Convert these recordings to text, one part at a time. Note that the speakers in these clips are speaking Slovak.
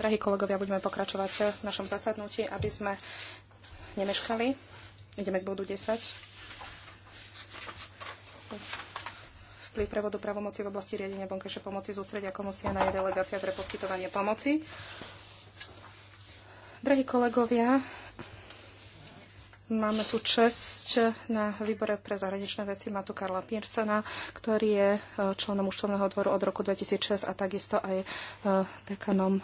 Drahí kolegovia, budeme pokračovať v našom zasadnutí, aby sme nemeškali. Ideme k bodu 10. Vplyv prevodu pravomoci v oblasti riadenia vonkajšej pomoci z ústredia komisia na jej delegácia pre poskytovanie pomoci. Drahí kolegovia, Máme tu čest na výbore pre zahraničné veci. Má tu Karla Piersena, ktorý je e, členom účtovného dvoru od roku 2006 a takisto aj e, dekanom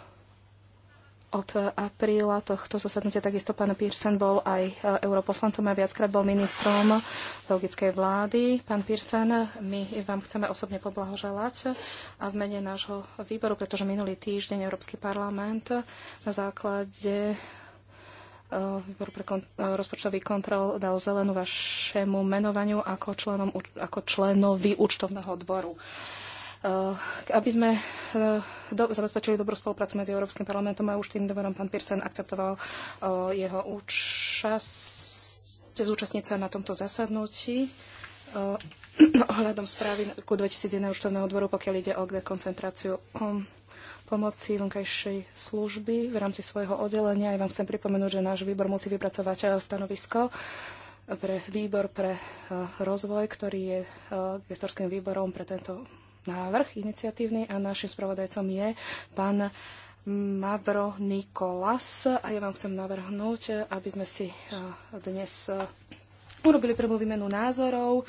od apríla tohto zasadnutia. Takisto pán Pearson bol aj e, europoslancom a viackrát bol ministrom belgickej vlády. Pán Pearson, my vám chceme osobne poblahoželať a v mene nášho výboru, pretože minulý týždeň Európsky parlament na základe Eh, výbor pre kont- eh, rozpočtový kontrol dal zelenú vašemu menovaniu ako, členom, ako členovi účtovného dvoru. Eh, aby sme do, zabezpečili dobrú spoluprácu medzi Európskym parlamentom a už tým dvorom, pán Pearson akceptoval jeho účasť, zúčastniť sa na tomto zasadnutí ohľadom správy ku 2001 účtovného dvoru, pokiaľ ide o dekoncentráciu hm pomoci vonkajšej služby v rámci svojho oddelenia. Ja vám chcem pripomenúť, že náš výbor musí vypracovať eh, stanovisko eh, pre výbor pre eh, rozvoj, ktorý je gestorským výborom pre tento návrh iniciatívny a našim spravodajcom je pán Mavro Nikolas a ja vám chcem navrhnúť, aby sme si dnes urobili prvú výmenu názorov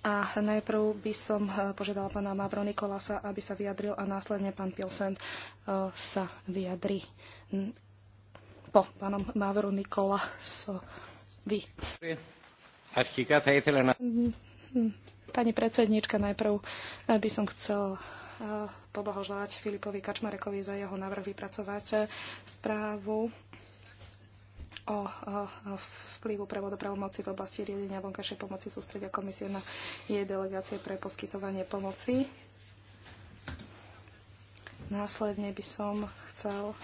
a najprv by som eh, požiadala pána Mavro Nikolasa, aby sa vyjadril a následne pán Pilsen eh, sa vyjadri po pánom Mavru Nikolasovi. Mm, mm, pani predsednička, najprv eh, by som chcel poblahoželať Filipovi Kačmarekovi za jeho návrh vypracovať správu o vplyvu pravodopravom pravomoci v oblasti riadenia vonkajšej pomoci sústredia komisie na jej delegácie pre poskytovanie pomoci. Následne by som chcel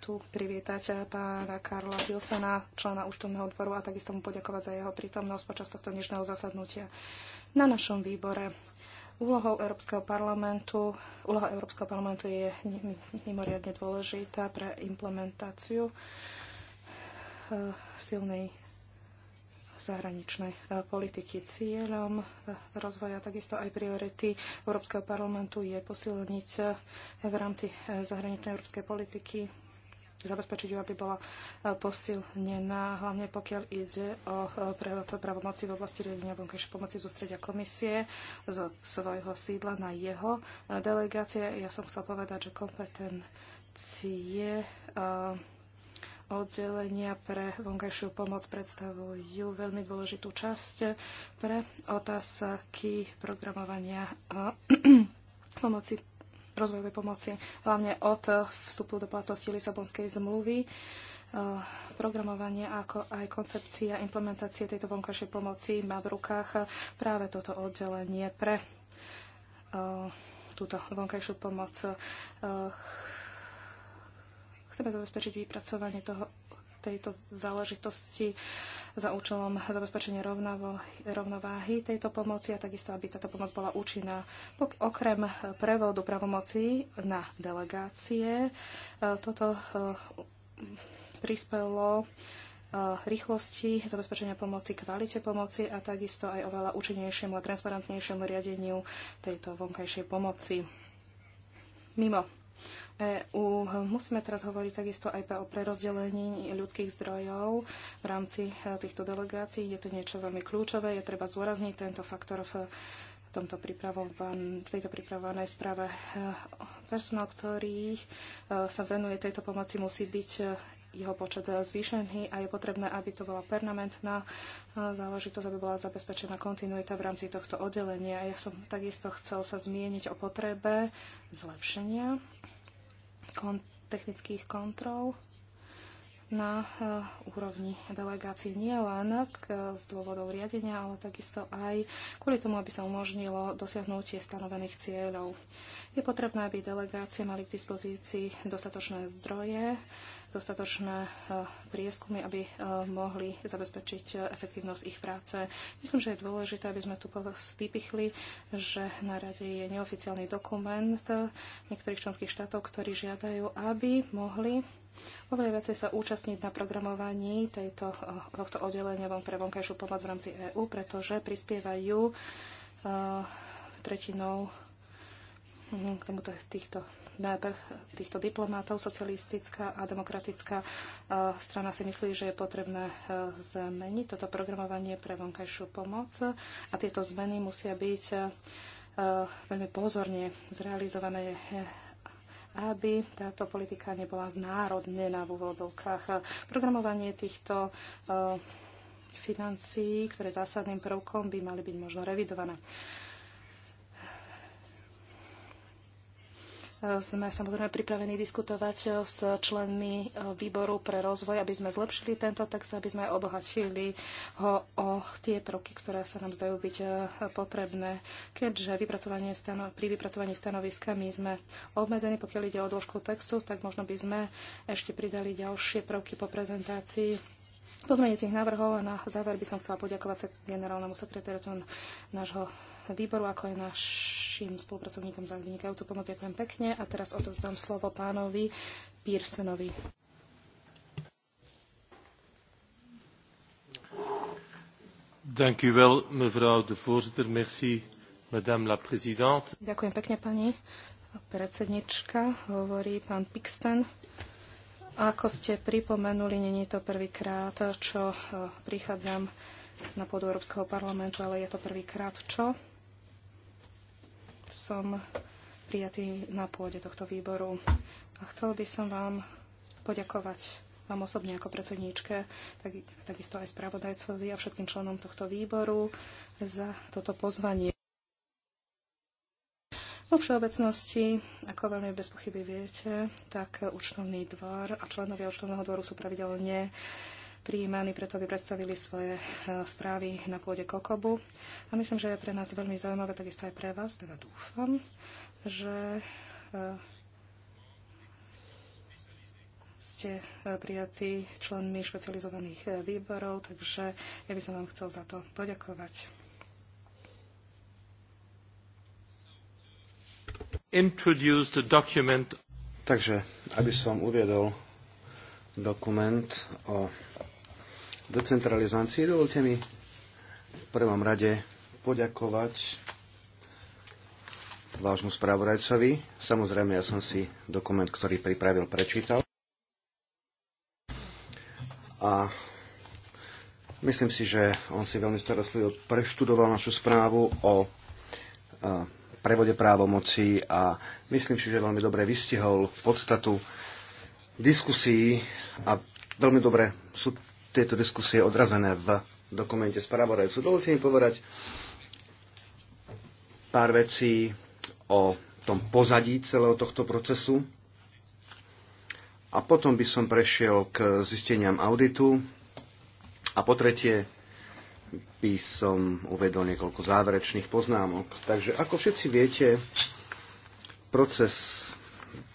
tu privítať pána Karla Wilsona, člena účtovného odboru a takisto mu poďakovať za jeho prítomnosť počas tohto dnešného zasadnutia na našom výbore. Úlohou Európskeho parlamentu, úloha Európskeho parlamentu je mimoriadne dôležitá pre implementáciu eh, silnej zahraničnej eh, politiky. Cieľom eh, rozvoja takisto aj priority Európskeho parlamentu je posilniť v rámci zahraničnej európskej politiky zabezpečiť, aby bola e, posilnená, hlavne pokiaľ ide o e, pravomoci v oblasti riadenia vonkajšej pomoci zústredia komisie zo svojho sídla na jeho e, delegácie. Ja som chcel povedať, že kompetencie oddelenia pre vonkajšiu pomoc predstavujú veľmi dôležitú časť pre otázky programovania a pomoci rozvojovej pomoci, hlavne od vstupu do platnosti Lisabonskej zmluvy e, programovanie, ako aj koncepcia implementácie tejto vonkajšej pomoci má v rukách práve toto oddelenie pre e, túto vonkajšiu pomoc. E, chceme zabezpečiť vypracovanie toho tejto záležitosti za účelom zabezpečenia rovnavo, rovnováhy tejto pomoci a takisto, aby táto pomoc bola účinná. Pok- okrem prevodu pravomocí na delegácie, e, toto e, prispelo e, rýchlosti, zabezpečenia pomoci, kvalite pomoci a takisto aj oveľa účinnejšiemu a transparentnejšiemu riadeniu tejto vonkajšej pomoci. Mimo EÚ. Musíme teraz hovoriť takisto aj o prerozdelení ľudských zdrojov v rámci e, týchto delegácií. Je to niečo veľmi kľúčové, je treba zdôrazniť tento faktor v v, tomto pripravovan, v tejto pripravovanej správe. E, personál, ktorý e, sa venuje tejto pomoci, musí byť jeho počet zvýšený a je potrebné, aby to bola permanentná e, záležitosť, aby bola zabezpečená kontinuita v rámci tohto oddelenia. Ja som takisto chcel sa zmieniť o potrebe zlepšenia kon- technických kontrol na e, úrovni delegácií nie len z dôvodov riadenia, ale takisto aj kvôli tomu, aby sa umožnilo dosiahnutie stanovených cieľov. Je potrebné, aby delegácie mali k dispozícii dostatočné zdroje dostatočné e, prieskumy, aby e, mohli zabezpečiť e, efektívnosť ich práce. Myslím, že je dôležité, aby sme tu vypichli, že na rade je neoficiálny dokument niektorých členských štátov, ktorí žiadajú, aby mohli oveľa viacej sa účastniť na programovaní tejto, tohto oddelenia von pre vonkajšiu pomoc v rámci EÚ, pretože prispievajú tretinou hm, k tomuto týchto nábeh týchto diplomátov, socialistická a demokratická e, strana si myslí, že je potrebné e, zmeniť toto programovanie pre vonkajšiu pomoc a tieto zmeny musia byť e, veľmi pozorne zrealizované aby táto politika nebola znárodnená v úvodzovkách. Programovanie týchto financií, ktoré zásadným prvkom by mali byť možno revidované. Sme samozrejme pripravení diskutovať eh, s členmi eh, výboru pre rozvoj, aby sme zlepšili tento text, aby sme obohačili ho o tie prvky, ktoré sa nám zdajú byť eh, potrebné. Keďže vypracovanie stano- pri vypracovaní stanoviska my sme obmedzení, pokiaľ ide o dĺžku textu, tak možno by sme ešte pridali ďalšie prvky po prezentácii pozmeniacich návrhov a na záver by som chcela poďakovať sa generálnemu sekretáriu nášho výboru, ako aj našim spolupracovníkom za vynikajúcu pomoc. Ďakujem pekne a teraz odovzdám slovo pánovi Pearsonovi. mevrouw de voorzitter. Merci, madame la présidente. Ďakujem pekne, pani predsednička, hovorí pán Pixten. Ako ste pripomenuli, není to prvýkrát, čo eh, prichádzam na pôdu Európskeho parlamentu, ale je to prvýkrát, čo som prijatý na pôde tohto výboru. A chcel by som vám poďakovať vám osobne ako predsedníčke, tak, takisto aj spravodajcovi a všetkým členom tohto výboru za toto pozvanie. Vo všeobecnosti, ako veľmi bez pochyby viete, tak účtovný dvor a členovia účtovného dvoru sú pravidelne prijímaní preto, aby predstavili svoje e, správy na pôde Kokobu. A myslím, že je pre nás veľmi zaujímavé, takisto aj pre vás, teda dúfam, že e, ste e, prijatí členmi špecializovaných výborov, takže ja by som vám chcel za to poďakovať. Takže, aby som uviedol dokument o decentralizácii. Dovolte mi v prvom rade poďakovať vášmu správorajcovi. Samozrejme, ja som si dokument, ktorý pripravil, prečítal. A myslím si, že on si veľmi starostlivo preštudoval našu správu o prevode právomocí a myslím si, že veľmi dobre vystihol podstatu diskusí a veľmi dobre sú tieto diskusie odrazené v dokumente spravodajcu. Dovolte mi povedať pár vecí o tom pozadí celého tohto procesu a potom by som prešiel k zisteniam auditu a po tretie by som uvedol niekoľko záverečných poznámok. Takže ako všetci viete, proces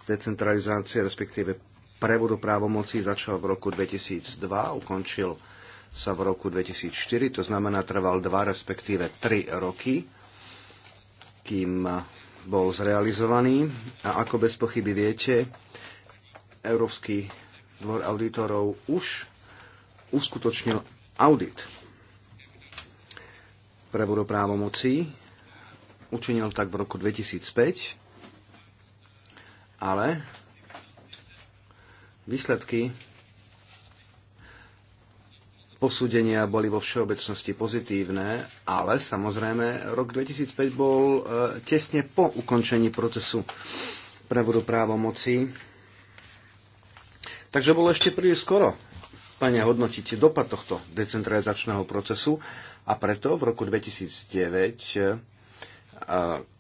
decentralizácie, respektíve prevodu právomocí začal v roku 2002, ukončil sa v roku 2004, to znamená trval dva, respektíve tri roky, kým bol zrealizovaný. A ako bez pochyby viete, Európsky dvor auditorov už uskutočnil audit prevodu právomocí. Učinil tak v roku 2005, ale Výsledky posúdenia boli vo všeobecnosti pozitívne, ale samozrejme rok 2005 bol e, tesne po ukončení procesu prevodu právomocí. Takže bolo ešte príliš skoro, pane, hodnotiť dopad tohto decentralizačného procesu a preto v roku 2009 e,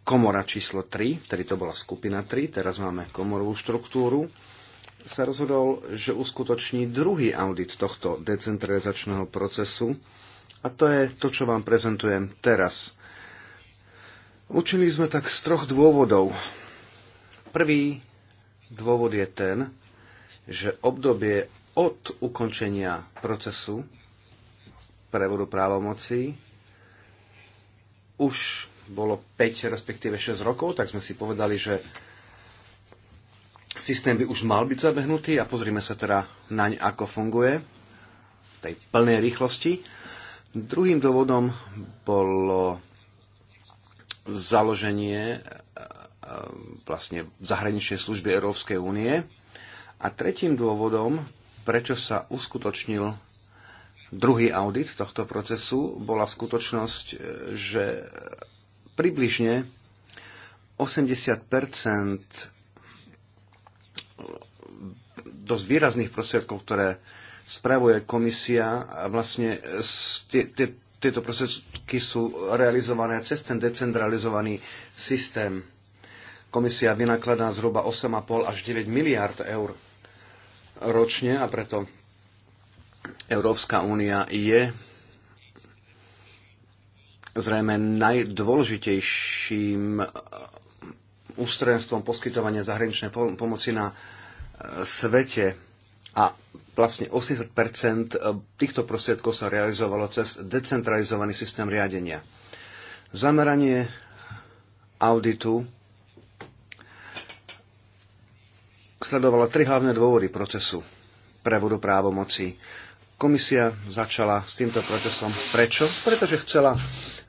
komora číslo 3, vtedy to bola skupina 3, teraz máme komorovú štruktúru, sa rozhodol, že uskutoční druhý audit tohto decentralizačného procesu a to je to, čo vám prezentujem teraz. Učili sme tak z troch dôvodov. Prvý dôvod je ten, že obdobie od ukončenia procesu prevodu právomocí už bolo 5, respektíve 6 rokov, tak sme si povedali, že systém by už mal byť zabehnutý a pozrime sa teda naň, ako funguje v tej plnej rýchlosti. Druhým dôvodom bolo založenie e, e, vlastne zahraničnej služby Európskej únie. A tretím dôvodom, prečo sa uskutočnil druhý audit tohto procesu, bola skutočnosť, e, že približne 80 dosť výrazných prostriedkov, ktoré spravuje komisia a vlastne tieto prostriedky sú realizované cez ten decentralizovaný systém. Komisia vynakladá zhruba 8,5 až 9 miliard eur ročne a preto Európska únia je zrejme najdôležitejším ústrojenstvom poskytovania zahraničnej pomoci na e, svete a vlastne 80 e, týchto prostriedkov sa realizovalo cez decentralizovaný systém riadenia. Zameranie auditu sledovalo tri hlavné dôvody procesu prevodu právomocí. Komisia začala s týmto procesom. Prečo? Pretože chcela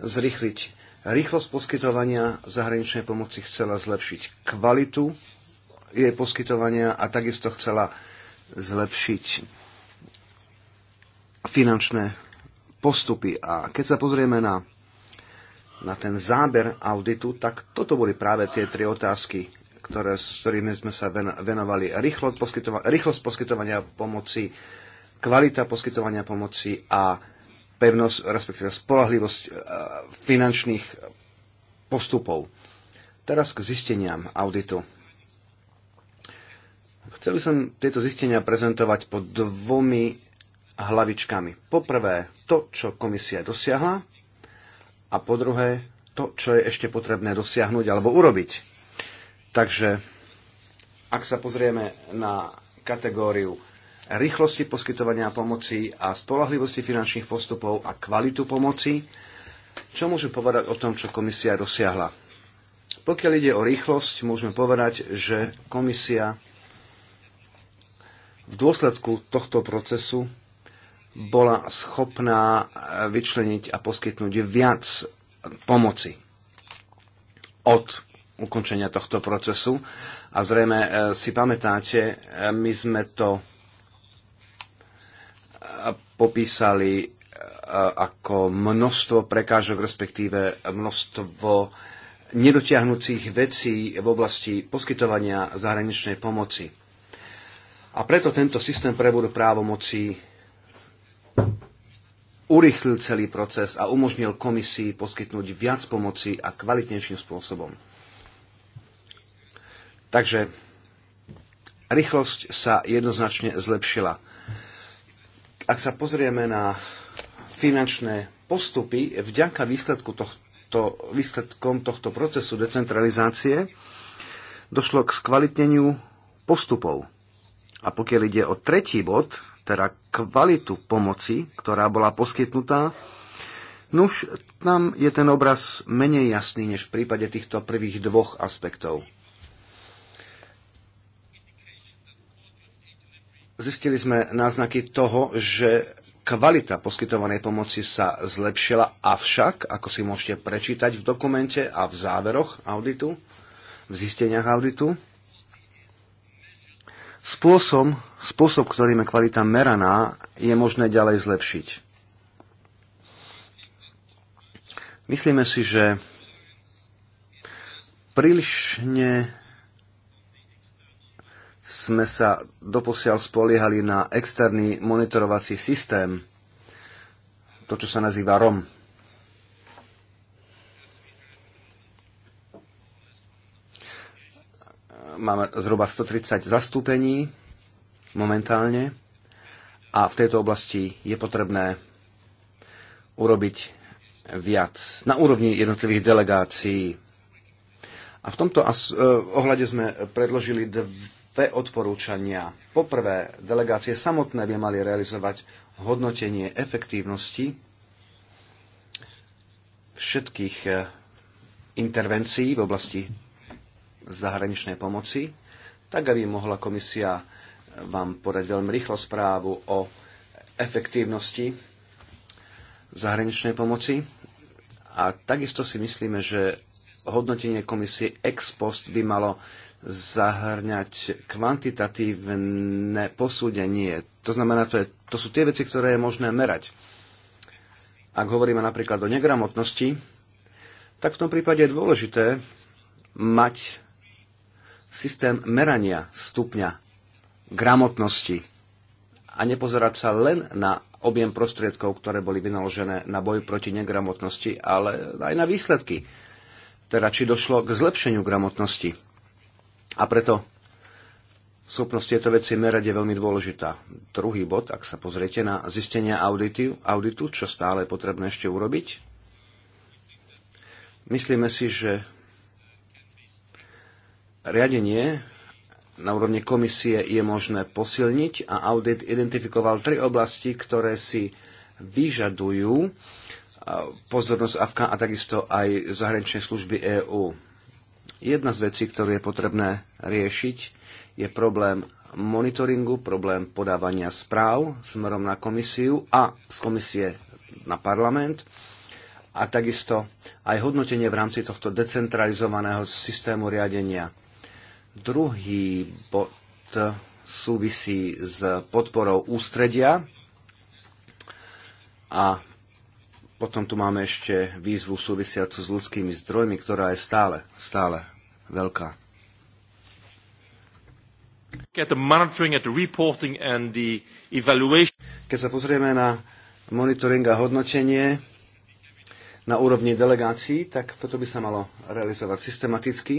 zrychliť Rýchlosť poskytovania zahraničnej pomoci chcela zlepšiť kvalitu jej poskytovania a takisto chcela zlepšiť finančné postupy. A keď sa pozrieme na, na ten záber auditu, tak toto boli práve tie tri otázky, ktoré, s ktorými sme sa venovali. Rýchlosť poskytovania, rýchlosť poskytovania pomoci, kvalita poskytovania pomoci a pevnosť, respektíve spolahlivosť e, finančných postupov. Teraz k zisteniam auditu. Chcel by som tieto zistenia prezentovať pod dvomi hlavičkami. Poprvé to, čo komisia dosiahla a po druhé to, čo je ešte potrebné dosiahnuť alebo urobiť. Takže ak sa pozrieme na kategóriu rýchlosti poskytovania pomoci a spolahlivosti finančných postupov a kvalitu pomoci. Čo môžem povedať o tom, čo komisia dosiahla? Pokiaľ ide o rýchlosť, môžeme povedať, že komisia v dôsledku tohto procesu bola schopná vyčleniť a poskytnúť viac pomoci od ukončenia tohto procesu. A zrejme e, si pamätáte, e, my sme to popísali e, ako množstvo prekážok, respektíve množstvo nedotiahnúcich vecí v oblasti poskytovania zahraničnej pomoci. A preto tento systém prevodu právomocí urychlil celý proces a umožnil komisii poskytnúť viac pomoci a kvalitnejším spôsobom. Takže rýchlosť sa jednoznačne zlepšila ak sa pozrieme na finančné postupy, vďaka výsledku tohto, výsledkom tohto procesu decentralizácie došlo k skvalitneniu postupov. A pokiaľ ide o tretí bod, teda kvalitu pomoci, ktorá bola poskytnutá, nuž tam je ten obraz menej jasný než v prípade týchto prvých dvoch aspektov. Zistili sme náznaky toho, že kvalita poskytovanej pomoci sa zlepšila, avšak, ako si môžete prečítať v dokumente a v záveroch auditu, v zisteniach auditu, spôsob, spôsob ktorým je kvalita meraná, je možné ďalej zlepšiť. Myslíme si, že prílišne sme sa doposiaľ spoliehali na externý monitorovací systém, to, čo sa nazýva ROM. Máme zhruba 130 zastúpení momentálne a v tejto oblasti je potrebné urobiť viac na úrovni jednotlivých delegácií. A v tomto eh, ohľade sme predložili dve odporúčania. Poprvé, delegácie samotné by mali realizovať hodnotenie efektívnosti všetkých eh, intervencií v oblasti zahraničnej pomoci, tak aby mohla komisia eh, vám podať veľmi rýchlo správu o efektívnosti zahraničnej pomoci. A takisto si myslíme, že hodnotenie komisie ex post by malo zahrňať kvantitatívne posúdenie. To znamená, to, je, to sú tie veci, ktoré je možné merať. Ak hovoríme napríklad o negramotnosti, tak v tom prípade je dôležité mať systém merania stupňa gramotnosti a nepozerať sa len na objem prostriedkov, ktoré boli vynaložené na boj proti negramotnosti, ale aj na výsledky, teda či došlo k zlepšeniu gramotnosti a preto schopnosť tieto veci merať je veľmi dôležitá. Druhý bod, ak sa pozriete na zistenia auditu, auditu čo stále je potrebné ešte urobiť, myslíme si, že riadenie na úrovni komisie je možné posilniť a audit identifikoval tri oblasti, ktoré si vyžadujú eh, pozornosť Afka a takisto aj zahraničnej služby EÚ Jedna z vecí, ktorú je potrebné riešiť, je problém monitoringu, problém podávania správ smerom na komisiu a z komisie na parlament a takisto aj hodnotenie v rámci tohto decentralizovaného systému riadenia. Druhý bod súvisí s podporou ústredia a potom tu máme ešte výzvu súvisiacu s ľudskými zdrojmi, ktorá je stále, stále veľká. Keď sa pozrieme na monitoring a hodnotenie na úrovni delegácií, tak toto by sa malo realizovať systematicky.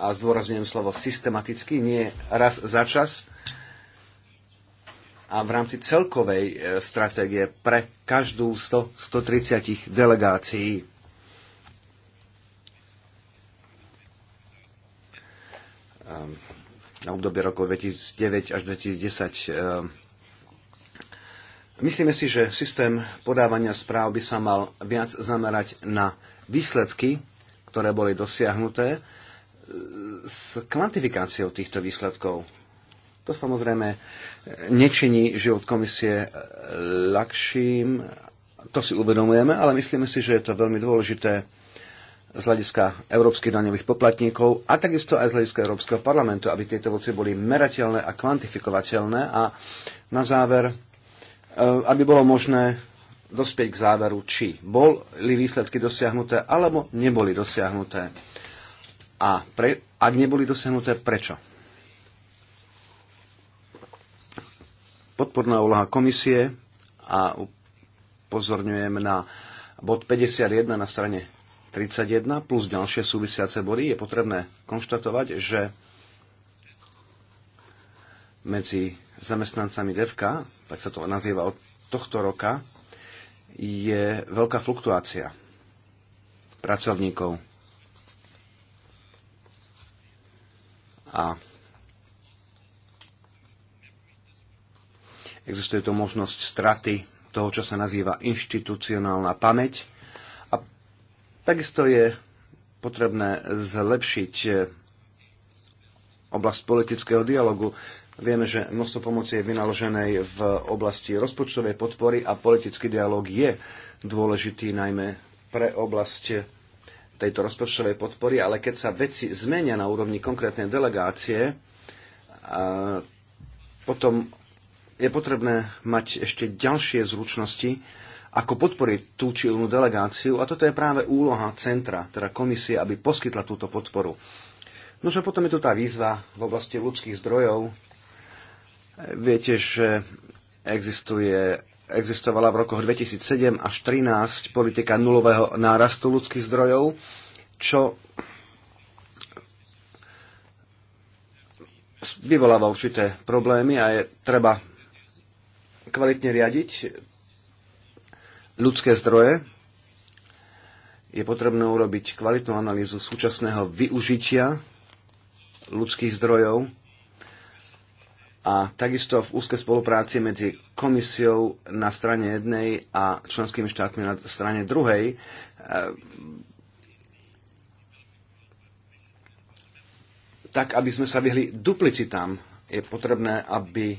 A zdôrazňujem slovo systematicky, nie raz za čas. A v rámci celkovej e, stratégie pre každú 100, 130 delegácií. Ehm, na obdobie rokov 2009 až 2010. Ehm, myslíme si, že systém podávania správ by sa mal viac zamerať na výsledky, ktoré boli dosiahnuté, e, s kvantifikáciou týchto výsledkov. To samozrejme e, nečiní život komisie e, ľahším, to si uvedomujeme, ale myslíme si, že je to veľmi dôležité z hľadiska európskych daňových poplatníkov a takisto aj z hľadiska Európskeho parlamentu, aby tieto voci boli merateľné a kvantifikovateľné a na záver, e, aby bolo možné dospieť k záveru, či boli výsledky dosiahnuté alebo neboli dosiahnuté. A pre, ak neboli dosiahnuté, prečo? Podporná úloha komisie a upozorňujem na bod 51 na strane 31 plus ďalšie súvisiace body je potrebné konštatovať, že medzi zamestnancami DEVKA, tak sa to nazýva od tohto roka, je veľká fluktuácia pracovníkov. A existuje tu možnosť straty toho, čo sa nazýva inštitucionálna pamäť, Takisto je potrebné zlepšiť eh, oblasť politického dialogu. Vieme, že množstvo pomoci je vynaloženej v oblasti rozpočtovej podpory a politický dialog je dôležitý najmä pre oblasť tejto rozpočtovej podpory, ale keď sa veci zmenia na úrovni konkrétnej delegácie, eh, potom je potrebné mať ešte ďalšie zručnosti, ako podporiť tú či onú delegáciu a toto je práve úloha centra, teda komisie, aby poskytla túto podporu. No a potom je tu tá výzva v oblasti ľudských zdrojov. Viete, že existuje, existovala v rokoch 2007 až 2013 politika nulového nárastu ľudských zdrojov, čo vyvoláva určité problémy a je treba kvalitne riadiť ľudské zdroje, je potrebné urobiť kvalitnú analýzu súčasného využitia ľudských zdrojov a takisto v úzkej spolupráci medzi komisiou na strane jednej a členskými štátmi na strane druhej tak, aby sme sa vyhli duplicitám, je potrebné, aby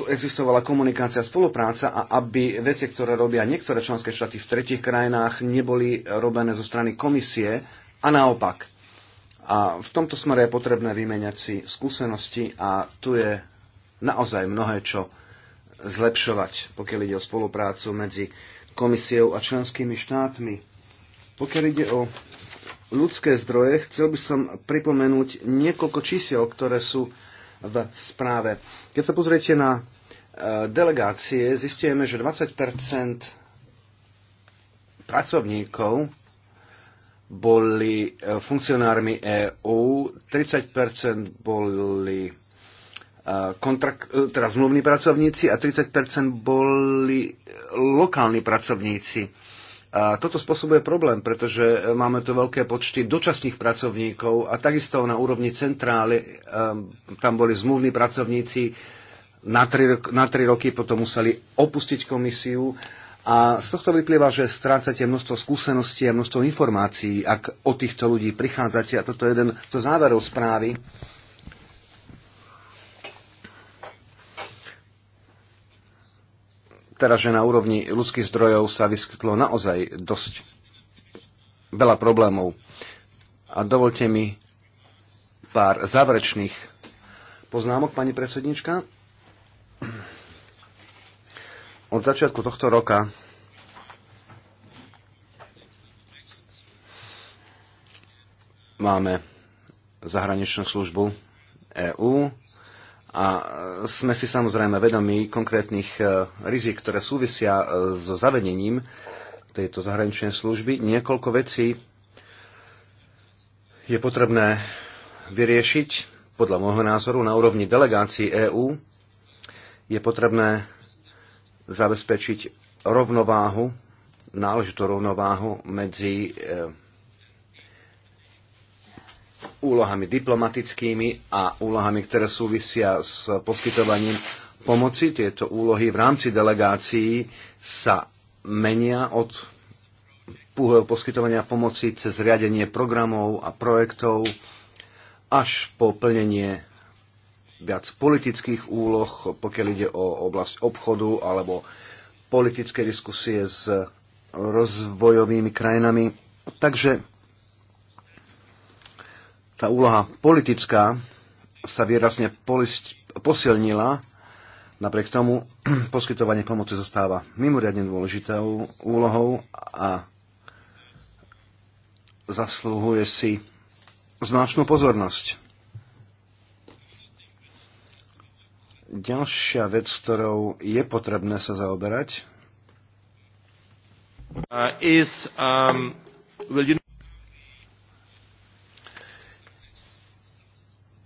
tu existovala komunikácia, spolupráca a aby veci, ktoré robia niektoré členské štáty v tretich krajinách, neboli robené zo strany komisie a naopak. A v tomto smere je potrebné vymeniať si skúsenosti a tu je naozaj mnohé čo zlepšovať, pokiaľ ide o spoluprácu medzi komisiou a členskými štátmi. Pokiaľ ide o ľudské zdroje, chcel by som pripomenúť niekoľko čísiel, ktoré sú v správe. Keď sa pozriete na e, delegácie, zistujeme, že 20 pracovníkov boli e, funkcionármi EÚ, 30 boli e, kontrakt, teda zmluvní pracovníci a 30 boli lokálni pracovníci a toto spôsobuje problém, pretože e, máme tu veľké počty dočasných pracovníkov a takisto na úrovni centrály e, tam boli zmluvní pracovníci na tri, na tri roky, potom museli opustiť komisiu. A z tohto vyplýva, že strácate množstvo skúseností a množstvo informácií, ak o týchto ľudí prichádzate. A toto je jeden zo záverov správy. teraz, že na úrovni ľudských zdrojov sa vyskytlo naozaj dosť veľa problémov. A dovolte mi pár záverečných poznámok, pani predsednička. Od začiatku tohto roka máme zahraničnú službu EÚ, a e, sme si samozrejme vedomi konkrétnych e, rizik, ktoré súvisia e, so zavedením tejto zahraničnej služby. Niekoľko vecí je potrebné vyriešiť, podľa môjho názoru, na úrovni delegácií EÚ. Je potrebné zabezpečiť rovnováhu, náležitú rovnováhu medzi úlohami diplomatickými a úlohami, ktoré súvisia s poskytovaním pomoci. Tieto úlohy v rámci delegácií sa menia od púhov poskytovania pomoci cez riadenie programov a projektov až po plnenie viac politických úloh, pokiaľ ide o oblasť obchodu alebo politické diskusie s rozvojovými krajinami. Takže tá úloha politická sa výrazne posilnila, napriek tomu poskytovanie pomoci zostáva mimoriadne dôležitou úlohou a zaslúhuje si zvláštnu pozornosť. Ďalšia vec, ktorou je potrebné sa zaoberať, uh, is, um, you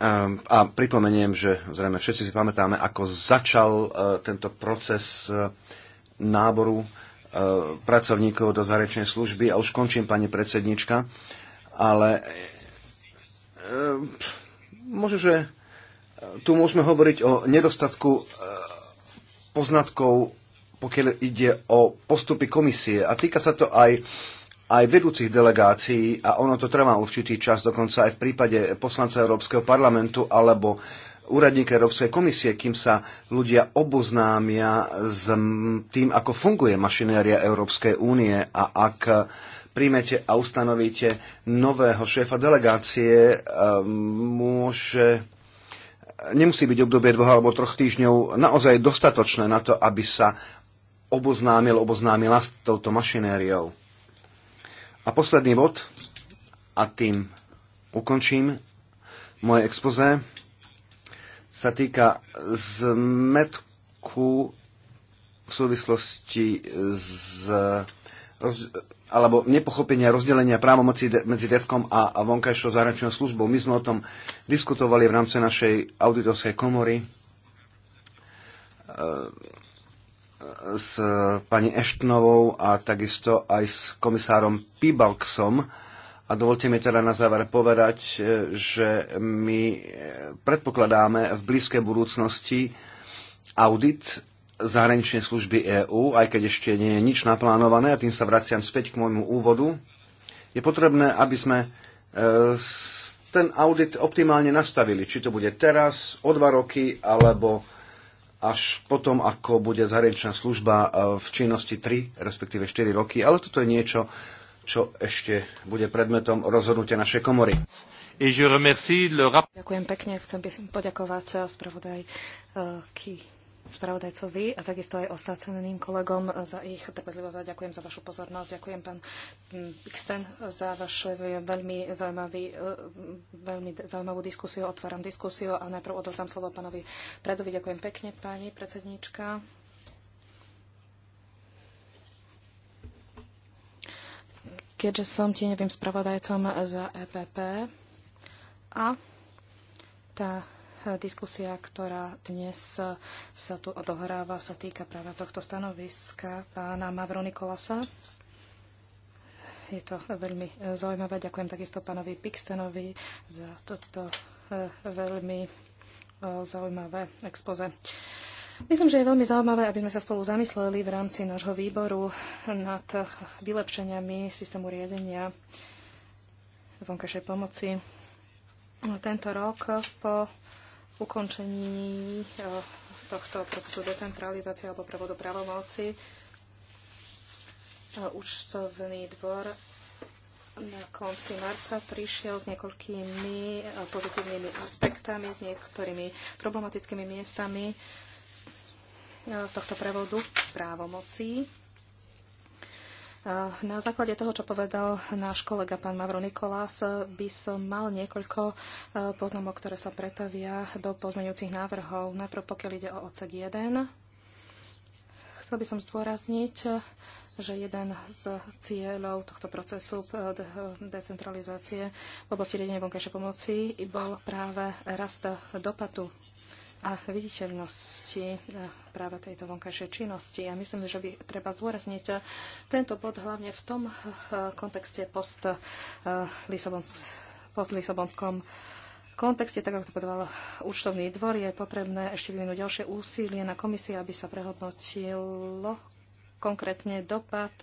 Ehm, a pripomeniem, že zrejme všetci si pamätáme, ako začal e, tento proces e, náboru e, pracovníkov do zahraničnej služby. A už končím, pani predsednička, ale môže, že tu môžeme hovoriť o nedostatku poznatkov, pokiaľ ide o postupy komisie. A týka sa to aj aj vedúcich delegácií a ono to trvá určitý čas, dokonca aj v prípade poslanca Európskeho parlamentu alebo úradníka Európskej komisie, kým sa ľudia oboznámia s tým, ako funguje mašinéria Európskej únie a ak príjmete a ustanovíte nového šéfa delegácie, e, môže nemusí byť obdobie dvoch alebo troch týždňov naozaj dostatočné na to, aby sa oboznámil, oboznámila s touto mašinériou. A posledný bod, a tým ukončím moje expoze, sa týka zmetku v súvislosti s roz, alebo nepochopenia rozdelenia právomocí de, medzi DEFKOM a, a vonkajšou zahraničnou službou. My sme o tom diskutovali v rámci našej auditorskej komory. E, s e, pani Eštnovou a takisto aj s komisárom Pibalksom. A dovolte mi teda na záver povedať, e, že my e, predpokladáme v blízkej budúcnosti audit zahraničnej služby EÚ, aj keď ešte nie je nič naplánované, a tým sa vraciam späť k môjmu úvodu, je potrebné, aby sme ten audit optimálne nastavili. Či to bude teraz, o dva roky, alebo až potom, ako bude zahraničná služba e, v činnosti 3, respektíve 4 roky, ale toto je niečo, čo ešte bude predmetom rozhodnutia našej komory. Ďakujem pekne, chcem by som poďakovať spravodajky spravodajcovi a takisto aj ostatným kolegom za ich trpezlivosť a ďakujem za vašu pozornosť. Ďakujem pán mm, Pixten za vašu veľmi, zaujímavý, e, veľmi zaujímavú diskusiu. Otváram diskusiu a najprv odovzdám slovo pánovi Predovi. Ďakujem pekne, pani predsedníčka. Keďže som tieňovým spravodajcom za EPP a tá Diskusia, ktorá dnes sa tu odohráva, sa týka práve tohto stanoviska pána Mavro Nikolasa. Je to veľmi zaujímavé. Ďakujem takisto pánovi Pixtenovi za toto e, veľmi e, zaujímavé expoze. Myslím, že je veľmi zaujímavé, aby sme sa spolu zamysleli v rámci nášho výboru nad vylepšeniami systému riadenia vonkajšej pomoci. Tento rok po ukončení eh, tohto procesu decentralizácie alebo prevodu právomoci eh, účtovný dvor na konci marca prišiel s niekoľkými eh, pozitívnymi aspektami, s niektorými problematickými miestami tohto prevodu právomocí Eh, na základe toho, čo povedal náš kolega pán Mavro Nikolás, by som mal niekoľko eh, poznámok, ktoré sa pretavia do pozmeňujúcich návrhov. Najprv pokiaľ ide o odsek 1, chcel by som zdôrazniť, že jeden z cieľov tohto procesu eh, decentralizácie v oblasti riadenia vonkajšej pomoci bol práve rast dopadu a viditeľnosti eh, práve tejto vonkajšej činnosti. Ja myslím, že by treba zdôrazniť eh, tento bod hlavne v tom eh, kontexte post, post lisabonskom kontexte, tak ako to povedal účtovný dvor, je potrebné ešte vyvinúť ďalšie úsilie na komisie, aby sa prehodnotilo konkrétne dopad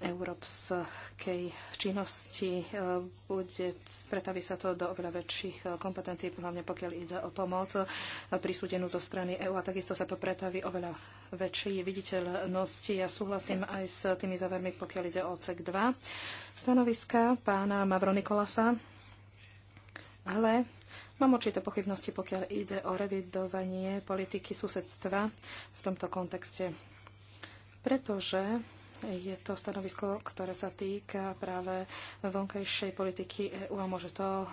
európskej činnosti. E, bude, pretaví sa to do oveľa väčších e, kompetencií, hlavne pokiaľ ide o pomoc e, prisúdenú zo strany EÚ a takisto sa to pretaví oveľa väčšej viditeľnosti. Ja súhlasím aj s tými závermi, pokiaľ ide o CEK 2 stanoviska pána Mavronikolasa, ale Mám určité pochybnosti, pokiaľ ide o revidovanie politiky susedstva v tomto kontexte. Pretože je to stanovisko, ktoré sa týka práve vonkajšej politiky EU a môže to eh,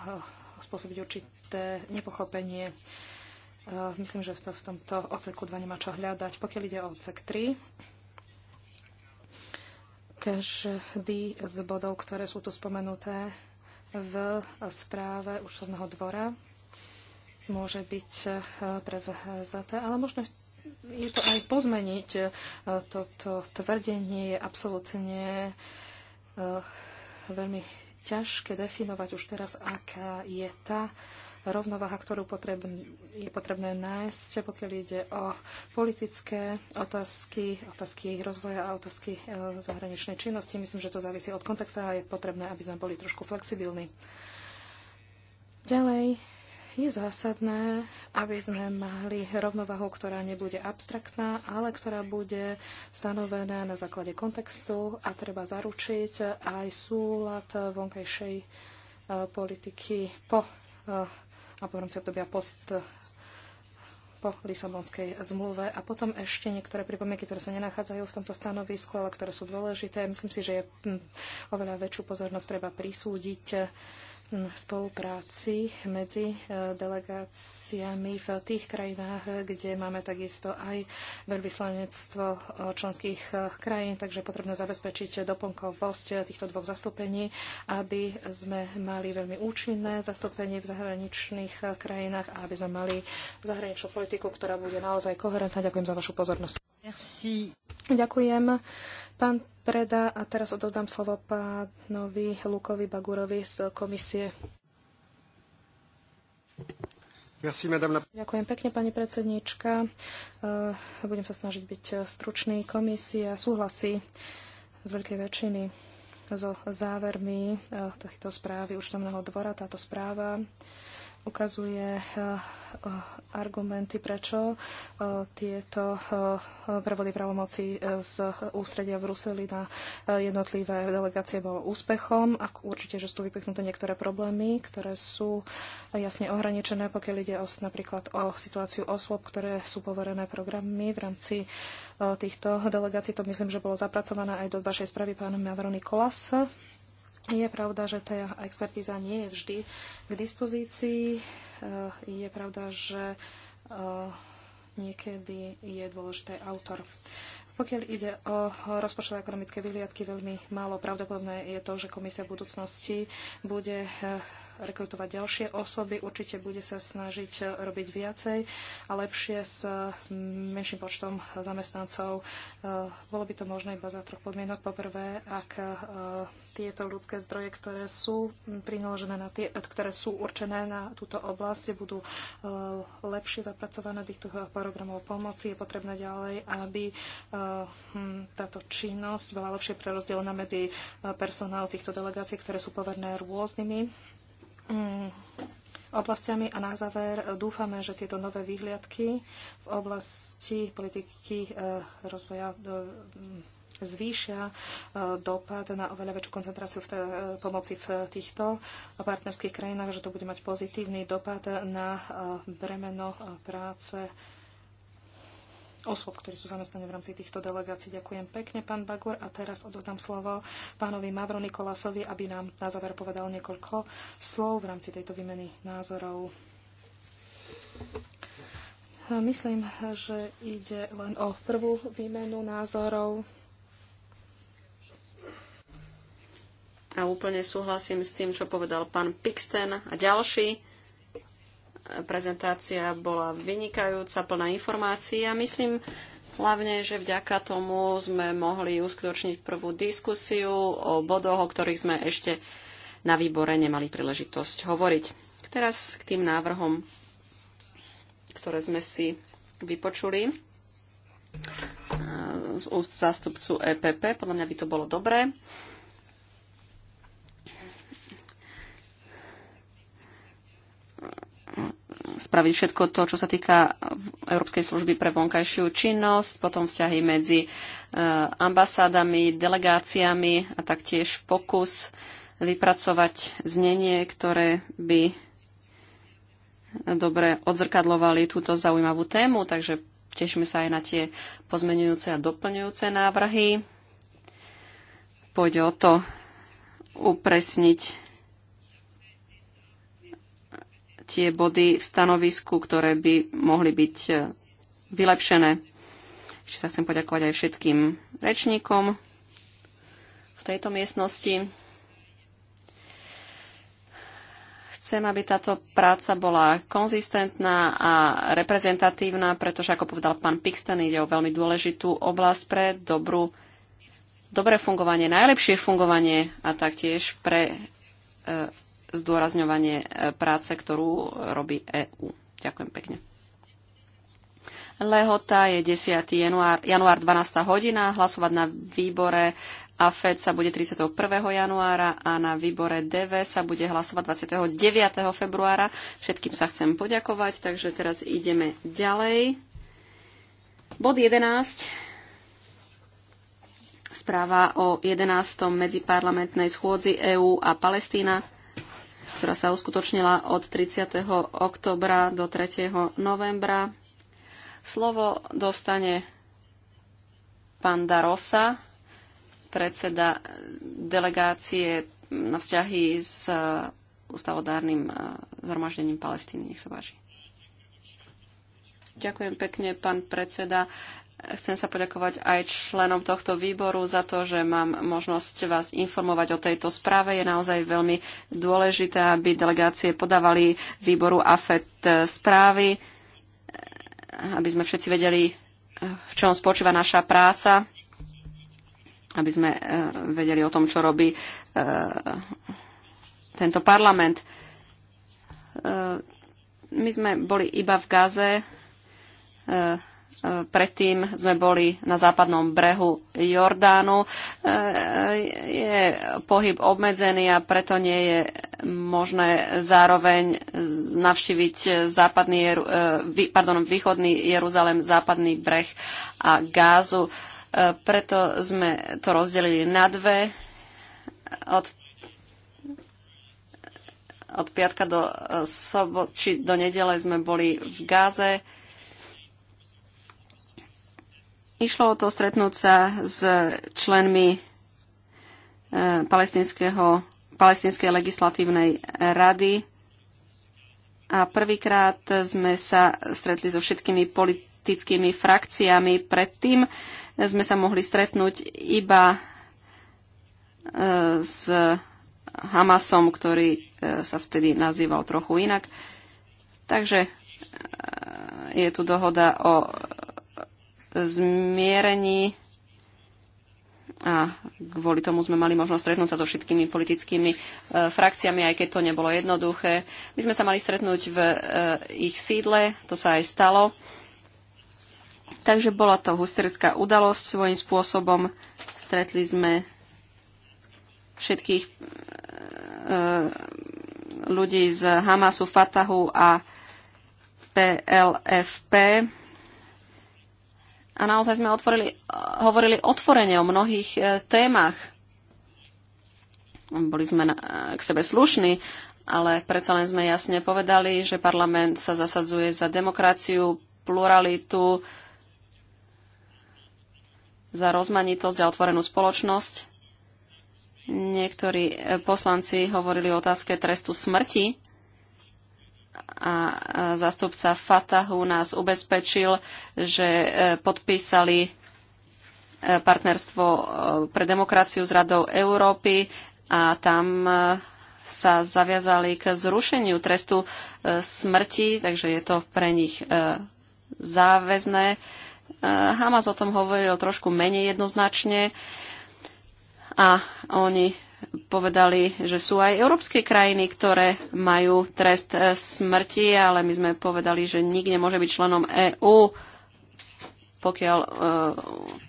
spôsobiť určité nepochopenie. Eh, myslím, že v tomto odseku 2 nemá čo hľadať. Pokiaľ ide o odsek 3, každý z bodov, ktoré sú tu spomenuté v správe účtovného dvora, môže byť eh, prevzaté, ale možno je to aj pozmeniť. E, toto tvrdenie je absolútne e, veľmi ťažké definovať už teraz, aká je tá rovnováha, ktorú je potrebné nájsť, pokiaľ ide o politické otázky, otázky rozvoja a otázky e, zahraničnej činnosti. Myslím, že to závisí od kontexta a je potrebné, aby sme boli trošku flexibilní. Ďalej, je zásadné, aby sme mali rovnovahu, ktorá nebude abstraktná, ale ktorá bude stanovená na základe kontextu a treba zaručiť aj súlad vonkajšej e, politiky po e, a po rámci obdobia post e, po Lisabonskej zmluve a potom ešte niektoré pripomienky, ktoré sa nenachádzajú v tomto stanovisku, ale ktoré sú dôležité. Myslím si, že je hm, oveľa väčšiu pozornosť treba prisúdiť spolupráci medzi e, delegáciami v tých krajinách, kde máme takisto aj veľvyslanectvo e, členských e, krajín, takže potrebné zabezpečiť doplnkovosť týchto dvoch zastúpení, aby sme mali veľmi účinné zastúpenie v zahraničných krajinách a aby sme mali zahraničnú politiku, ktorá bude naozaj koherentná. Ďakujem za vašu pozornosť. Merci. Ďakujem Pán Preda, a teraz odovzdám slovo pánovi Lukovi Bagurovi z komisie. Merci, madame Ďakujem pekne, pani predsednička. Eh, budem sa snažiť byť stručný. Komisia súhlasí z veľkej väčšiny so závermi eh, tohto správy účtovného dvora. Táto správa ukazuje eh, eh, argumenty, prečo eh, tieto prevody pravomoci z ústredia Bruseli na jednotlivé delegácie bolo úspechom. A určite, že sú vypichnuté niektoré problémy, ktoré sú jasne ohraničené, pokiaľ ide o, napríklad o situáciu osôb, ktoré sú poverené programmi v rámci týchto delegácií. To myslím, že bolo zapracované aj do vašej správy pán Mavroni Kolas je pravda, že tá expertíza nie je vždy k dispozícii. Eh, je pravda, že eh, niekedy je dôležitý autor. Pokiaľ ide o rozpočtové ekonomické vyhliadky, veľmi málo pravdepodobné je to, že komisia v budúcnosti bude eh, rekrutovať ďalšie osoby. Určite bude sa snažiť eh, robiť viacej a lepšie s eh, menším počtom zamestnancov. Eh, bolo by to možné iba za troch podmienok. Poprvé, ak tieto ľudské zdroje, ktoré sú hm, prinaložené na tie, ktoré sú určené na túto oblasť, budú lepšie zapracované týchto programov pomoci. Je potrebné ďalej, aby hm, táto činnosť bola lepšie prerozdelená medzi personál týchto delegácií, ktoré sú poverné rôznymi Mm, oblastiami a na záver eh, dúfame, že tieto nové výhliadky v oblasti politiky eh, rozvoja eh, mm, zvýšia dopad na oveľa väčšiu koncentráciu v pomoci v týchto partnerských krajinách, že to bude mať pozitívny dopad na bremeno práce osôb, ktorí sú zamestnaní v rámci týchto delegácií. Ďakujem pekne, pán Bagur. A teraz odozdám slovo pánovi Mavro Nikolasovi, aby nám na záver povedal niekoľko slov v rámci tejto výmeny názorov. Myslím, že ide len o prvú výmenu názorov. A úplne súhlasím s tým, čo povedal pán Pixten a ďalší. Prezentácia bola vynikajúca, plná informácií a myslím hlavne, že vďaka tomu sme mohli uskutočniť prvú diskusiu o bodoch, o ktorých sme ešte na výbore nemali príležitosť hovoriť. Teraz k tým návrhom, ktoré sme si vypočuli eh, z úst zástupcu EPP. Podľa mňa by to bolo dobré. spraviť všetko to, čo sa týka eh, Európskej služby pre vonkajšiu činnosť, potom vzťahy medzi eh, ambasádami, delegáciami a taktiež pokus vypracovať znenie, ktoré by dobre odzrkadlovali túto zaujímavú tému, takže tešíme sa aj na tie pozmenujúce a doplňujúce návrhy. Pôjde o to upresniť tie body v stanovisku, ktoré by mohli byť e, vylepšené. Ešte sa chcem poďakovať aj všetkým rečníkom v tejto miestnosti. Chcem, aby táto práca bola konzistentná a reprezentatívna, pretože, ako povedal pán Pixton, ide o veľmi dôležitú oblasť pre dobrú, dobré fungovanie, najlepšie fungovanie a taktiež pre e, zdôrazňovanie e, práce, ktorú robí EÚ. Ďakujem pekne. Lehota je 10. január, január 12. hodina. Hlasovať na výbore AFED sa bude 31. januára a na výbore DV sa bude hlasovať 29. februára. Všetkým sa chcem poďakovať, takže teraz ideme ďalej. Bod 11. Správa o 11. medziparlamentnej schôdzi EÚ a Palestína ktorá sa uskutočnila od 30. oktobra do 3. novembra. Slovo dostane pán Darosa, predseda delegácie na vzťahy s e, ústavodárnym e, zhromaždením Palestíny. Nech sa páči. Ďakujem pekne, pán predseda. Chcem sa poďakovať aj členom tohto výboru za to, že mám možnosť vás informovať o tejto správe. Je naozaj veľmi dôležité, aby delegácie podávali výboru AFET e, správy, e, aby sme všetci vedeli, e, v čom spočíva naša práca, aby sme vedeli o tom, čo robí tento parlament. My sme boli iba v Gaze E, predtým sme boli na západnom brehu Jordánu. E, je pohyb obmedzený a preto nie je možné zároveň navštíviť západný, e, pardon, východný Jeruzalem, západný breh a Gázu. Preto sme to rozdelili na dve. Od od piatka do sobot, či do nedele sme boli v Gáze Išlo o to stretnúť sa s členmi e, palestinskej legislatívnej rady a prvýkrát sme sa stretli so všetkými politickými frakciami. Predtým sme sa mohli stretnúť iba e, s Hamasom, ktorý e, sa vtedy nazýval trochu inak. Takže je tu dohoda o zmierení a kvôli tomu sme mali možnosť stretnúť sa so všetkými politickými e, frakciami, aj keď to nebolo jednoduché. My sme sa mali stretnúť v e, ich sídle, to sa aj stalo. Takže bola to hysterická udalosť svojím spôsobom. Stretli sme všetkých e, e ľudí z Hamasu, Fatahu a PLFP a naozaj sme otvorili, hovorili otvorene o mnohých e, témach. Boli sme e, k sebe slušní, ale predsa len sme jasne povedali, že parlament sa zasadzuje za demokraciu, pluralitu, za rozmanitosť a otvorenú spoločnosť. Niektorí e, poslanci hovorili o otázke trestu smrti a zástupca Fatahu nás ubezpečil, že e, podpísali e, partnerstvo e, pre demokraciu s Radou Európy a tam sa zaviazali k zrušeniu trestu smrti, takže je to pre nich záväzné. Hamas o tom hovoril trošku menej jednoznačne a oni povedali, že sú aj európske krajiny, ktoré majú trest eh, smrti, ale my sme povedali, že nikde nemôže byť členom EÚ, pokiaľ e,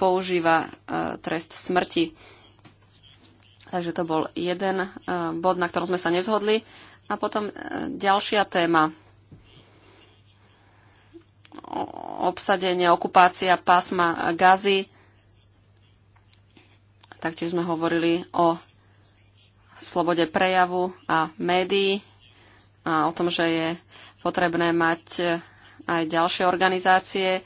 používa e, trest smrti. Takže to bol jeden e, bod, na ktorom sme sa nezhodli. A potom e, ďalšia téma. obsadenie, okupácia pásma Gazy. Taktiež sme hovorili o slobode prejavu a médií a o tom, že je potrebné mať e, aj ďalšie organizácie. E,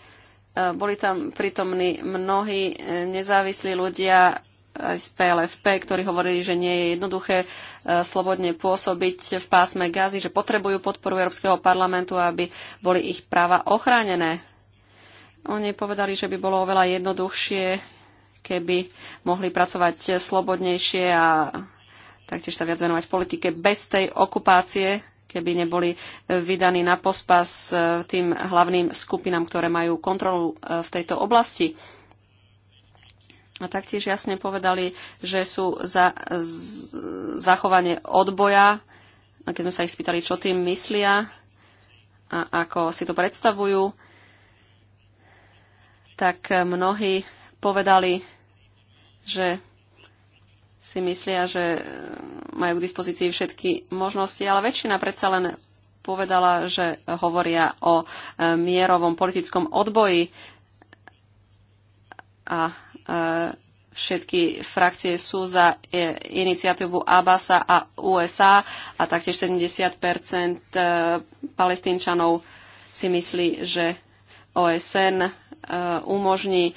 boli tam prítomní mnohí e, nezávislí ľudia aj z PLFP, ktorí hovorili, že nie je jednoduché slobodne pôsobiť v pásme gazy, že potrebujú podporu Európskeho parlamentu, aby boli ich práva ochránené. Oni povedali, že by bolo oveľa jednoduchšie, keby mohli pracovať slobodnejšie a taktiež sa viac venovať politike bez tej okupácie, keby neboli e, vydaní na pospas e, tým hlavným skupinám, ktoré majú kontrolu e, v tejto oblasti. A taktiež jasne povedali, že sú za zachovanie odboja. A keď sme sa ich spýtali, čo tým myslia a ako si to predstavujú, tak mnohí povedali, že si myslia, že e, majú k dispozícii všetky možnosti, ale väčšina predsa len povedala, že hovoria o e, mierovom politickom odboji a e, všetky frakcie sú za iniciatívu Abasa a USA a taktiež 70 palestínčanov si myslí, že OSN umožní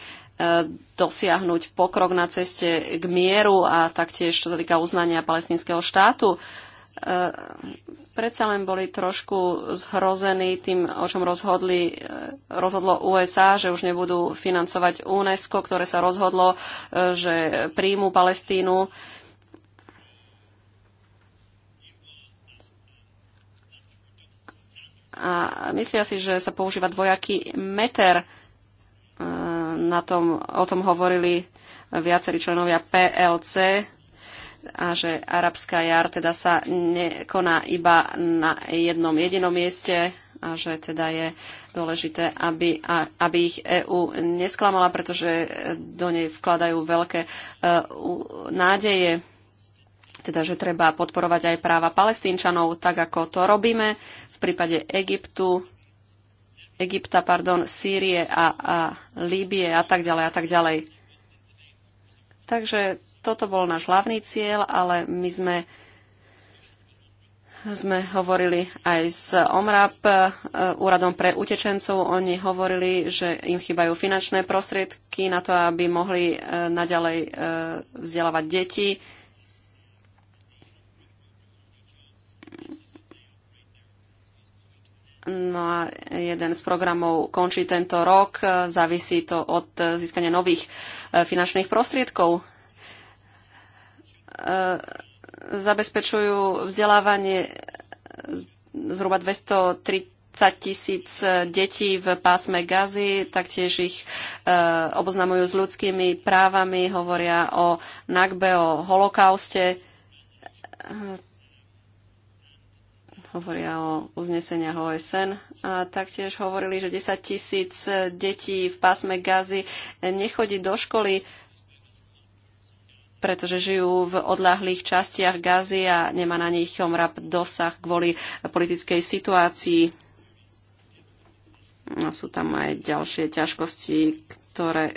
dosiahnuť pokrok na ceste k mieru a taktiež čo sa týka uznania palestinského štátu. E, predsa len boli trošku zhrození tým, o čom rozhodli, e, rozhodlo USA, že už nebudú financovať UNESCO, ktoré sa rozhodlo, e, že príjmu Palestínu. A myslia si, že sa používa dvojaký meter na tom, o tom hovorili viacerí členovia PLC a že arabská jar teda sa nekoná iba na jednom jedinom mieste a že teda je dôležité, aby, a, aby ich EÚ nesklamala, pretože do nej vkladajú veľké uh, nádeje, teda že treba podporovať aj práva palestínčanov, tak ako to robíme v prípade Egyptu, Egypta, pardon, Sýrie a, a Líbie a tak ďalej a tak ďalej. Takže toto bol náš hlavný cieľ, ale my sme, sme hovorili aj s OMRAP, e, Úradom pre utečencov. Oni hovorili, že im chýbajú finančné prostriedky na to, aby mohli e, naďalej e, vzdelávať deti No a jeden z programov končí tento rok, závisí to od získania nových e, finančných prostriedkov. E, zabezpečujú vzdelávanie zhruba 230 tisíc detí v pásme Gazy, taktiež ich e, oboznamujú s ľudskými právami, hovoria o Nagbe, o holokauste hovoria o uzneseniach OSN a taktiež hovorili, že 10 tisíc detí v pásme Gazy nechodí do školy, pretože žijú v odľahlých častiach Gazy a nemá na nich omrab dosah kvôli politickej situácii. A sú tam aj ďalšie ťažkosti, ktoré e,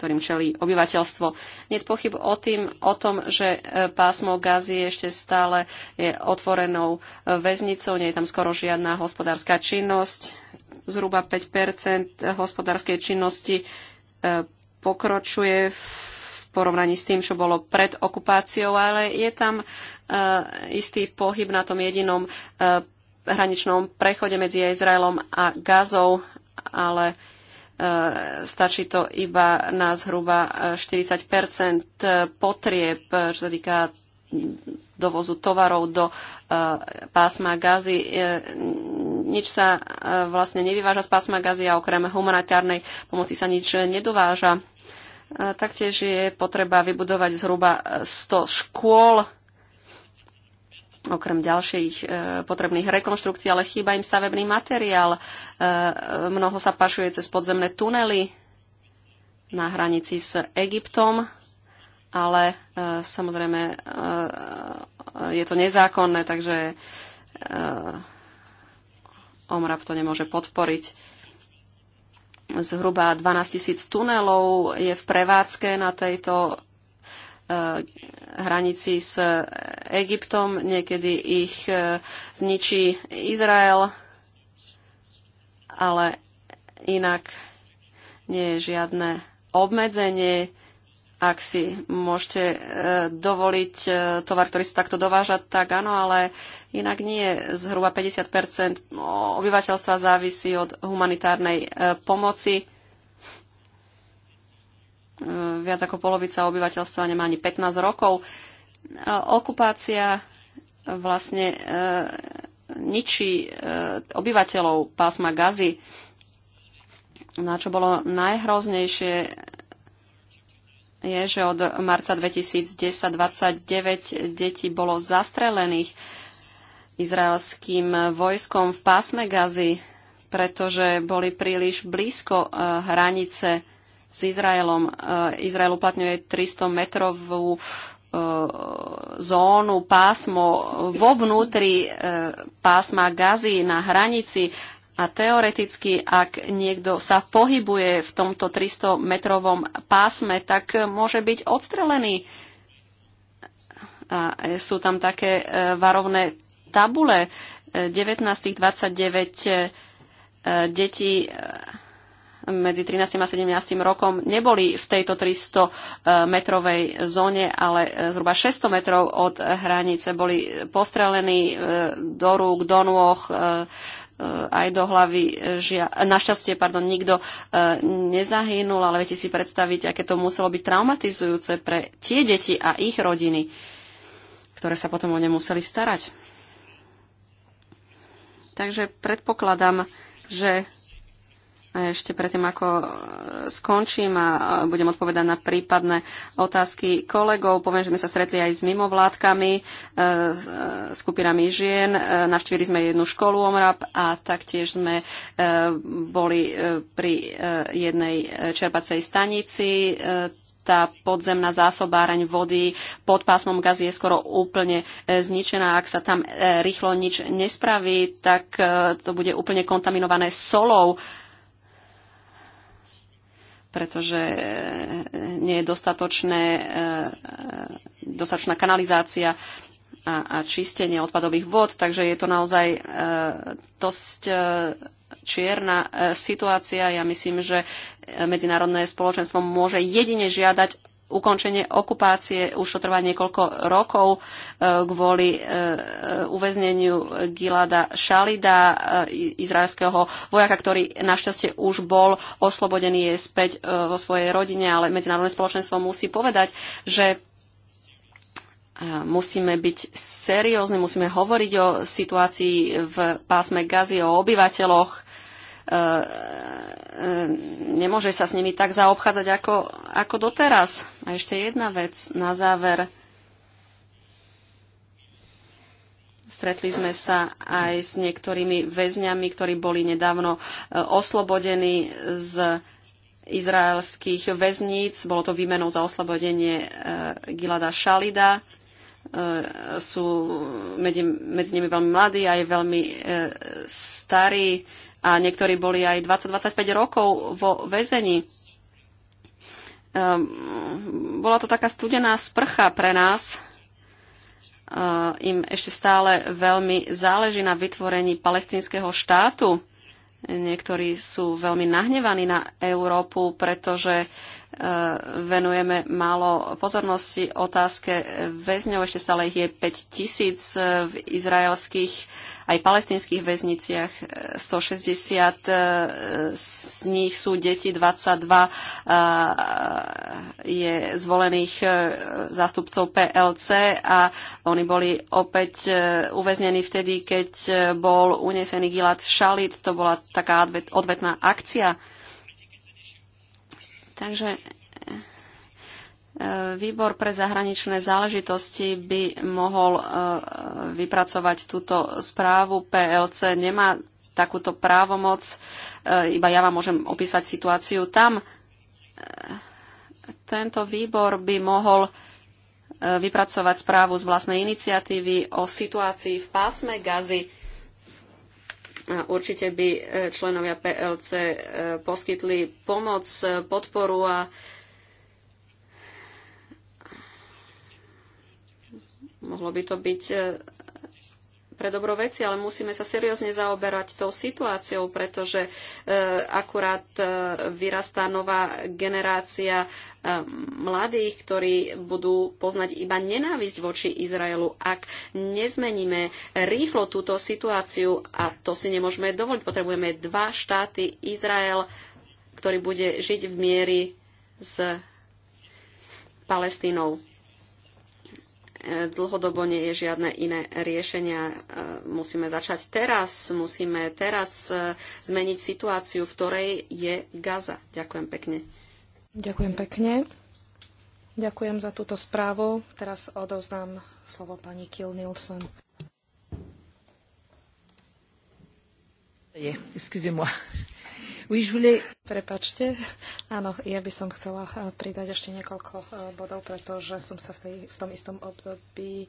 ktorým čelí obyvateľstvo. Net pochyb o, tým, o tom, že e, pásmo Gazy ešte stále je otvorenou e, väznicou, nie je tam skoro žiadna hospodárska činnosť. Zhruba 5 hospodárskej činnosti e, pokročuje v porovnaní s tým, čo bolo pred okupáciou, ale je tam istý pohyb na tom jedinom hraničnom prechode medzi Izraelom a Gazou, ale E, stačí to iba na zhruba 40 e, e, potrieb, čo sa týka dovozu tovarov do pásma gazy. Nič sa vlastne nevyváža z pásma gazy a okrem humanitárnej pomoci sa nič nedováža. Taktiež je potreba vybudovať zhruba 100 škôl okrem ďalších e, potrebných rekonštrukcií, ale chýba im stavebný materiál. E, mnoho sa pašuje cez podzemné tunely na hranici s Egyptom, ale e, samozrejme je to nezákonné, takže OMRAP to nemôže podporiť. Zhruba 12 tisíc tunelov je v prevádzke na tejto hranici s Egyptom, niekedy ich e, zničí Izrael, ale inak nie je žiadne obmedzenie, ak si môžete e, dovoliť e, tovar, ktorý sa takto dováža, tak áno, ale inak nie. Zhruba 50 obyvateľstva závisí od humanitárnej pomoci. E, viac ako polovica obyvateľstva nemá ani 15 rokov. E, okupácia vlastne e, ničí obyvateľov pásma Gazy. Na no čo bolo najhroznejšie je, že od marca 2010 29 detí bolo zastrelených izraelským vojskom v pásme Gazy, pretože boli príliš blízko hranice s Izraelom. E, Izrael uplatňuje 300-metrovú e, zónu, pásmo vo vnútri e, pásma gazy na hranici a teoreticky, ak niekto sa pohybuje v tomto 300-metrovom pásme, tak môže byť odstrelený. A sú tam také varovné tabule. 19 29 detí medzi 13. a 17. rokom neboli v tejto 300-metrovej e, zóne, ale e, zhruba 600 metrov od hranice boli postrelení e, do rúk, do nôh, aj do hlavy. Žia... Našťastie, pardon, nikto nezahynul, ale viete si predstaviť, aké to muselo byť traumatizujúce pre tie deti a ich rodiny, ktoré sa potom o ne museli starať. Takže predpokladám, že a ešte predtým, ako e, skončím a budem odpovedať na prípadné otázky kolegov, poviem, že sme sa stretli aj s mimovládkami, e, e, skupinami žien, navštívili sme jednu školu OMRAP a taktiež sme boli pri jednej čerpacej stanici tá podzemná zásobáraň vody pod pásmom gazy je skoro úplne zničená. Ak sa tam rýchlo nič nespraví, tak to bude úplne kontaminované solou pretože eh, nie je dostatočné, eh, dostatočná kanalizácia a, a čistenie odpadových vod, takže je to naozaj eh, dosť čierna situácia. Ja myslím, že medzinárodné spoločenstvo môže jedine žiadať ukončenie okupácie už to trvá niekoľko rokov e, kvôli e, uväzneniu Gilada Šalida, e, izraelského vojaka, ktorý našťastie už bol oslobodený je späť vo svojej rodine, ale medzinárodné spoločenstvo musí povedať, že musíme byť seriózni, musíme hovoriť o situácii v pásme Gazy, o obyvateľoch E, nemôže sa s nimi tak zaobchádzať ako, ako doteraz. A ešte jedna vec na záver. Stretli sme sa aj s niektorými väzňami, ktorí boli nedávno e, oslobodení z izraelských väzníc. Bolo to výmenou za oslobodenie e, Gilada Šalida. E, sú medzi, medzi nimi veľmi mladí aj veľmi e, starí a niektorí boli aj 20-25 rokov vo väzení. E, bola to taká studená sprcha pre nás. E, im ešte stále veľmi záleží na vytvorení palestínskeho štátu. Niektorí sú veľmi nahnevaní na Európu, pretože Eh, venujeme málo pozornosti otázke väzňov. Ešte stále ich je 5 tisíc eh, v izraelských aj palestinských väzniciach. 160 eh, z nich sú deti, 22 je zvolených zástupcov PLC a oni boli opäť uväznení vtedy, keď bol unesený Gilad Šalit. To bola taká odvetná akcia Takže e, výbor pre zahraničné záležitosti by mohol e, vypracovať túto správu. PLC nemá takúto právomoc, e, iba ja vám môžem opísať situáciu tam. Tento výbor by mohol vypracovať správu z vlastnej iniciatívy o situácii v pásme gazy Určite by e, členovia PLC e, poskytli pomoc, e, podporu a mohlo by to byť pre dobro veci, ale musíme sa seriózne zaoberať tou situáciou, pretože e, akurát e, vyrastá nová generácia e, mladých, ktorí budú poznať iba nenávisť voči Izraelu, ak nezmeníme rýchlo túto situáciu a to si nemôžeme dovoliť. Potrebujeme dva štáty, Izrael, ktorý bude žiť v miery s Palestínou dlhodobo nie je žiadne iné riešenia. E, musíme začať teraz, musíme teraz e, zmeniť situáciu, v ktorej je Gaza. Ďakujem pekne. Ďakujem pekne. Ďakujem za túto správu. Teraz odoznám slovo pani Kiel Nielsen. Je, excusez-moi, Prepačte, áno, ja by som chcela eh, pridať ešte niekoľko eh, bodov, pretože som sa v, tej, v tom istom období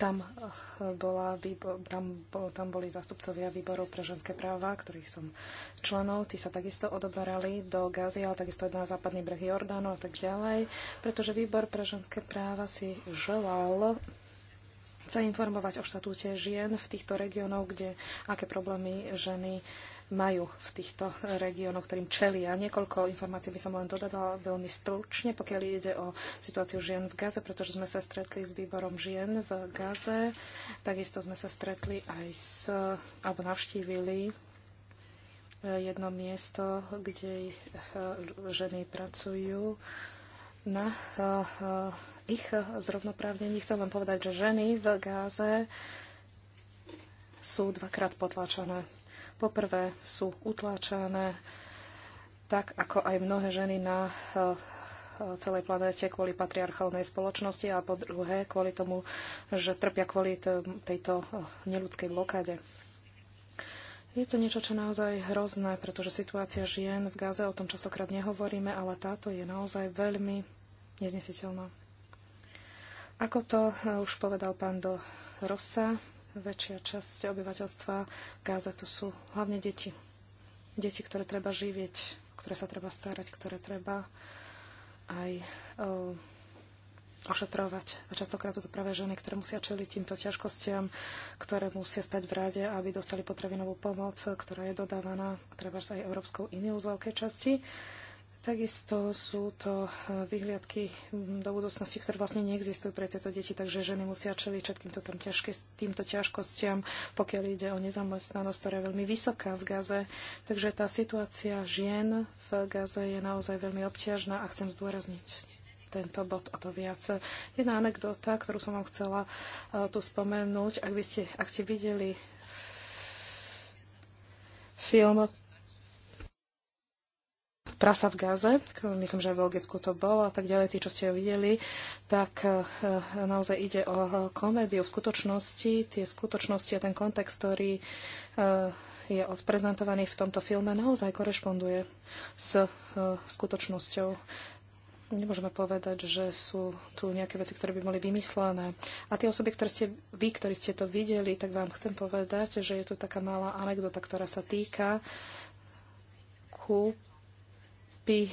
tam, eh, bola, tam, tam boli zástupcovia výborov pre ženské práva, ktorých som členov. Tí sa takisto odoberali do Gazy, ale takisto aj na západný breh Jordánu a tak ďalej, pretože výbor pre ženské práva si želal sa informovať o štatúte žien v týchto regiónoch, kde aké problémy ženy uh, majú v týchto regiónoch, ktorým čelia. Niekoľko informácií by som len dodala veľmi stručne, pokiaľ ide o situáciu žien v Gaze, pretože sme sa stretli s výborom žien v Gaze. Takisto sme sa stretli aj s, alebo navštívili eh, jedno miesto, kde eh, ženy pracujú na eh, ich zrovnoprávnení. Chcem vám povedať, že ženy v Gáze sú dvakrát potlačené Poprvé sú utláčané tak, ako aj mnohé ženy na eh, eh, celej planéte kvôli patriarchálnej spoločnosti a po druhé kvôli tomu, že trpia kvôli tejto eh, neludskej blokáde. Je to niečo, čo naozaj hrozné, pretože situácia žien v Gaze o tom častokrát nehovoríme, ale táto je naozaj veľmi neznesiteľná. Ako to už povedal pán do Rosa, väčšia časť obyvateľstva Gáze, to sú hlavne deti. Deti, ktoré treba živieť, ktoré sa treba starať, ktoré treba aj o, eh, ošetrovať. A častokrát sú to práve ženy, ktoré musia čeliť týmto ťažkostiam, ktoré musia stať v rade, aby dostali potravinovú pomoc, ktorá je dodávaná treba aj Európskou iniu z veľkej časti. Takisto sú to eh, vyhliadky mm, do budúcnosti, ktoré vlastne neexistujú pre tieto deti, takže ženy musia čeliť všetkým tam ťažké, týmto ťažkostiam, pokiaľ ide o nezamestnanosť, ktorá je veľmi vysoká v Gaze. Takže tá situácia žien v Gaze je naozaj veľmi obťažná a chcem zdôrazniť tento bod o to viac. Jedna anekdota, ktorú som vám chcela eh, tu spomenúť, ak, by ste, ak ste videli film Trasa v Gaze, myslím, že v Belgicku to bolo a tak ďalej, tí, čo ste ju videli, tak eh, eh, naozaj ide o eh, komédiu v skutočnosti, tie skutočnosti a ten kontext, ktorý je odprezentovaný v tomto filme, naozaj korešponduje s skutočnosťou nemôžeme povedať, že sú tu nejaké veci, ktoré by boli vymyslené. A tie osoby, ktoré ste vy, ktorí ste to videli, tak vám chcem povedať, že je tu taká malá anekdota, ktorá sa týka ku kúpi eh,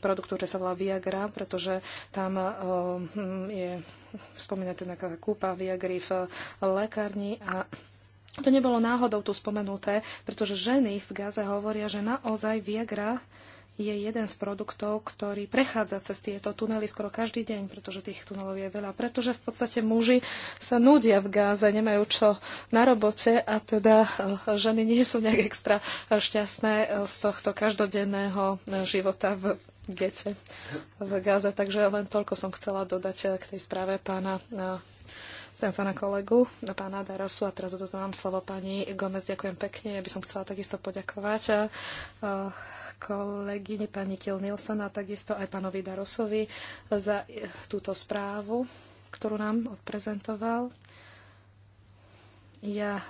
produkt, ktorý sa volá Viagra, pretože tam eh, hm, je spomínate na kúpa Viagry v lekárni a to nebolo náhodou tu spomenuté, pretože ženy v Gaze hovoria, že naozaj Viagra je jeden z produktov, ktorý prechádza cez tieto tunely skoro každý deň, pretože tých tunelov je veľa. Pretože v podstate muži sa nudia v Gáze, nemajú čo na robote a teda eh, ženy nie sú nejak extra šťastné eh, z tohto každodenného eh, života v gete v Gáze. Takže len toľko som chcela dodať k tej správe pána teda pána kolegu, pána Darasu a teraz odozdávam slovo pani Gomez. Ďakujem pekne. Ja by som chcela takisto poďakovať kolegyne pani Kiel Nielsen a takisto aj pánovi Darosovi za e, túto správu, ktorú nám odprezentoval. Ja e,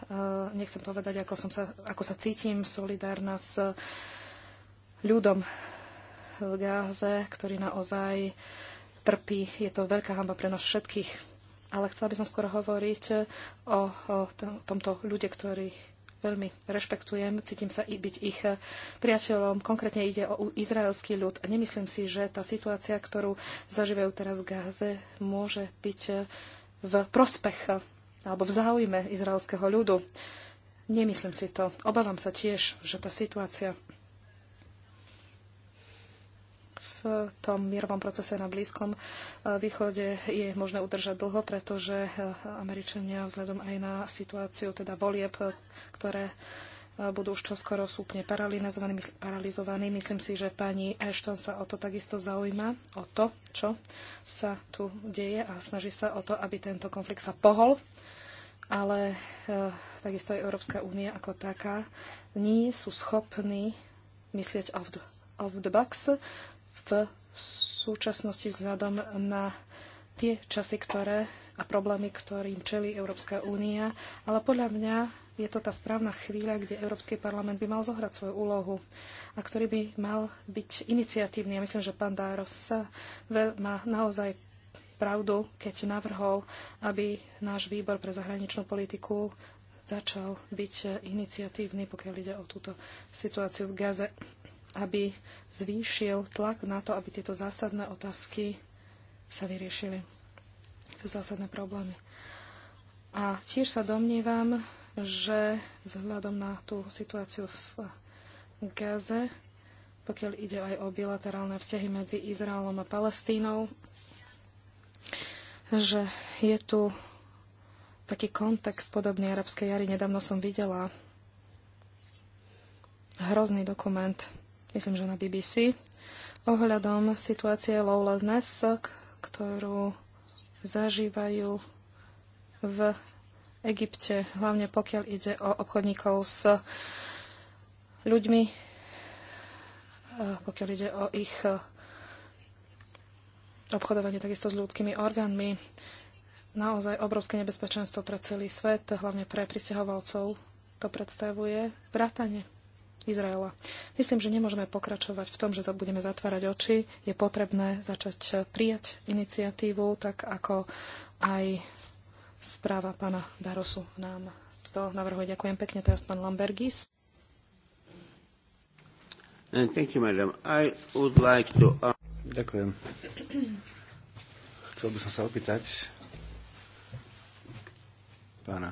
nechcem povedať, ako, som sa, ako sa cítim solidárna s ľudom v Gáze, ktorý naozaj trpí. Je to veľká hamba pre nás všetkých. Ale chcela by som skôr hovoriť o, o tomto ľude, ktorých veľmi rešpektujem, cítim sa i byť ich priateľom. Konkrétne ide o izraelský ľud a nemyslím si, že tá situácia, ktorú zažívajú teraz v Gáze, môže byť v prospech alebo v záujme izraelského ľudu. Nemyslím si to. Obávam sa tiež, že tá situácia v tom mierovom procese na Blízkom e, východe je možné udržať dlho, pretože e, Američania vzhľadom aj na situáciu teda volieb, e, ktoré budú už čoskoro súpne úplne paralizovaní. Myslím si, že pani Ashton sa o to takisto zaujíma, o to, čo sa tu deje a snaží sa o to, aby tento konflikt sa pohol. Ale e, takisto aj Európska únia ako taká nie sú schopní myslieť off the, off the box, v súčasnosti vzhľadom na tie časy, ktoré a problémy, ktorým čelí Európska únia, ale podľa mňa je to tá správna chvíľa, kde Európsky parlament by mal zohrať svoju úlohu a ktorý by mal byť iniciatívny. Ja myslím, že pán Dáros sa má naozaj pravdu, keď navrhol, aby náš výbor pre zahraničnú politiku začal byť iniciatívny, pokiaľ ide o túto situáciu v Gaze aby zvýšil tlak na to, aby tieto zásadné otázky sa vyriešili. Tieto zásadné problémy. A tiež sa domnívam, že vzhľadom na tú situáciu v Gaze, pokiaľ ide aj o bilaterálne vzťahy medzi Izraelom a Palestínou, že je tu taký kontext podobný arabskej jary. Nedávno som videla hrozný dokument myslím, že na BBC, ohľadom situácie lawlessness, ktorú zažívajú v Egypte, hlavne pokiaľ ide o obchodníkov s ľuďmi, pokiaľ ide o ich e, obchodovanie takisto s ľudskými orgánmi. Naozaj obrovské nebezpečenstvo pre celý svet, hlavne pre pristahovalcov to predstavuje vrátane Izraela. Myslím, že nemôžeme pokračovať v tom, že to budeme zatvárať oči. Je potrebné začať prijať iniciatívu, tak ako aj správa pána Darosu nám to navrhuje. Ďakujem pekne teraz pán Lambergis. Thank you, madam. I would like to... Ďakujem. Chcel by som sa opýtať pána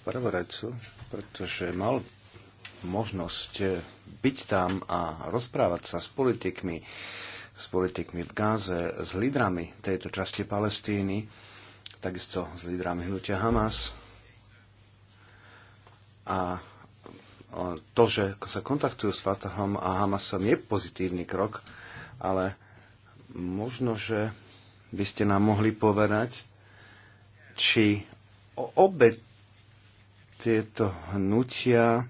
spravodajcu, pretože mal možnosť eh, byť tam a rozprávať sa s politikmi, s politikmi v Gáze, s lídrami tejto časti Palestíny, takisto s lídrami hnutia Hamas. A to, že sa kontaktujú s Fatahom a Hamasom je pozitívny krok, ale možno, že by ste nám mohli povedať, či obe tieto hnutia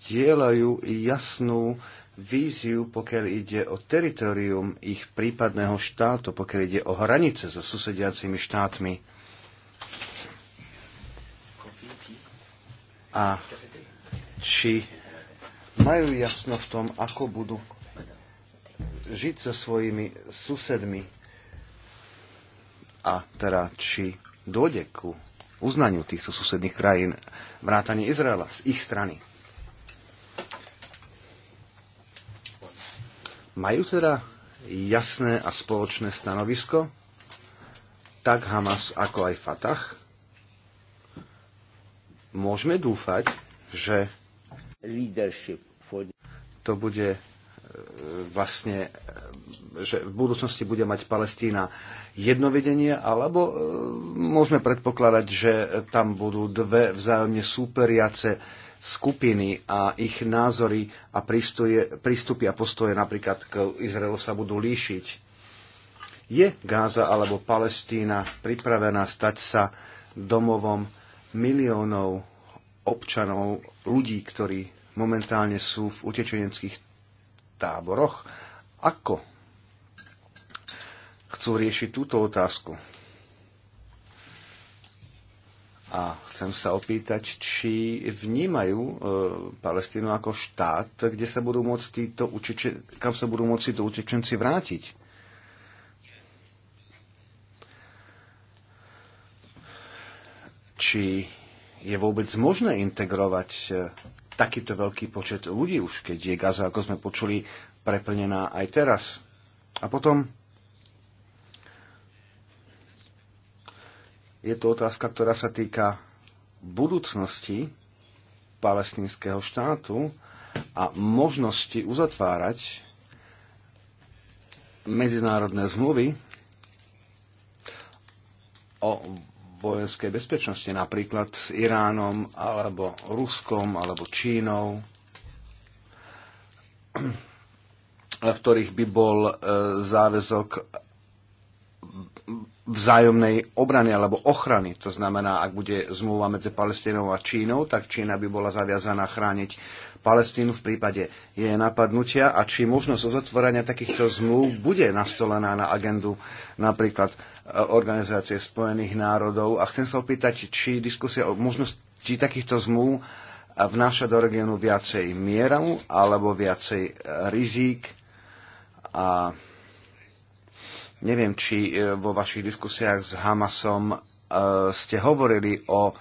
zdieľajú jasnú víziu, pokiaľ ide o teritorium ich prípadného štátu, pokiaľ ide o hranice so susediacimi štátmi. A či majú jasno v tom, ako budú žiť so svojimi susedmi a teda či dôjde ku uznaniu týchto susedných krajín vrátanie Izraela z ich strany. majú teda jasné a spoločné stanovisko, tak Hamas ako aj Fatah. Môžeme dúfať, že to bude e, vlastne, e, že v budúcnosti bude mať Palestína jedno vedenie, alebo e, môžeme predpokladať, že tam budú dve vzájomne súperiace skupiny a ich názory a prístupy a postoje napríklad k Izraelu sa budú líšiť. Je Gáza alebo Palestína pripravená stať sa domovom miliónov občanov, ľudí, ktorí momentálne sú v utečeneckých táboroch? Ako chcú riešiť túto otázku? A chcem sa opýtať, či vnímajú e, Palestínu ako štát, kde sa budú môcť títo utečen- kam sa budú môcť títo utečenci vrátiť. Či je vôbec možné integrovať e, takýto veľký počet ľudí už, keď je Gaza, ako sme počuli, preplnená aj teraz. A potom Je to otázka, ktorá sa týka budúcnosti palestínskeho štátu a možnosti uzatvárať medzinárodné zmluvy o vojenskej bezpečnosti, napríklad s Iránom, alebo Ruskom, alebo Čínou, v ktorých by bol e, záväzok vzájomnej obrany alebo ochrany. To znamená, ak bude zmluva medzi Palestínou a Čínou, tak Čína by bola zaviazaná chrániť Palestínu v prípade jej napadnutia a či možnosť uzatvorenia takýchto zmluv bude nastolená na agendu napríklad e, Organizácie spojených národov. A chcem sa opýtať, či diskusia o možnosti takýchto zmluv e, vnáša do regiónu viacej mieru alebo viacej e, rizík a Neviem, či e, vo vašich diskusiách s Hamasom e, ste hovorili o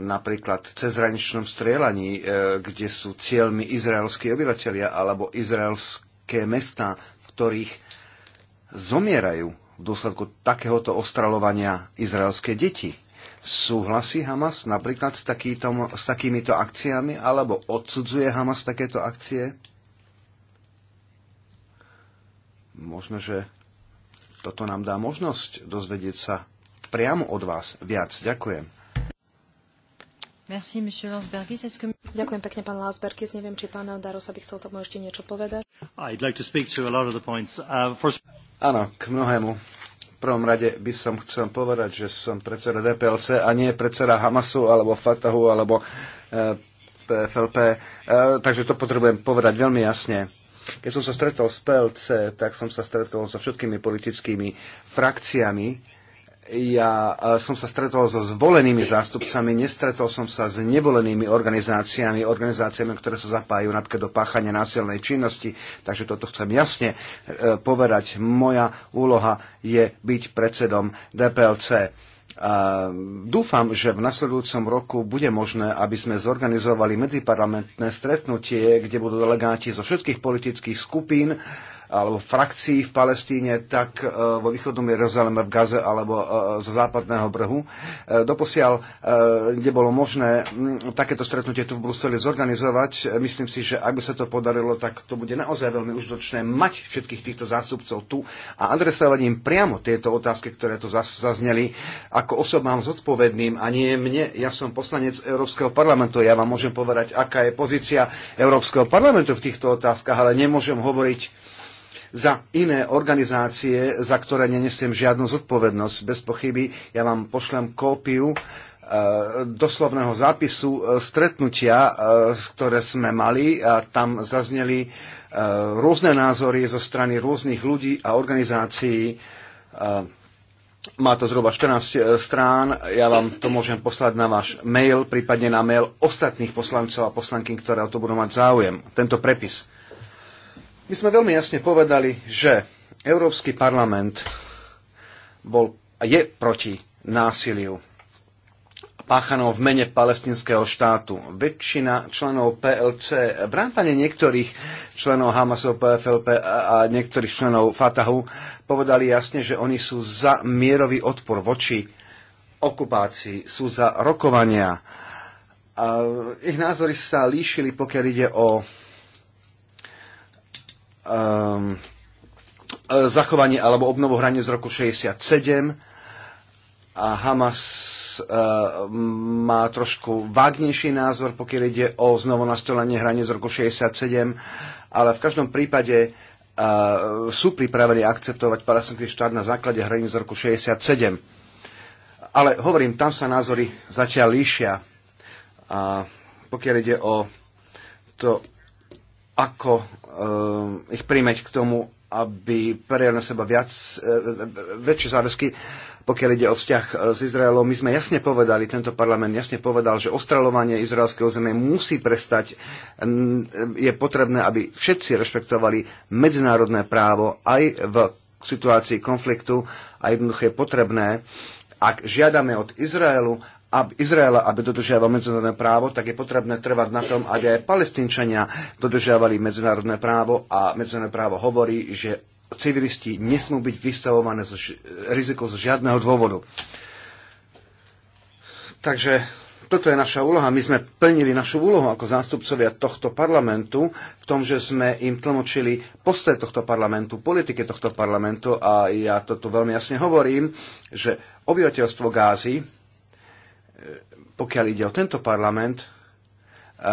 napríklad cezraničnom strieľaní, e, kde sú cieľmi izraelskí obyvateľia alebo izraelské mesta, v ktorých zomierajú v dôsledku takéhoto ostralovania izraelské deti. Súhlasí Hamas napríklad s, takýtom, s takýmito akciami alebo odsudzuje Hamas takéto akcie? Možno, že toto nám dá možnosť dozvedieť sa priamo od vás viac. Ďakujem. Merci, Ďakujem pekne, pán Lansbergis. Neviem, či pán Darosa by chcel tomu ešte niečo povedať. Like to to uh, for... Áno, k mnohému. V prvom rade by som chcel povedať, že som predseda DPLC a nie predseda Hamasu alebo Fatahu alebo uh, eh, PFLP. Uh, eh, takže to potrebujem povedať veľmi jasne. Keď som sa stretol s PLC, tak som sa stretol so všetkými politickými frakciami. Ja e, som sa stretol so zvolenými zástupcami, nestretol som sa s nevolenými organizáciami, organizáciami, ktoré sa zapájajú napríklad do páchania násilnej činnosti. Takže toto chcem jasne e, povedať. Moja úloha je byť predsedom DPLC a dúfam, že v nasledujúcom roku bude možné, aby sme zorganizovali medziparlamentné stretnutie, kde budú delegáti zo všetkých politických skupín alebo frakcií v Palestíne, tak e, vo východnom Jeruzaleme, v Gaze alebo e, e, zo západného brhu. Doposiaľ nebolo možné mm, takéto stretnutie tu v Bruseli zorganizovať. Myslím si, že ak by sa to podarilo, tak to bude naozaj veľmi užitočné mať všetkých týchto zástupcov tu a adresovať im priamo tieto otázky, ktoré tu zazneli, ako osobám zodpovedným a nie mne. Ja som poslanec Európskeho parlamentu. Ja vám môžem povedať, aká je pozícia Európskeho parlamentu v týchto otázkach, ale nemôžem hovoriť za iné organizácie, za ktoré nenesiem žiadnu zodpovednosť. Bez pochyby ja vám pošlem kópiu e, doslovného zápisu e, stretnutia, e, ktoré sme mali. A tam zazneli rôzne názory zo strany rôznych ľudí a organizácií. Má to zhruba 14 strán, ja vám to môžem poslať na váš mail, prípadne na mail ostatných poslancov a poslanky, ktoré o to budú mať záujem. Tento prepis. My sme veľmi jasne povedali, že Európsky parlament bol a je proti násiliu páchanou v mene palestinského štátu. Väčšina členov PLC, vrátane niektorých členov Hamasov, PFLP a niektorých členov Fatahu, povedali jasne, že oni sú za mierový odpor voči okupácii, sú za rokovania. A ich názory sa líšili, pokiaľ ide o um, zachovanie alebo obnovu hranie z roku 67 a Hamas e, má trošku vágnejší názor, pokiaľ ide o znovu nastolenie hranie z roku 67, ale v každom prípade e, sú pripravení akceptovať palestinský štát na základe hranie z roku 67. Ale hovorím, tam sa názory zatiaľ líšia. A pokiaľ ide o to, ako Um, ich príjmeť k tomu, aby prejali na seba viac, eh, väčšie záväzky, pokiaľ ide o vzťah eh, s Izraelom. My sme jasne povedali, tento parlament jasne povedal, že ostreľovanie izraelského zeme musí prestať. Eh, je potrebné, aby všetci rešpektovali medzinárodné právo aj v situácii konfliktu a jednoducho je potrebné, ak žiadame od Izraelu, aby Izraela, aby dodržiaval medzinárodné právo, tak je potrebné trvať na tom, aby aj palestínčania dodržiavali medzinárodné právo a medzinárodné právo hovorí, že civilisti nesmú byť vystavované z, riziko z žiadneho dôvodu. Takže toto je naša úloha. My sme plnili našu úlohu ako zástupcovia tohto parlamentu v tom, že sme im tlmočili postoje tohto parlamentu, politike tohto parlamentu a ja to tu veľmi jasne hovorím, že obyvateľstvo Gázy, pokiaľ ide o tento parlament, e, e,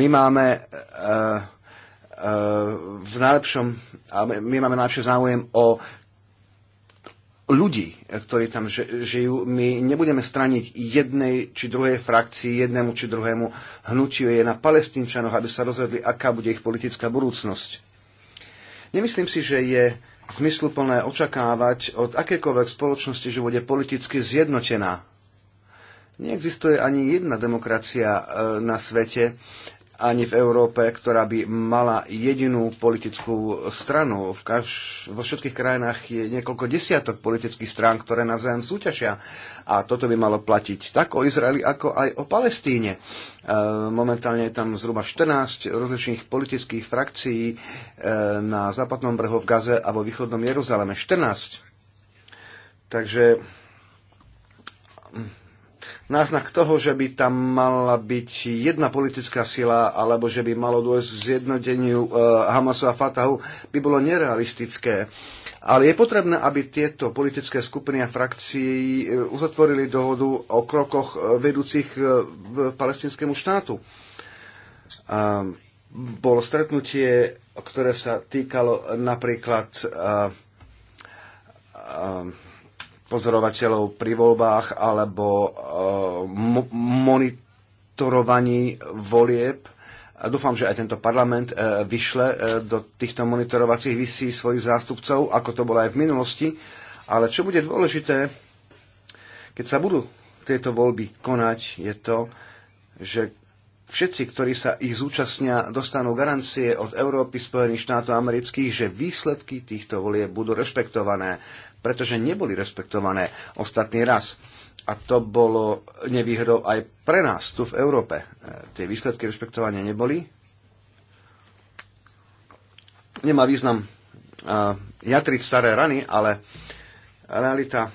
my máme e, v najlepšom, my máme najlepšie záujem o ľudí, ktorí tam žijú. My nebudeme straniť jednej či druhej frakcii, jednému či druhému hnutiu. Je na palestínčanoch, aby sa rozhodli, aká bude ich politická budúcnosť. Nemyslím si, že je zmysluplné očakávať od akékoľvek spoločnosti, že bude politicky zjednotená. Neexistuje ani jedna demokracia e, na svete, ani v Európe, ktorá by mala jedinú politickú stranu. V kaž- vo všetkých krajinách je niekoľko desiatok politických strán, ktoré navzájom súťažia. A toto by malo platiť tak o Izraeli, ako aj o Palestíne. E, momentálne je tam zhruba 14 rozličných politických frakcií e, na západnom brehu v Gaze a vo východnom Jeruzaleme. 14. Takže náznak toho, že by tam mala byť jedna politická sila alebo že by malo dôjsť k zjednoteniu eh, Hamasu a Fatahu, by bolo nerealistické. Ale je potrebné, aby tieto politické skupiny a frakcii eh, uzatvorili dohodu o krokoch eh, vedúcich v palestinskému štátu. Bolo stretnutie, ktoré sa týkalo napríklad pozorovateľov pri voľbách alebo eh, monitorovaní volieb. A dúfam, že aj tento parlament eh, vyšle eh, do týchto monitorovacích vysí svojich zástupcov, ako to bolo aj v minulosti. Ale čo bude dôležité, keď sa budú tieto voľby konať, je to, že všetci, ktorí sa ich zúčastnia, dostanú garancie od Európy, Spojených štátov amerických, že výsledky týchto volieb budú rešpektované pretože neboli respektované ostatný raz. A to bolo nevýhodou aj pre nás tu v Európe. E, tie výsledky rešpektovania neboli. Nemá význam e, jatriť staré rany, ale realita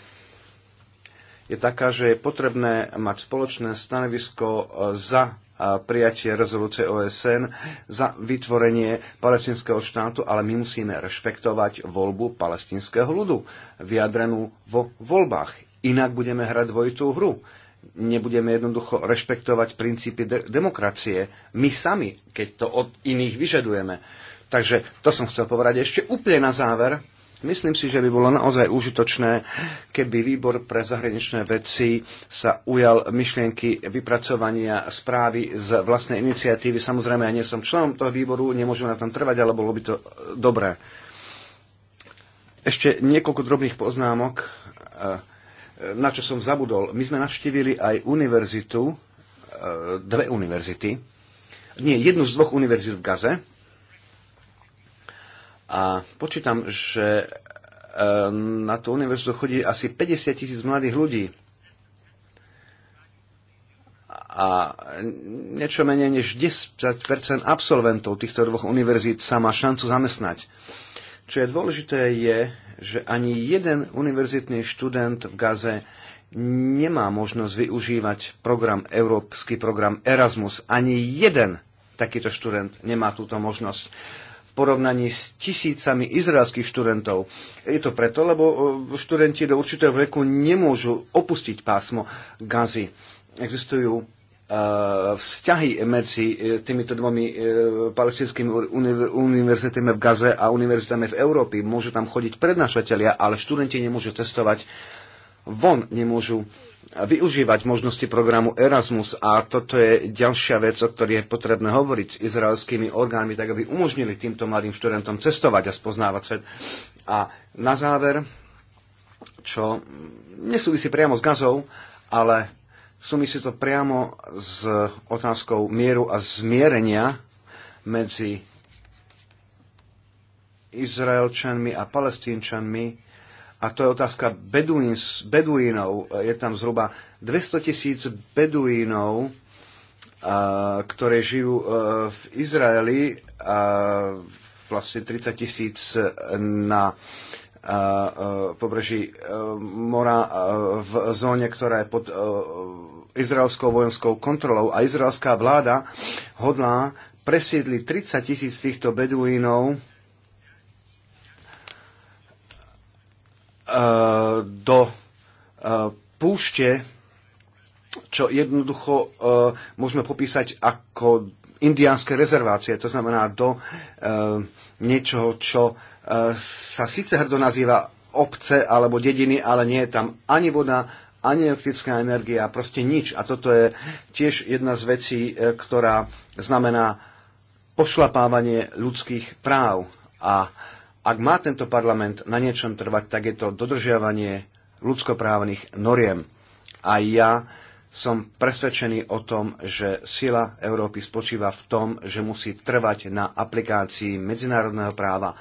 je taká, že je potrebné mať spoločné stanovisko e, za a prijatie rezolúcie OSN za vytvorenie palestinského štátu, ale my musíme rešpektovať voľbu palestinského ľudu, vyjadrenú vo voľbách. Inak budeme hrať dvojitú hru. Nebudeme jednoducho rešpektovať princípy de- demokracie my sami, keď to od iných vyžadujeme. Takže to som chcel povedať ešte úplne na záver Myslím si, že by bolo naozaj užitočné, keby výbor pre zahraničné veci sa ujal myšlienky vypracovania správy z vlastnej iniciatívy. Samozrejme, ja nie som členom toho výboru, nemôžem na tom trvať, ale bolo by to eh, dobré. Ešte niekoľko drobných poznámok, eh, na čo som zabudol. My sme navštívili aj univerzitu, eh, dve univerzity, nie, jednu z dvoch univerzít v Gaze, a počítam, že e, na tú univerzitu chodí asi 50 tisíc mladých ľudí. A niečo menej než 10 absolventov týchto dvoch univerzít sa má šancu zamestnať. Čo je dôležité je, že ani jeden univerzitný študent v Gaze nemá možnosť využívať program, európsky program Erasmus. Ani jeden takýto študent nemá túto možnosť porovnaní s tisícami izraelských študentov. Je to preto, lebo e, študenti do určitého veku nemôžu opustiť pásmo Gazy. Existujú e, vzťahy medzi e, týmito dvomi palestinskými univerzitami v Gaze a univerzitami v Európe. Môžu tam chodiť prednášatelia, ale študenti nemôžu cestovať von, nemôžu využívať možnosti programu Erasmus a toto je ďalšia vec, o ktorej je potrebné hovoriť s izraelskými orgánmi, tak aby umožnili týmto mladým študentom cestovať a spoznávať svet. A na záver, čo nesúvisí priamo s gazou, ale súvisí to priamo s otázkou mieru a zmierenia medzi Izraelčanmi a Palestínčanmi, a to je otázka beduín, beduínov. Je tam zhruba 200 tisíc beduínov, a, ktoré žijú e, v Izraeli a vlastne 30 tisíc na a, e, e, pobreží mora v zóne, ktorá je pod izraelskou vojenskou kontrolou a izraelská vláda hodlá presiedli 30 tisíc týchto beduínov do eh, púšte, čo jednoducho eh, môžeme popísať ako indiánske rezervácie, to znamená do eh, niečoho, čo sa síce hrdo nazýva obce alebo dediny, ale nie je tam ani voda, ani elektrická energia, proste nič. A toto je tiež jedna z vecí, ktorá znamená pošlapávanie ľudských práv. A uh, ak má tento parlament na niečom trvať, tak je to dodržiavanie ľudskoprávnych noriem. A ja som presvedčený o tom, že sila Európy spočíva v tom, že musí trvať na aplikácii medzinárodného práva,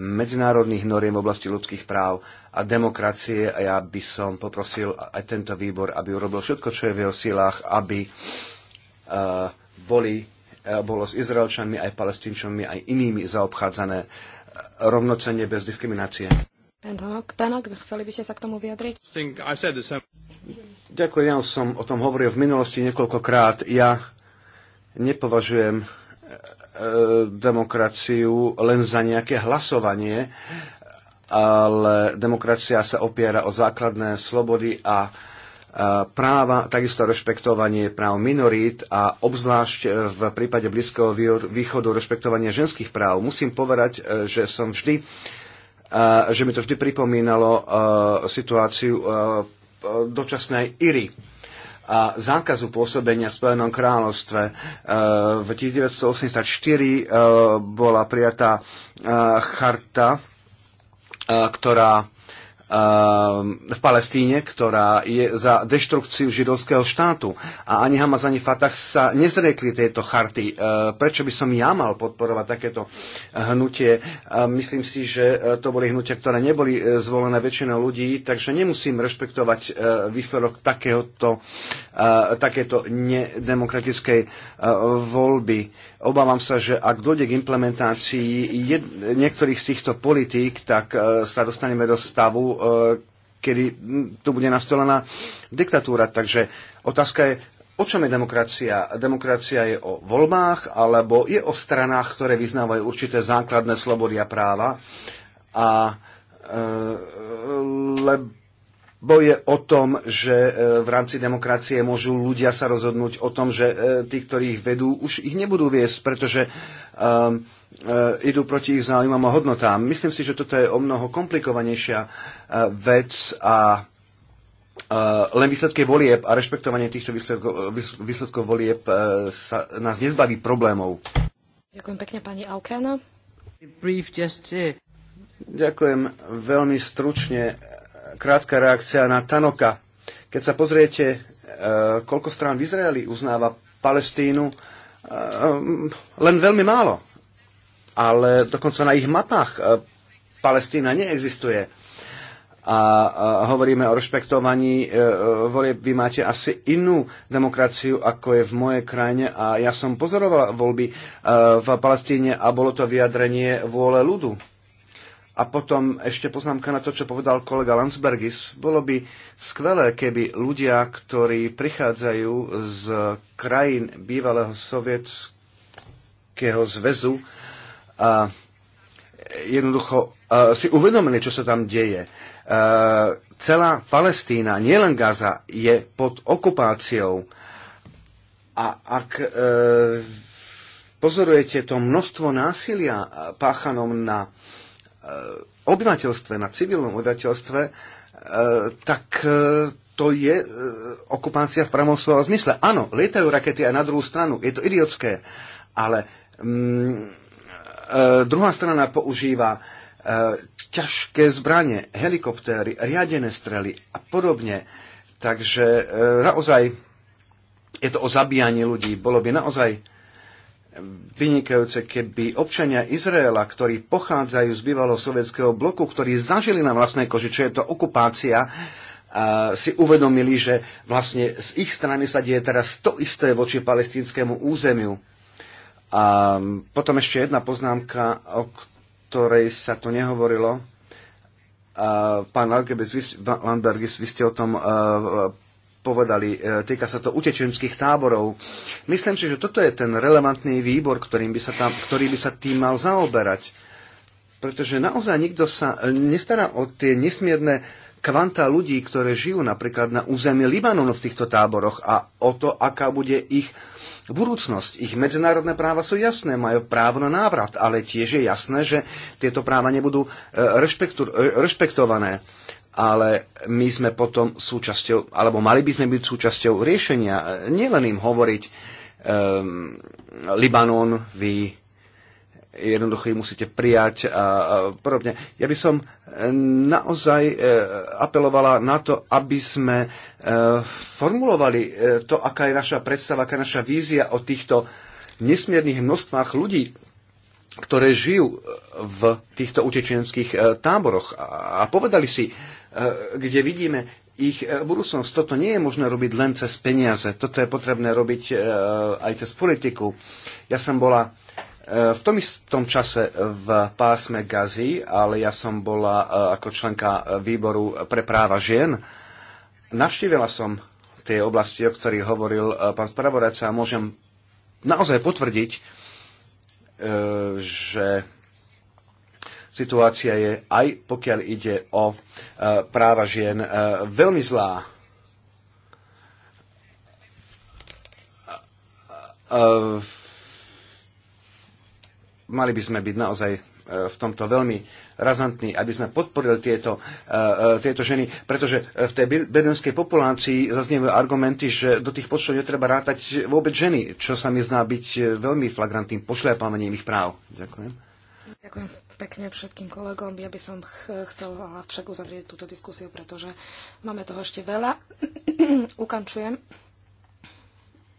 medzinárodných noriem v oblasti ľudských práv a demokracie a ja by som poprosil aj tento výbor, aby urobil všetko, čo je v jeho silách, aby uh, boli, uh, bolo s Izraelčanmi, aj palestínčanmi, aj inými zaobchádzané rovnocenie bez diskriminácie. Tanok, chceli by ste sa k tomu vyjadriť? Ďakujem, ja som o tom hovoril v minulosti niekoľkokrát. Ja nepovažujem e, demokraciu len za nejaké hlasovanie, ale demokracia sa opiera o základné slobody a práva, takisto rešpektovanie práv minorít a obzvlášť v prípade Blízkeho východu rešpektovanie ženských práv. Musím povedať, e, že som vždy, e, že mi to vždy pripomínalo e, situáciu dočasnej Iry a zákazu pôsobenia v Spojenom kráľovstve. V 1984 bola prijatá charta, ktorá Ehm, v Palestíne, ktorá je za deštrukciu židovského štátu. A ani Hamas, ani Fatah sa nezriekli tejto charty. Ehm, prečo by som ja mal podporovať takéto hnutie? Ehm, myslím si, že e, to boli hnutia, ktoré neboli e, zvolené väčšinou ľudí, takže nemusím rešpektovať e, výsledok takéhoto, takéto nedemokratickej voľby Obávam sa, že ak dojde k implementácii jed, niektorých z týchto politík, tak e, sa dostaneme do stavu, e, kedy tu bude nastolená diktatúra. Takže otázka je, o čom je demokracia? Demokracia je o voľbách, alebo je o stranách, ktoré vyznávajú určité základné slobody a práva. A, e, boje o tom, že e, v rámci demokracie môžu ľudia sa rozhodnúť o tom, že e, tí, ktorí ich vedú, už ich nebudú viesť, pretože um, idú proti ich záujmom a hodnotám. Myslím si, že toto je o mnoho komplikovanejšia vec a len výsledky volieb a rešpektovanie týchto výsledkov, výsledkov volieb sa, nás nezbaví problémov. Ďakujem pekne pani Aukena. Ďakujem veľmi stručne krátka reakcia na Tanoka. Keď sa pozriete, e, koľko strán v Izraeli uznáva Palestínu, e, len veľmi málo. Ale dokonca na ich mapách e, Palestína neexistuje. A hovoríme o rešpektovaní volieb. Vy máte asi inú demokraciu, ako je v mojej krajine. A ja som pozorovala voľby v Palestíne a bolo to vyjadrenie vôle ľudu a potom ešte poznámka na to, čo povedal kolega Landsbergis. Bolo by skvelé, keby ľudia, ktorí prichádzajú z krajín bývalého sovietského zväzu, a jednoducho a si uvedomili, čo sa tam deje. A celá Palestína, nielen Gaza, je pod okupáciou. A ak e, pozorujete to množstvo násilia páchanom na Eh, obyvateľstve, na civilnom obyvateľstve, eh, tak eh, to je okupácia v pravom slova zmysle. Áno, lietajú rakety aj na druhú stranu, je to idiotské, ale mm, druhá strana používa ťažké zbranie, helikoptéry, riadené strely a podobne. Takže naozaj je to o zabíjanie ľudí. Bolo by naozaj vynikajúce, keby občania Izraela, ktorí pochádzajú z bývalého sovietského bloku, ktorí zažili na vlastnej koži, čo je to okupácia, si uvedomili, že vlastne z ich strany sa deje teraz to isté voči palestínskému územiu. A potom ešte jedna poznámka, o ktorej sa tu nehovorilo. A pán Lanbergis, vy ste o tom povedali. E, týka sa to utečenských táborov. Myslím si, že toto je ten relevantný výbor, ktorým by sa tam, ktorý by sa tým mal zaoberať. Pretože naozaj nikto sa e, nestará o tie nesmierne kvanta ľudí, ktoré žijú napríklad na území Libanonu v týchto táboroch a o to, aká bude ich budúcnosť. Ich medzinárodné práva sú jasné, majú právo na návrat, ale tiež je jasné, že tieto práva nebudú e, rešpektované ale my sme potom súčasťou, alebo mali by sme byť súčasťou riešenia. Nielen im hovoriť, um, Libanon, vy jednoducho ich musíte prijať a, podobne. Ja by som eh, naozaj eh, apelovala na to, aby sme eh, formulovali to, aká je naša predstava, aká je naša vízia o týchto nesmiernych množstvách ľudí, ktoré žijú v týchto utečenských táboroch a povedali si, E, kde vidíme ich e, budúcnosť. Toto nie je možné robiť len cez peniaze. Toto je potrebné robiť e, aj cez politiku. Ja som bola v tom istom čase v pásme Gazi, ale ja som bola ako členka výboru pre práva žien. Navštívila som tie oblasti, o ktorých hovoril pán spravodajca a môžem naozaj potvrdiť, že Situácia je, aj pokiaľ ide o e, práva žien, e, veľmi zlá. E, mali by sme byť naozaj v tomto veľmi razantní, aby sme podporili tieto, tieto ženy, pretože v tej bedenskej populácii zaznievajú argumenty, že do tých počtov netreba rátať vôbec ženy, čo sa mi zná byť veľmi flagrantným pošľapávaním ich práv. Ďakujem. Ďakujem pekne všetkým kolegom. Ja by som ch- chcela však uzavrieť túto diskusiu, pretože máme toho ešte veľa. Ukončujem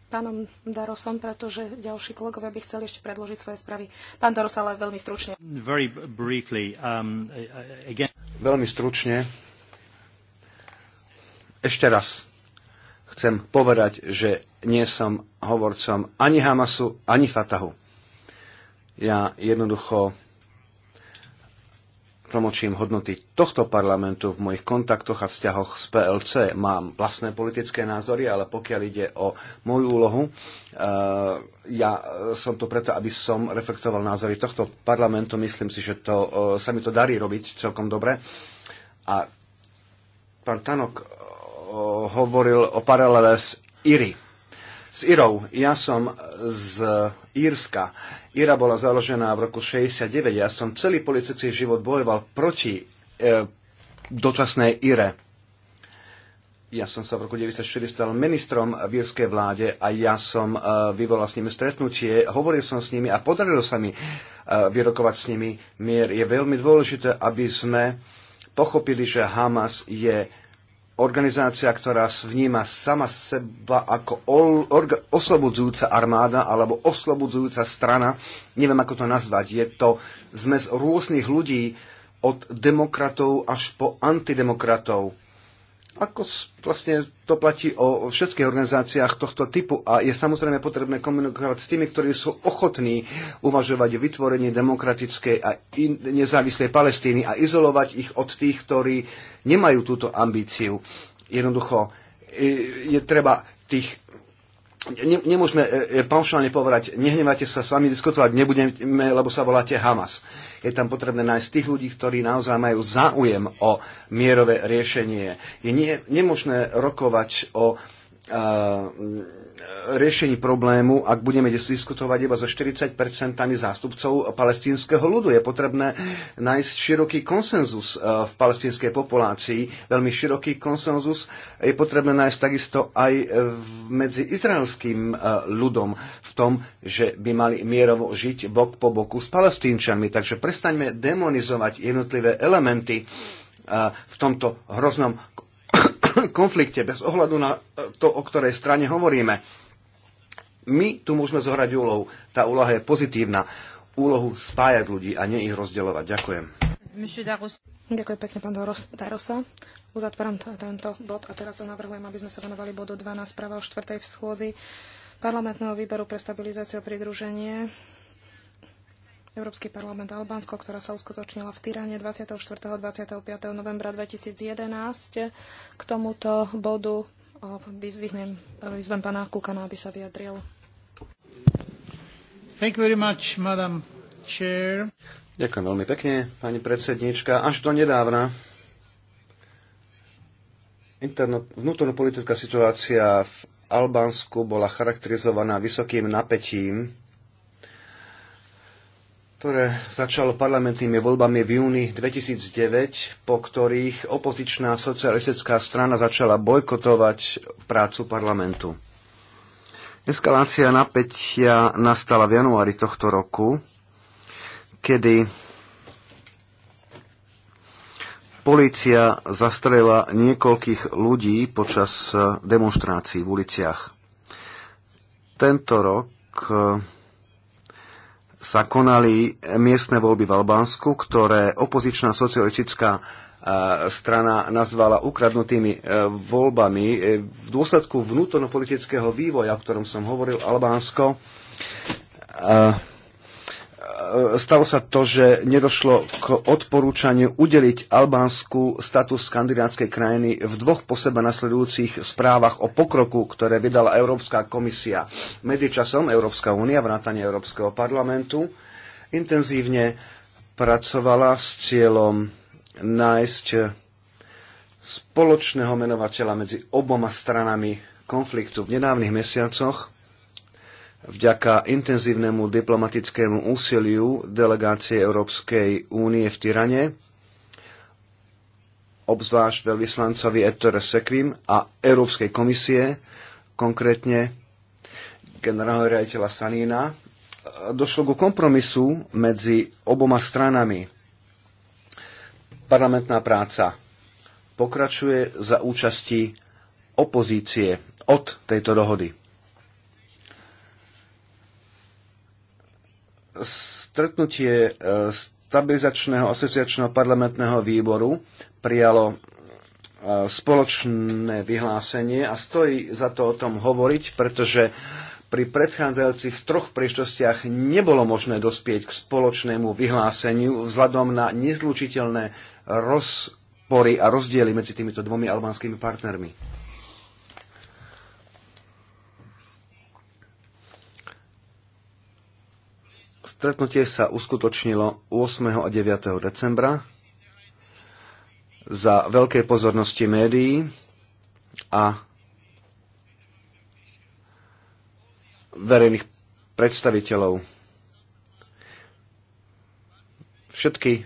pánom Darosom, pretože ďalší kolegovia by chceli ešte predložiť svoje spravy. Pán Daros, ale veľmi stručne. Very Briefly, um, again... Veľmi stručne. Ešte raz chcem povedať, že nie som hovorcom ani Hamasu, ani Fatahu. Ja jednoducho tlmočím hodnoty tohto parlamentu v mojich kontaktoch a vzťahoch s PLC. Mám vlastné politické názory, ale pokiaľ ide o moju úlohu, e, ja e, som tu preto, aby som reflektoval názory tohto parlamentu. Myslím si, že to, e, sa mi to darí robiť celkom dobre. A pán Tanok hovoril o paralele s Iry. S Irou. Ja som z Írska IRA bola založená v roku 69. Ja som celý politický život bojoval proti e, dočasnej IRE. Ja som sa v roku 1994 stal ministrom v irskej vláde a ja som e, vyvolal s nimi stretnutie, hovoril som s nimi a podarilo sa mi e, vyrokovať s nimi mier. Je veľmi dôležité, aby sme pochopili, že Hamas je organizácia, ktorá vníma sama seba ako oslobodzujúca armáda alebo oslobodzujúca strana, neviem ako to nazvať, je to zmes rôznych ľudí, od demokratov až po antidemokratov. Ako vlastne to platí o všetkých organizáciách tohto typu a je samozrejme potrebné komunikovať s tými, ktorí sú ochotní uvažovať o vytvorení demokratickej a in- nezávislej Palestíny a izolovať ich od tých, ktorí nemajú túto ambíciu. Jednoducho je treba tých ne, nemôžeme e, e, paušálne povedať, nehnevate sa, s vami diskutovať nebudeme, lebo sa voláte Hamas. Je tam potrebné nájsť tých ľudí, ktorí naozaj majú záujem o mierové riešenie. Je ne, nemožné rokovať o E, riešení problému, ak budeme diskutovať iba so 40 zástupcov palestínskeho ľudu. Je potrebné nájsť široký konsenzus e, v palestínskej populácii, veľmi široký konsenzus. Je potrebné nájsť takisto aj e, medzi izraelským e, ľudom v tom, že by mali mierovo žiť bok po boku s palestínčanmi. Takže prestaňme demonizovať jednotlivé elementy v tomto hroznom konflikte, bez ohľadu na to, o ktorej strane hovoríme. My tu môžeme zohrať úlohu. Tá úloha je pozitívna. Úlohu spájať ľudí a nie ich rozdielovať. Ďakujem. Ďakujem pekne, pán Darosa. Uzatváram tento bod a teraz sa navrhujem, aby sme sa venovali bodu 12 práva o 4. v schôdzi parlamentného výboru pre stabilizáciu a pridruženie Európsky parlament Albánsko, ktorá sa uskutočnila v Tyrane 24. a 25. novembra 2011. K tomuto bodu vyzvihnem, vyzvem pána Kukana, aby sa vyjadril. Thank you very much, Madam Chair. Ďakujem veľmi pekne, pani predsedníčka. Až do nedávna vnútornopolitická situácia v Albánsku bola charakterizovaná vysokým napätím ktoré začalo parlamentnými voľbami v júni 2009, po ktorých opozičná socialistická strana začala bojkotovať prácu parlamentu. Eskalácia napätia nastala v januári tohto roku, kedy Polícia zastrela niekoľkých ľudí počas demonstrácií v uliciach. Tento rok sa konali miestne voľby v Albánsku, ktoré opozičná socialistická e, strana nazvala ukradnutými e, voľbami. E, v dôsledku vnútornopolitického vývoja, o ktorom som hovoril, Albánsko stalo sa to, že nedošlo k odporúčaniu udeliť Albánsku status skandinávskej krajiny v dvoch po sebe nasledujúcich správach o pokroku, ktoré vydala Európska komisia. Medzičasom Európska únia, vrátanie Európskeho parlamentu, intenzívne pracovala s cieľom nájsť spoločného menovateľa medzi oboma stranami konfliktu v nedávnych mesiacoch Vďaka intenzívnemu diplomatickému úsiliu delegácie Európskej únie v Tyrane, obzvlášť veľvyslancovi Ettore Sekvim a Európskej komisie, konkrétne generálneho riaditeľa Sanína, došlo ku kompromisu medzi oboma stranami. Parlamentná práca pokračuje za účasti opozície od tejto dohody. stretnutie e, stabilizačného asociačného parlamentného výboru prijalo e, spoločné vyhlásenie a stojí za to o tom hovoriť, pretože pri predchádzajúcich troch príštostiach nebolo možné dospieť k spoločnému vyhláseniu vzhľadom na nezlučiteľné rozpory a rozdiely medzi týmito dvomi albánskymi partnermi. Stretnutie sa uskutočnilo 8. a 9. decembra za veľkej pozornosti médií a verejných predstaviteľov. Všetky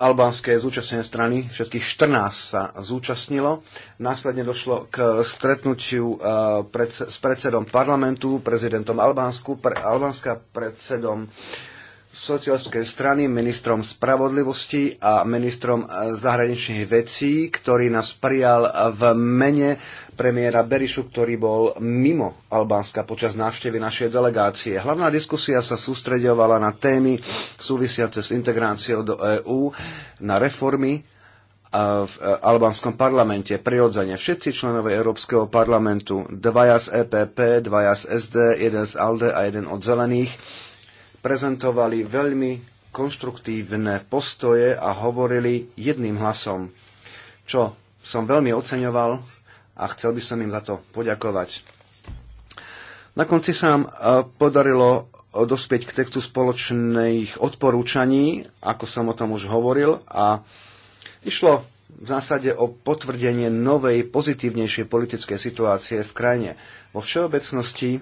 albánske zúčastnené strany, všetkých 14 sa zúčastnilo. Následne došlo k stretnutiu e, s predsedom parlamentu, prezidentom Albánsku, pre, Albánska predsedom socialistickej strany, ministrom spravodlivosti a ministrom e, zahraničných vecí, ktorý nás prijal v mene premiéra Berišu, ktorý bol mimo Albánska počas návštevy našej delegácie. Hlavná diskusia sa sústreďovala na témy súvisiace s integráciou do EÚ, na reformy v e, albánskom parlamente. Prirodzene všetci členové Európskeho parlamentu, dvaja z EPP, dvaja z SD, jeden z ALDE a jeden od Zelených, prezentovali veľmi konštruktívne postoje a hovorili jedným hlasom, čo som veľmi oceňoval a chcel by som im za to poďakovať. Na konci sa nám e, podarilo e, dospieť k textu spoločných odporúčaní, ako som o tom už hovoril, a išlo v zásade o potvrdenie novej, pozitívnejšej politickej situácie v krajine. Vo všeobecnosti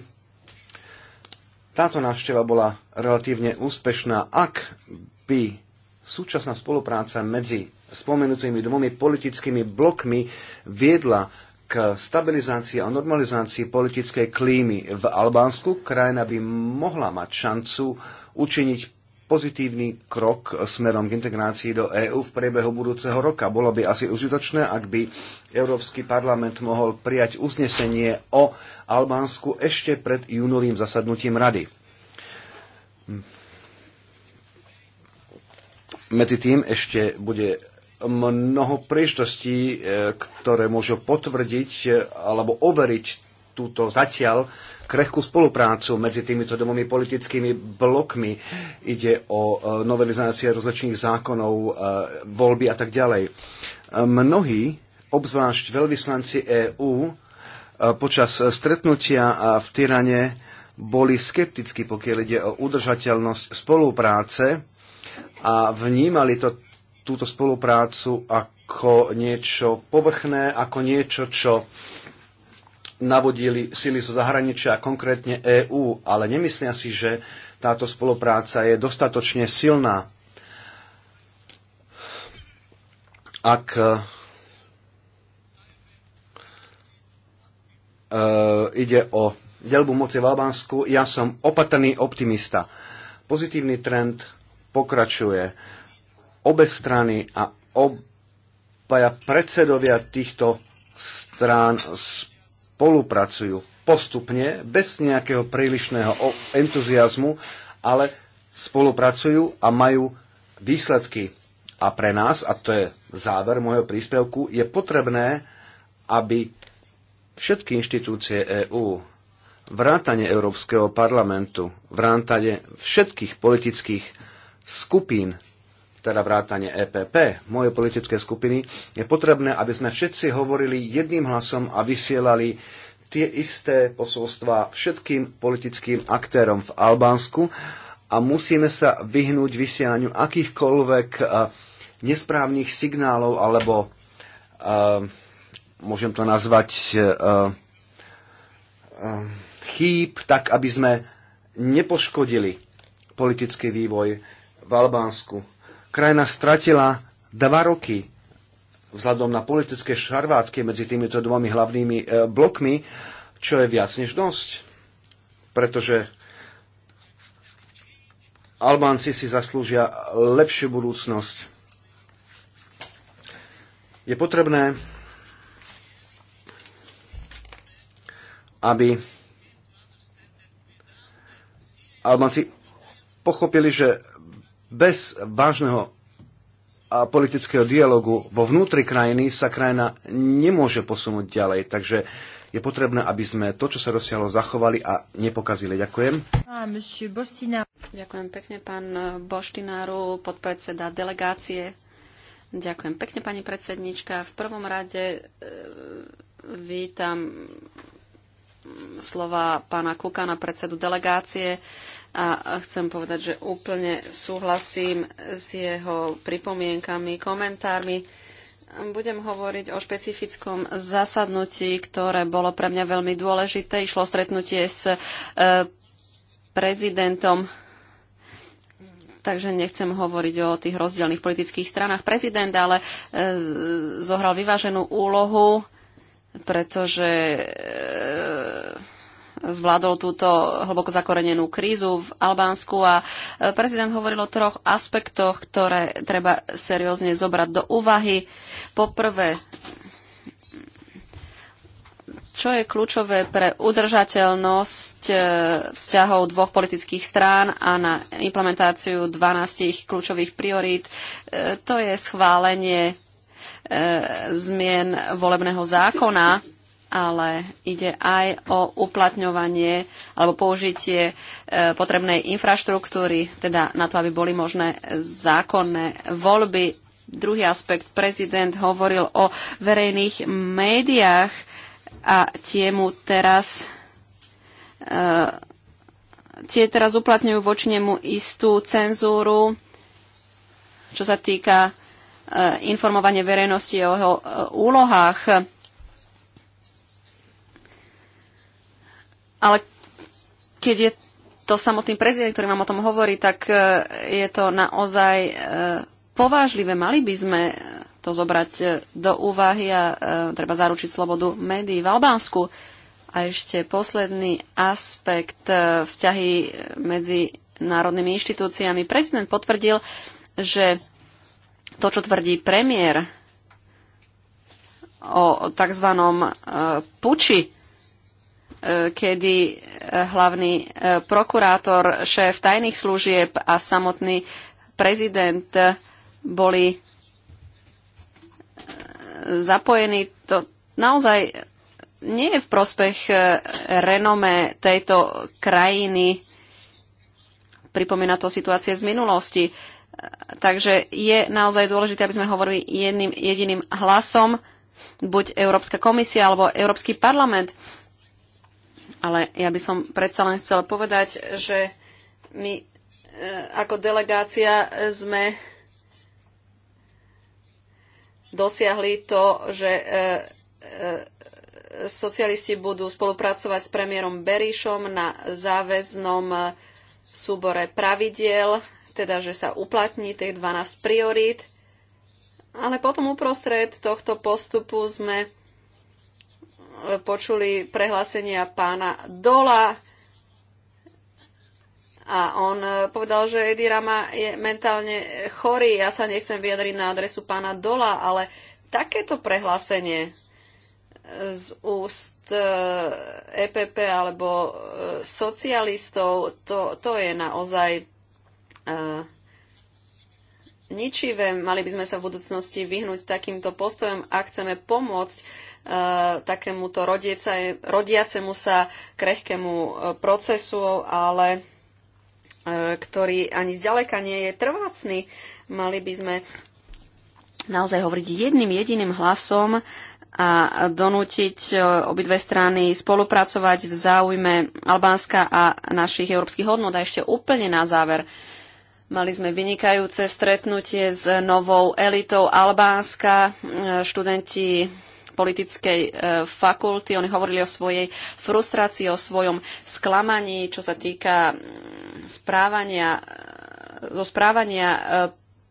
táto návšteva bola relatívne úspešná, ak by súčasná spolupráca medzi spomenutými dvomi politickými blokmi viedla k stabilizácii a normalizácii politickej klímy v Albánsku, krajina by mohla mať šancu učiniť pozitívny krok smerom k integrácii do EÚ v priebehu budúceho roka. Bolo by asi užitočné, ak by Európsky parlament mohol prijať uznesenie o Albánsku ešte pred júnovým zasadnutím rady. Medzi tým ešte bude mnoho príštostí, e, ktoré môžu potvrdiť e, alebo overiť túto zatiaľ krehkú spoluprácu medzi týmito domovými politickými blokmi. Ide o e, novelizácie rozličných zákonov, voľby a tak ďalej. Mnohí, obzvlášť veľvyslanci EÚ, počas stretnutia v Tyrane boli skeptickí, pokiaľ ide o udržateľnosť spolupráce a vnímali to túto spoluprácu ako niečo povrchné, ako niečo, čo navodili sily zo zahraničia, konkrétne EÚ, ale nemyslia si, že táto spolupráca je dostatočne silná. Ak e, ide o delbu moci v Albánsku, ja som opatrný optimista. Pozitívny trend pokračuje obe strany a obaja predsedovia týchto strán spolupracujú postupne, bez nejakého prílišného entuziasmu, ale spolupracujú a majú výsledky. A pre nás, a to je záver môjho príspevku, je potrebné, aby všetky inštitúcie EÚ, vrátane Európskeho parlamentu, vrátane všetkých politických skupín teda vrátane EPP, moje politické skupiny, je potrebné, aby sme všetci hovorili jedným hlasom a vysielali tie isté posolstva všetkým politickým aktérom v Albánsku a musíme sa vyhnúť vysielaniu akýchkoľvek eh, nesprávnych signálov alebo eh, môžem to nazvať eh, chýb, tak aby sme nepoškodili politický vývoj v Albánsku Krajina stratila dva roky vzhľadom na politické šarvátky medzi týmito dvomi hlavnými e, blokmi, čo je viac než dosť. Pretože Albánci si zaslúžia lepšiu budúcnosť. Je potrebné, aby Albánci pochopili, že bez vážneho a politického dialogu vo vnútri krajiny sa krajina nemôže posunúť ďalej. Takže je potrebné, aby sme to, čo sa dosiahlo, zachovali a nepokazili. Ďakujem. Ďakujem pekne, pán Boštináru, podpredseda delegácie. Ďakujem pekne, pani predsednička. V prvom rade e, vítam slova pána Kukana, predsedu delegácie a chcem povedať, že úplne súhlasím s jeho pripomienkami, komentármi. Budem hovoriť o špecifickom zasadnutí, ktoré bolo pre mňa veľmi dôležité. Išlo stretnutie s e, prezidentom, takže nechcem hovoriť o tých rozdielných politických stranách. Prezident ale e, zohral vyváženú úlohu, pretože e, zvládol túto hlboko zakorenenú krízu v Albánsku a e, prezident hovoril o troch aspektoch, ktoré treba seriózne zobrať do úvahy. Poprvé, čo je kľúčové pre udržateľnosť e, vzťahov dvoch politických strán a na implementáciu 12 kľúčových priorít, e, to je schválenie zmien volebného zákona ale ide aj o uplatňovanie alebo použitie e, potrebnej infraštruktúry, teda na to, aby boli možné zákonné voľby. Druhý aspekt, prezident hovoril o verejných médiách a tie mu teraz e, tie teraz uplatňujú voči nemu istú cenzúru, čo sa týka e, informovania verejnosti o jeho úlohách Ale keď je to samotný prezident, ktorý vám o tom hovorí, tak e, je to naozaj e, povážlivé. Mali by sme to zobrať e, do úvahy a treba zaručiť slobodu médií v Albánsku. A ešte posledný aspekt vzťahy medzi národnými inštitúciami. Prezident potvrdil, že to, čo tvrdí premiér o tzv. puči, kedy eh, hlavný eh, prokurátor, šéf tajných služieb a samotný prezident boli eh, zapojení. To naozaj nie je v prospech renome tejto krajiny. Pripomína to situácie z minulosti. Takže je naozaj dôležité, aby sme hovorili jedným jediným hlasom, buď Európska komisia alebo Európsky parlament ale ja by som predsa len chcela povedať, že my e, ako delegácia sme dosiahli to, že e, e, socialisti budú spolupracovať s premiérom Berišom na záväznom súbore pravidiel, teda že sa uplatní tých 12 priorít. Ale potom uprostred tohto postupu sme počuli prehlásenia pána Dola a on povedal, že Edi Rama je mentálne chorý. Ja sa nechcem vyjadriť na adresu pána Dola, ale takéto prehlásenie z úst EPP e alebo e, socialistov, to, to je naozaj uh, ničivé. Mali by sme sa v budúcnosti vyhnúť takýmto postojom, ak chceme pomôcť E, takémuto rodiacemu sa krehkému e, procesu, ale e, ktorý ani zďaleka nie je trvácný. Mali by sme naozaj hovoriť jedným jediným hlasom a donútiť obidve strany spolupracovať v záujme Albánska a našich európskych hodnot. A ešte úplne na záver. Mali sme vynikajúce stretnutie s novou elitou Albánska. Študenti politickej e, fakulty. Oni hovorili o svojej frustrácii, o svojom sklamaní, čo sa týka mm, správania, e, zo správania e,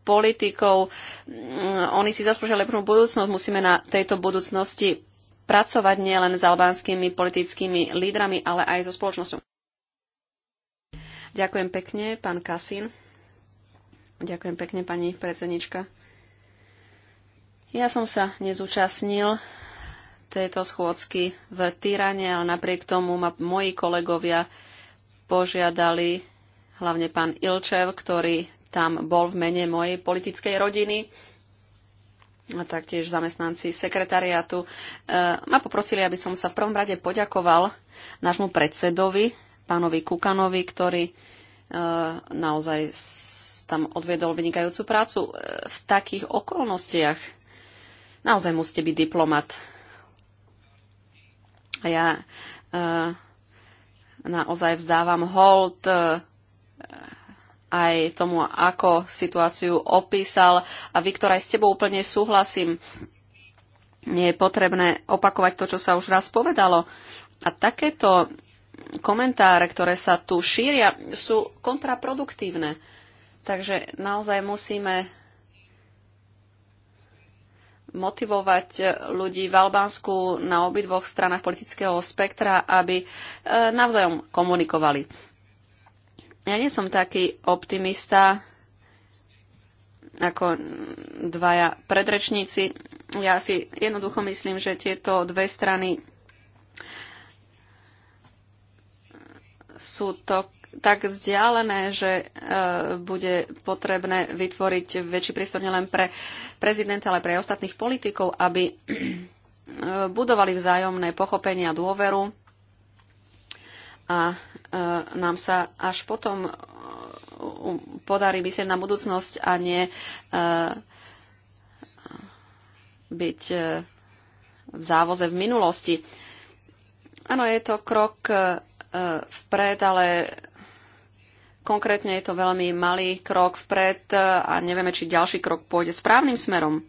politikov. Mm, oni si zaslúžia lepšiu budúcnosť. Musíme na tejto budúcnosti pracovať nielen s albánskymi politickými lídrami, ale aj so spoločnosťou. Ďakujem pekne, pán Kasín. Ďakujem pekne, pani predsednička. Ja som sa nezúčastnil tejto schôdzky v Tyrane, ale napriek tomu ma moji kolegovia požiadali, hlavne pán Ilčev, ktorý tam bol v mene mojej politickej rodiny a taktiež zamestnanci sekretariátu, e, ma poprosili, aby som sa v prvom rade poďakoval nášmu predsedovi, pánovi Kukanovi, ktorý e, naozaj tam odviedol vynikajúcu prácu. E, v takých okolnostiach naozaj musíte byť diplomat a ja e, naozaj vzdávam hold e, aj tomu, ako situáciu opísal. A Viktor, aj s tebou úplne súhlasím. Nie je potrebné opakovať to, čo sa už raz povedalo. A takéto komentáre, ktoré sa tu šíria, sú kontraproduktívne. Takže naozaj musíme motivovať ľudí v Albánsku na obidvoch stranách politického spektra, aby e, navzájom komunikovali. Ja nie som taký optimista ako dvaja predrečníci. Ja si jednoducho myslím, že tieto dve strany sú to tak vzdialené, že e, bude potrebné vytvoriť väčší priestor nielen pre prezidenta, ale pre ostatných politikov, aby e, budovali vzájomné pochopenie a dôveru. A e, nám sa až potom e, podarí myslieť na budúcnosť a nie e, byť e, v závoze v minulosti. Áno, je to krok vpred, ale Konkrétne je to veľmi malý krok vpred a nevieme, či ďalší krok pôjde správnym smerom.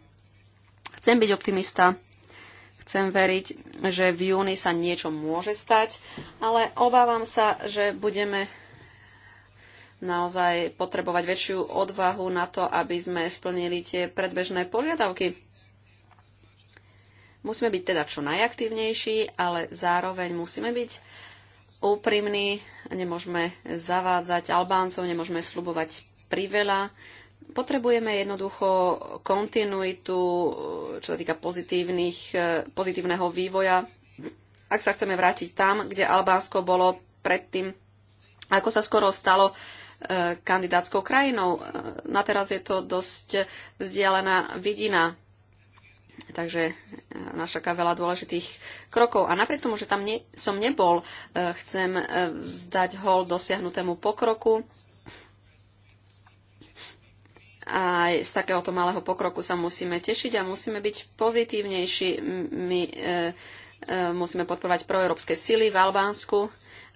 Chcem byť optimista, chcem veriť, že v júni sa niečo môže stať, ale obávam sa, že budeme naozaj potrebovať väčšiu odvahu na to, aby sme splnili tie predbežné požiadavky. Musíme byť teda čo najaktívnejší, ale zároveň musíme byť úprimní, nemôžeme zavádzať Albáncov, nemôžeme slubovať priveľa. Potrebujeme jednoducho kontinuitu, čo sa týka pozitívneho vývoja. Ak sa chceme vrátiť tam, kde Albánsko bolo predtým, ako sa skoro stalo e, kandidátskou krajinou. E, na teraz je to dosť vzdialená vidina Takže e, nás čaká veľa dôležitých krokov. A napriek tomu, že tam ne, som nebol, e, chcem e, zdať hol dosiahnutému pokroku. A z takéhoto malého pokroku sa musíme tešiť a musíme byť pozitívnejší. My e, e, musíme podporovať proeurópske sily v Albánsku,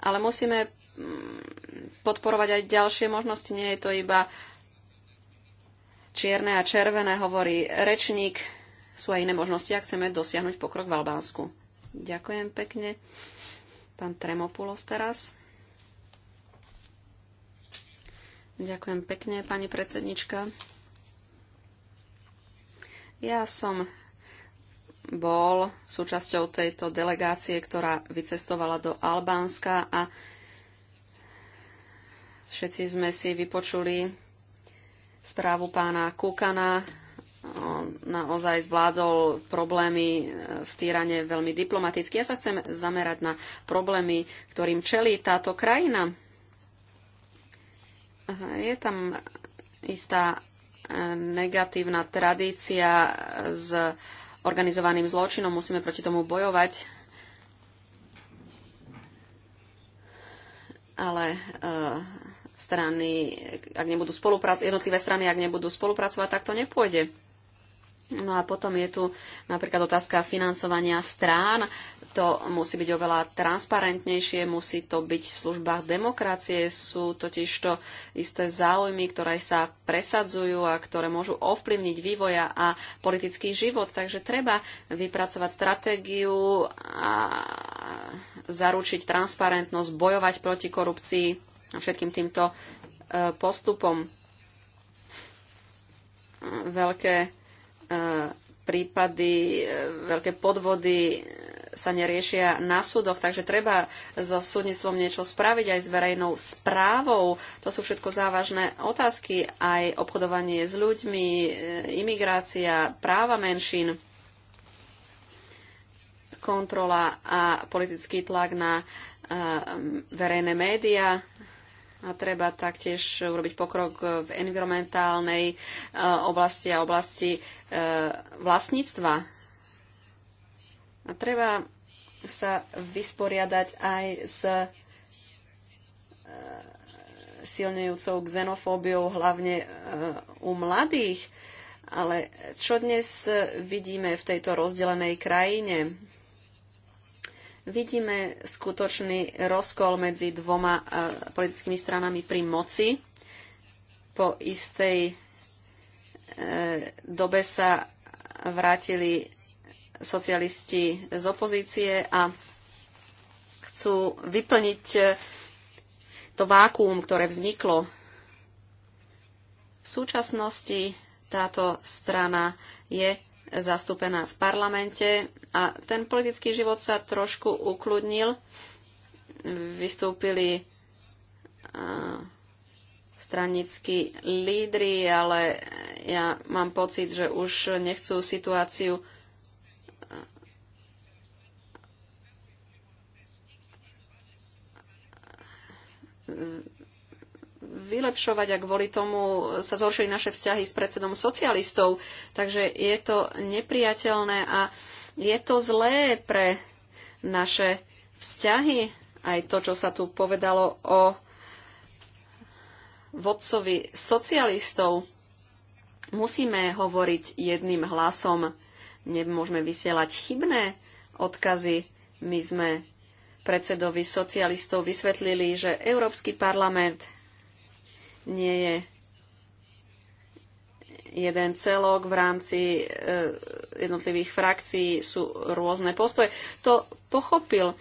ale musíme mm, podporovať aj ďalšie možnosti. Nie je to iba čierne a červené, hovorí rečník sú aj iné možnosti, ak chceme dosiahnuť pokrok v Albánsku. Ďakujem pekne. Pán Tremopulos teraz. Ďakujem pekne, pani predsednička. Ja som bol súčasťou tejto delegácie, ktorá vycestovala do Albánska a všetci sme si vypočuli správu pána Kukana Ehm, naozaj zvládol problémy e, v Týrane veľmi diplomaticky. Ja sa chcem zamerať na problémy, ktorým čelí táto krajina. Je tam istá e, negatívna tradícia s organizovaným zločinom. Musíme proti tomu bojovať. Ale e, strany, ak nebudú spolupracovať, jednotlivé strany, ak nebudú spolupracovať, tak to nepôjde. No a potom je tu napríklad otázka financovania strán. To musí byť oveľa transparentnejšie, musí to byť v službách demokracie. Sú totiž to isté záujmy, ktoré sa presadzujú a ktoré môžu ovplyvniť vývoja a politický život. Takže treba vypracovať stratégiu a zaručiť transparentnosť, bojovať proti korupcii a všetkým týmto e, postupom. Veľké E, prípady, e, veľké podvody sa neriešia na súdoch, takže treba so súdnictvom niečo spraviť aj s verejnou správou. To sú všetko závažné otázky, aj obchodovanie s ľuďmi, e, imigrácia, práva menšín, kontrola a politický tlak na verejné médiá, a treba taktiež urobiť pokrok v environmentálnej e, oblasti a oblasti e, vlastníctva. A treba sa vysporiadať aj s e, silnejúcou xenofóbiou, hlavne u mladých. Ale čo dnes vidíme v tejto rozdelenej krajine? Vidíme skutočný rozkol medzi dvoma eh, politickými stranami pri moci. Po istej eh, dobe sa vrátili socialisti z opozície a chcú vyplniť eh, to vákuum, ktoré vzniklo. V súčasnosti táto strana je zastúpená v parlamente a ten politický život sa trošku ukludnil. Vystúpili stranickí lídry, ale ja mám pocit, že už nechcú situáciu vylepšovať a kvôli tomu sa zhoršili naše vzťahy s predsedom socialistov. Takže je to nepriateľné a je to zlé pre naše vzťahy. Aj to, čo sa tu povedalo o vodcovi socialistov. Musíme hovoriť jedným hlasom. Nemôžeme vysielať chybné odkazy. My sme predsedovi socialistov vysvetlili, že Európsky parlament nie je jeden celok v rámci e, jednotlivých frakcií sú rôzne postoje. To pochopil.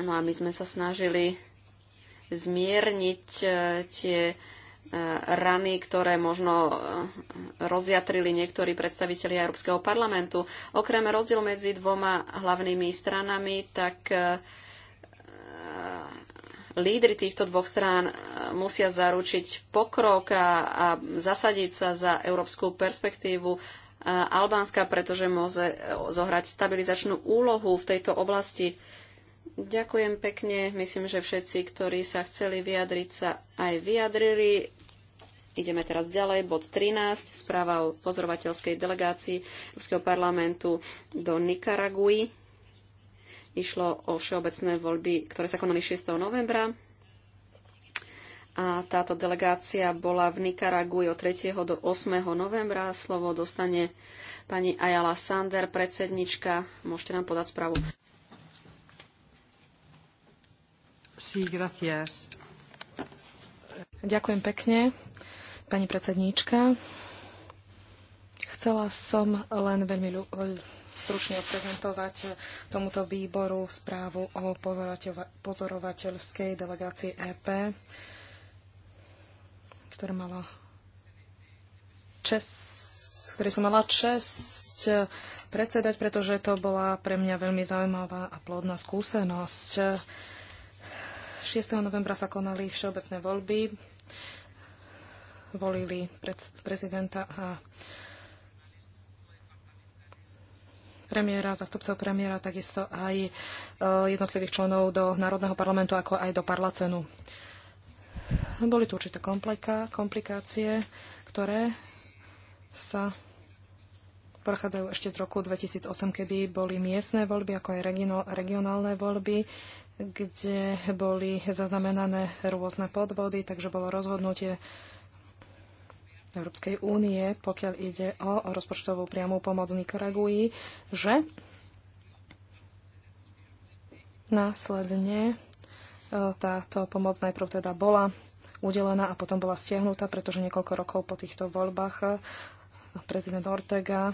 No a my sme sa snažili zmierniť e, tie e, rany, ktoré možno rozjatrili niektorí predstavitelia Európskeho parlamentu. Okrem rozdiel medzi dvoma hlavnými stranami, tak lídry týchto dvoch strán eh, musia zaručiť pokrok a, a zasadiť sa za európsku perspektívu eh, Albánska, pretože môže eh, zohrať stabilizačnú úlohu v tejto oblasti. Ďakujem pekne. Myslím, že všetci, ktorí sa chceli vyjadriť, sa aj vyjadrili. Ideme teraz ďalej. Bod 13. Správa o pozorovateľskej delegácii Európskeho parlamentu do Nikaraguji. Išlo o všeobecné voľby, ktoré sa konali 6. novembra. A táto delegácia bola v Nikaragui od 3. do 8. novembra. Slovo dostane pani Ayala Sander, predsednička. Môžete nám podať správu. Sí, gracias. Ďakujem pekne, pani predsedníčka. Chcela som len veľmi stručne prezentovať tomuto výboru správu o pozorovateľskej delegácii EP, ktorá mala čest, ktorej som mala čest predsedať, pretože to bola pre mňa veľmi zaujímavá a plodná skúsenosť. 6. novembra sa konali všeobecné voľby. Volili prezidenta a premiéra, zastupcov premiéra, takisto aj e, jednotlivých členov do Národného parlamentu, ako aj do Parlacenu. Boli tu určité komplika, komplikácie, ktoré sa prechádzajú ešte z roku 2008, kedy boli miestne voľby, ako aj regionálne voľby, kde boli zaznamenané rôzne podvody, takže bolo rozhodnutie Európskej únie, pokiaľ ide o rozpočtovú priamú pomoc Nikaragui, že následne e, táto pomoc najprv teda bola udelená a potom bola stiahnutá, pretože niekoľko rokov po týchto voľbách e, prezident Ortega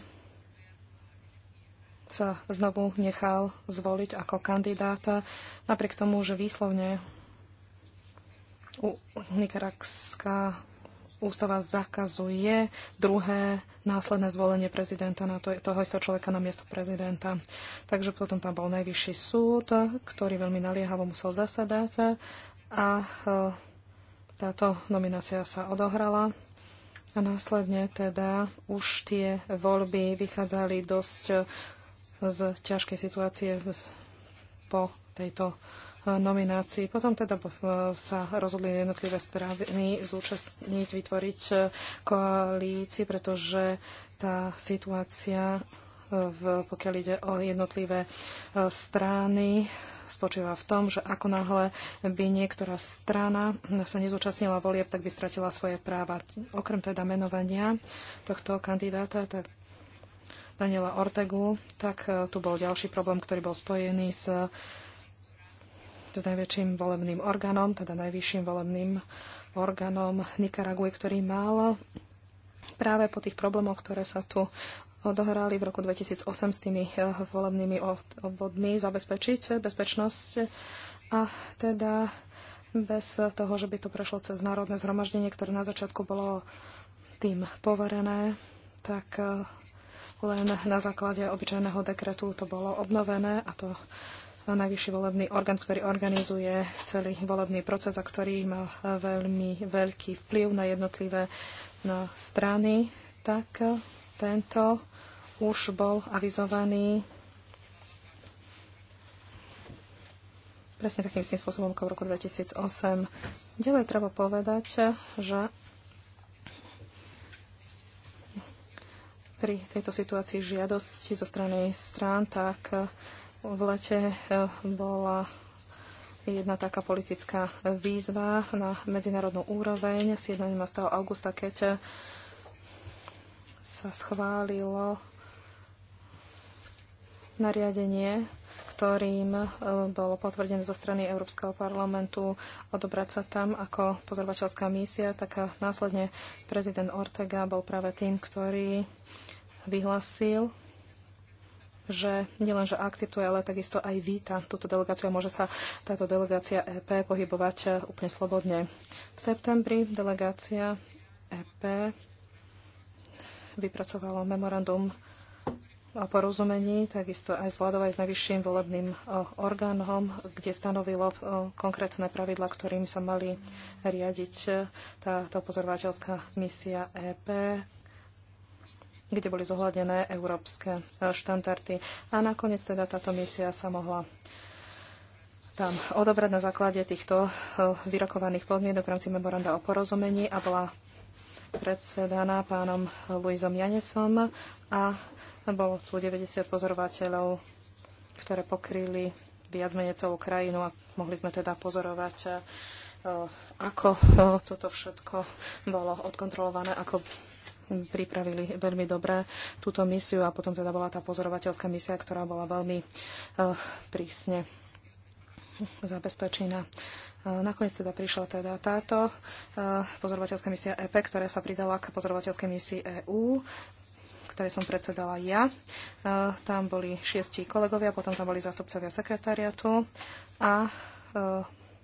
sa znovu nechal zvoliť ako kandidáta, e, napriek tomu, že výslovne u nikaragská ústava zakazuje druhé následné zvolenie prezidenta na to, toho istého človeka na miesto prezidenta. Takže potom tam bol najvyšší súd, ktorý veľmi naliehavo musel zasadať a e, táto nominácia sa odohrala. A následne teda už tie voľby vychádzali dosť z ťažkej situácie po tejto nominácií. Potom teda eh, sa rozhodli jednotlivé strany zúčastniť, vytvoriť eh, koalícii, pretože tá situácia, eh, v, pokiaľ ide o jednotlivé strany, spočíva v tom, že ako náhle by niektorá strana sa nezúčastnila volieb, tak by stratila svoje práva. Okrem teda menovania tohto kandidáta, tak Daniela Ortegu, tak tu bol ďalší problém, ktorý bol spojený s s najväčším volebným orgánom, teda najvyšším volebným orgánom Nikaraguj, ktorý mal práve po tých problémoch, ktoré sa tu odohrali v roku 2008 s tými eh, volebnými obvodmi zabezpečiť bezpečnosť a teda bez toho, že by to prešlo cez národné zhromaždenie, ktoré na začiatku bolo tým poverené, tak eh, len na základe obyčajného dekretu to bolo obnovené a to No, najvyšší volebný orgán, ktorý organizuje celý volebný proces a ktorý má veľmi veľký vplyv na jednotlivé na no, strany, tak tento už bol avizovaný presne takým istým spôsobom ako v roku 2008. Ďalej treba povedať, že pri tejto situácii žiadosti zo strany strán, tak v lete eh, bola jedna taká politická výzva na medzinárodnú úroveň 7. augusta, keď eh, sa schválilo nariadenie, ktorým eh, bolo potvrdené zo strany Európskeho parlamentu odobrať sa tam ako pozorovateľská misia, tak následne prezident Ortega bol práve tým, ktorý vyhlasil že nielenže akceptuje, ale takisto aj víta túto delegáciu a môže sa táto delegácia EP pohybovať e, úplne slobodne. V septembri delegácia EP vypracovala memorandum o porozumení, takisto aj zvládovať aj s najvyšším volebným e, orgánom, kde stanovilo e, konkrétne pravidla, ktorým sa mali riadiť táto pozorovateľská misia EP kde boli zohľadené európske e, štandardy. A nakoniec teda táto misia sa mohla tam odobrať na základe týchto e, vyrokovaných podmienok v rámci memoranda o porozumení a bola predsedaná pánom Luizom Janesom a bolo tu 90 pozorovateľov, ktoré pokryli viac menej celú krajinu a mohli sme teda pozorovať, e, ako toto všetko bolo odkontrolované, ako pripravili veľmi dobre túto misiu a potom teda bola tá pozorovateľská misia, ktorá bola veľmi eh, prísne zabezpečená. Eh, nakoniec teda prišla teda táto eh, pozorovateľská misia EP, e, ktorá sa pridala k pozorovateľskej misii EÚ ktoré som predsedala ja. Tam boli šiesti kolegovia, potom tam boli zástupcovia sekretariatu a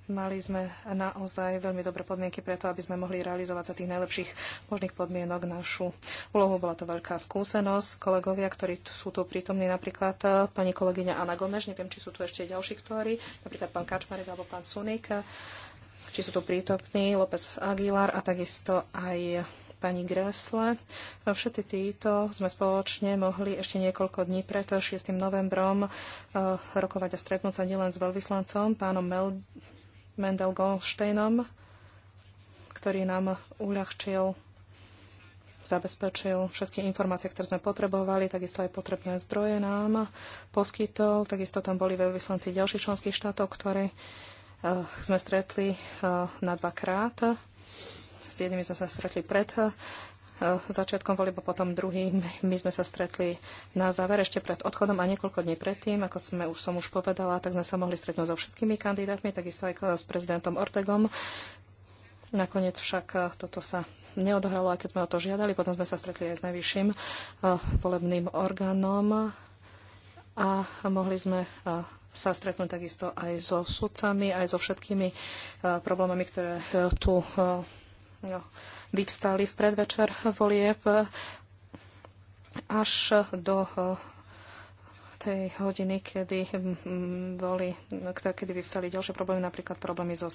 Mali sme naozaj veľmi dobré podmienky preto, aby sme mohli realizovať za tých najlepších možných podmienok našu úlohu. Bola to veľká skúsenosť. Kolegovia, ktorí sú tu prítomní, napríklad eh, pani kolegyňa Anna Gomeš, neviem, či sú tu ešte ďalší, ktorí, napríklad pán Kačmarek alebo pán Sunik, eh, či sú tu prítomní, López Aguilar a takisto aj pani Gresle. Všetci títo sme spoločne mohli ešte niekoľko dní pred 6. novembrom eh, rokovať a stretnúť sa nielen s veľvyslancom, pánom Mel Mendel Goldsteinom, ktorý nám uľahčil, zabezpečil všetky informácie, ktoré sme potrebovali, takisto aj potrebné zdroje nám poskytol. Takisto tam boli veľvyslanci ďalších členských štátov, ktoré uh, sme stretli uh, eh, na dvakrát. S jednými sme sa stretli pred eh, Eh, začiatkom volieb a potom druhým. My sme sa stretli na záver ešte pred odchodom a niekoľko dní predtým, ako sme už som už povedala, tak sme sa mohli stretnúť so všetkými kandidátmi, takisto aj s prezidentom Ortegom. Nakoniec však eh, toto sa neodohralo, aj keď sme o to žiadali. Potom sme sa stretli aj s najvyšším eh, volebným orgánom a mohli sme sa stretnúť takisto aj so sudcami, aj so všetkými problémami, ktoré tu no, vyvstali v predvečer volieb až do eh, tej hodiny, kedy boli, kedy vyvstali ďalšie problémy, napríklad problémy so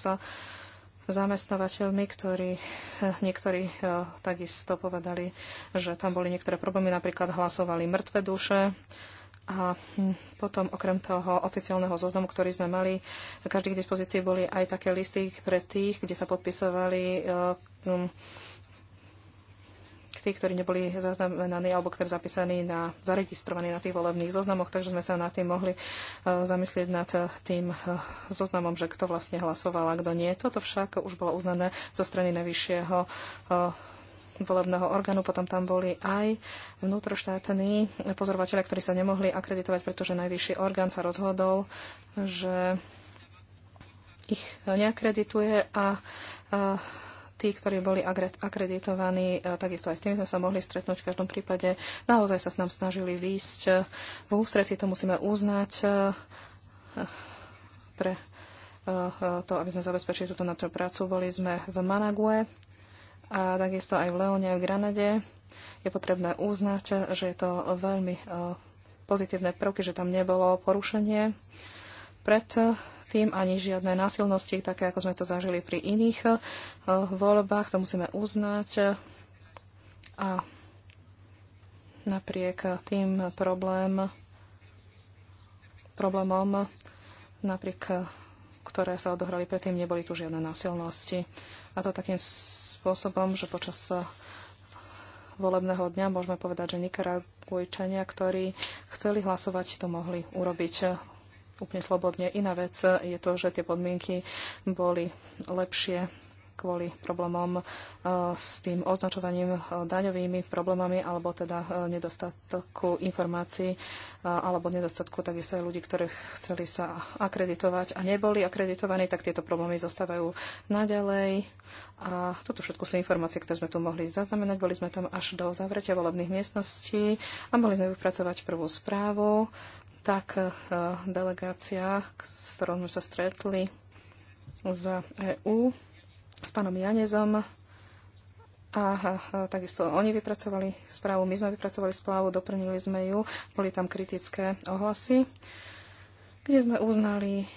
zamestnávateľmi, ktorí eh, niektorí eh, takisto povedali, že tam boli niektoré problémy, napríklad hlasovali mŕtve duše. A hm, potom okrem toho oficiálneho zoznamu, ktorý sme mali, každý k dispozícii boli aj také listy pre tých, kde sa podpisovali um, tí, ktorí neboli zaznamenaní alebo ktorí zapísaní na, zaregistrovaní na tých volebných zoznamoch, takže sme sa nad tým mohli e, zamyslieť nad e, tým e, zoznamom, že kto vlastne hlasoval a kto nie. Toto však už bolo uznané zo strany najvyššieho volebného orgánu. Potom tam boli aj vnútroštátni pozorovateľe, ktorí sa nemohli akreditovať, pretože najvyšší orgán sa rozhodol, že ich neakredituje a, a tí, ktorí boli akreditovaní, e, takisto aj s tými sme sa mohli stretnúť. V každom prípade naozaj sa s nám snažili výjsť v ústretí, to musíme uznať e, pre e, to, aby sme zabezpečili túto našu prácu. Boli sme v Manague a takisto aj v Leone, a v Granade. Je potrebné uznať, že je to veľmi pozitívne prvky, že tam nebolo porušenie pred tým ani žiadne násilnosti, také ako sme to zažili pri iných eh, voľbách. To musíme uznať. A napriek tým problém, problémom, napriek ktoré sa odohrali predtým, neboli tu žiadne násilnosti. A to takým spôsobom, že počas eh, volebného dňa môžeme povedať, že Nikaragujčania, ktorí chceli hlasovať, to mohli urobiť úplne slobodne. Iná vec je to, že tie podmienky boli lepšie kvôli problémom e, s tým označovaním e, daňovými problémami alebo teda e, nedostatku informácií alebo nedostatku takisto aj ľudí, ktorí chceli sa akreditovať a neboli akreditovaní, tak tieto problémy zostávajú naďalej. A toto všetko sú informácie, ktoré sme tu mohli zaznamenať. Boli sme tam až do zavretia volebných miestností a mohli sme vypracovať prvú správu tak eh, delegácia, s ktorou sme sa stretli z EÚ, s pánom Janezom, a, eh, eh, takisto oni vypracovali správu, my sme vypracovali správu, doplnili sme ju, boli tam kritické ohlasy, kde sme uznali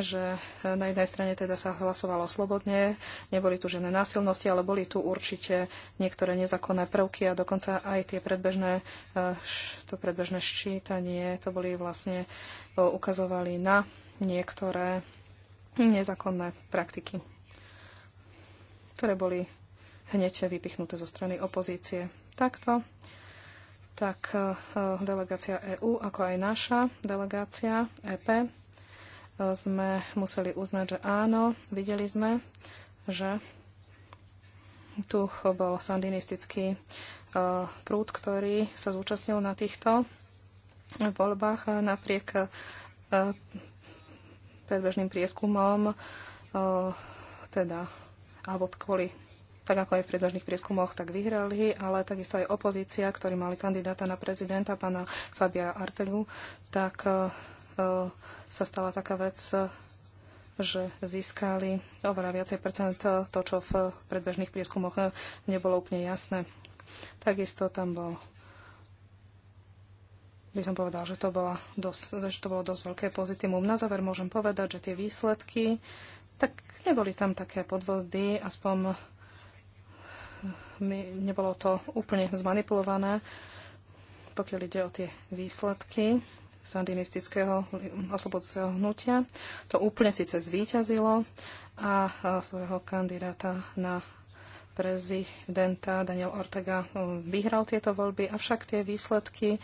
že na jednej strane teda sa hlasovalo slobodne, neboli tu žiadne násilnosti, ale boli tu určite niektoré nezákonné prvky a dokonca aj tie predbežné, e, to predbežné ščítanie, to boli vlastne, e, ukazovali na niektoré nezákonné praktiky, ktoré boli hneď vypichnuté zo strany opozície. Takto tak e, delegácia EÚ, ako aj naša delegácia EP sme museli uznať, že áno, videli sme, že tu bol sandinistický e, prúd, ktorý sa zúčastnil na týchto voľbách napriek e, predbežným prieskumom, e, teda, alebo kvôli tak ako aj v predbežných prieskumoch, tak vyhrali, ale takisto aj opozícia, ktorí mali kandidáta na prezidenta, pána Fabia Artegu, tak sa stala taká vec, že získali oveľa viacej percent to, čo v predbežných prieskumoch nebolo úplne jasné. Takisto tam bol by som povedal, že to, bola dosť, že to bolo dosť veľké pozitívum. Na záver môžem povedať, že tie výsledky, tak neboli tam také podvody, aspoň mi, nebolo to úplne zmanipulované, pokiaľ ide o tie výsledky sandinistického oslobodujúceho hnutia. To úplne síce zvíťazilo a svojho kandidáta na prezidenta Daniel Ortega e, vyhral tieto voľby, avšak tie výsledky e,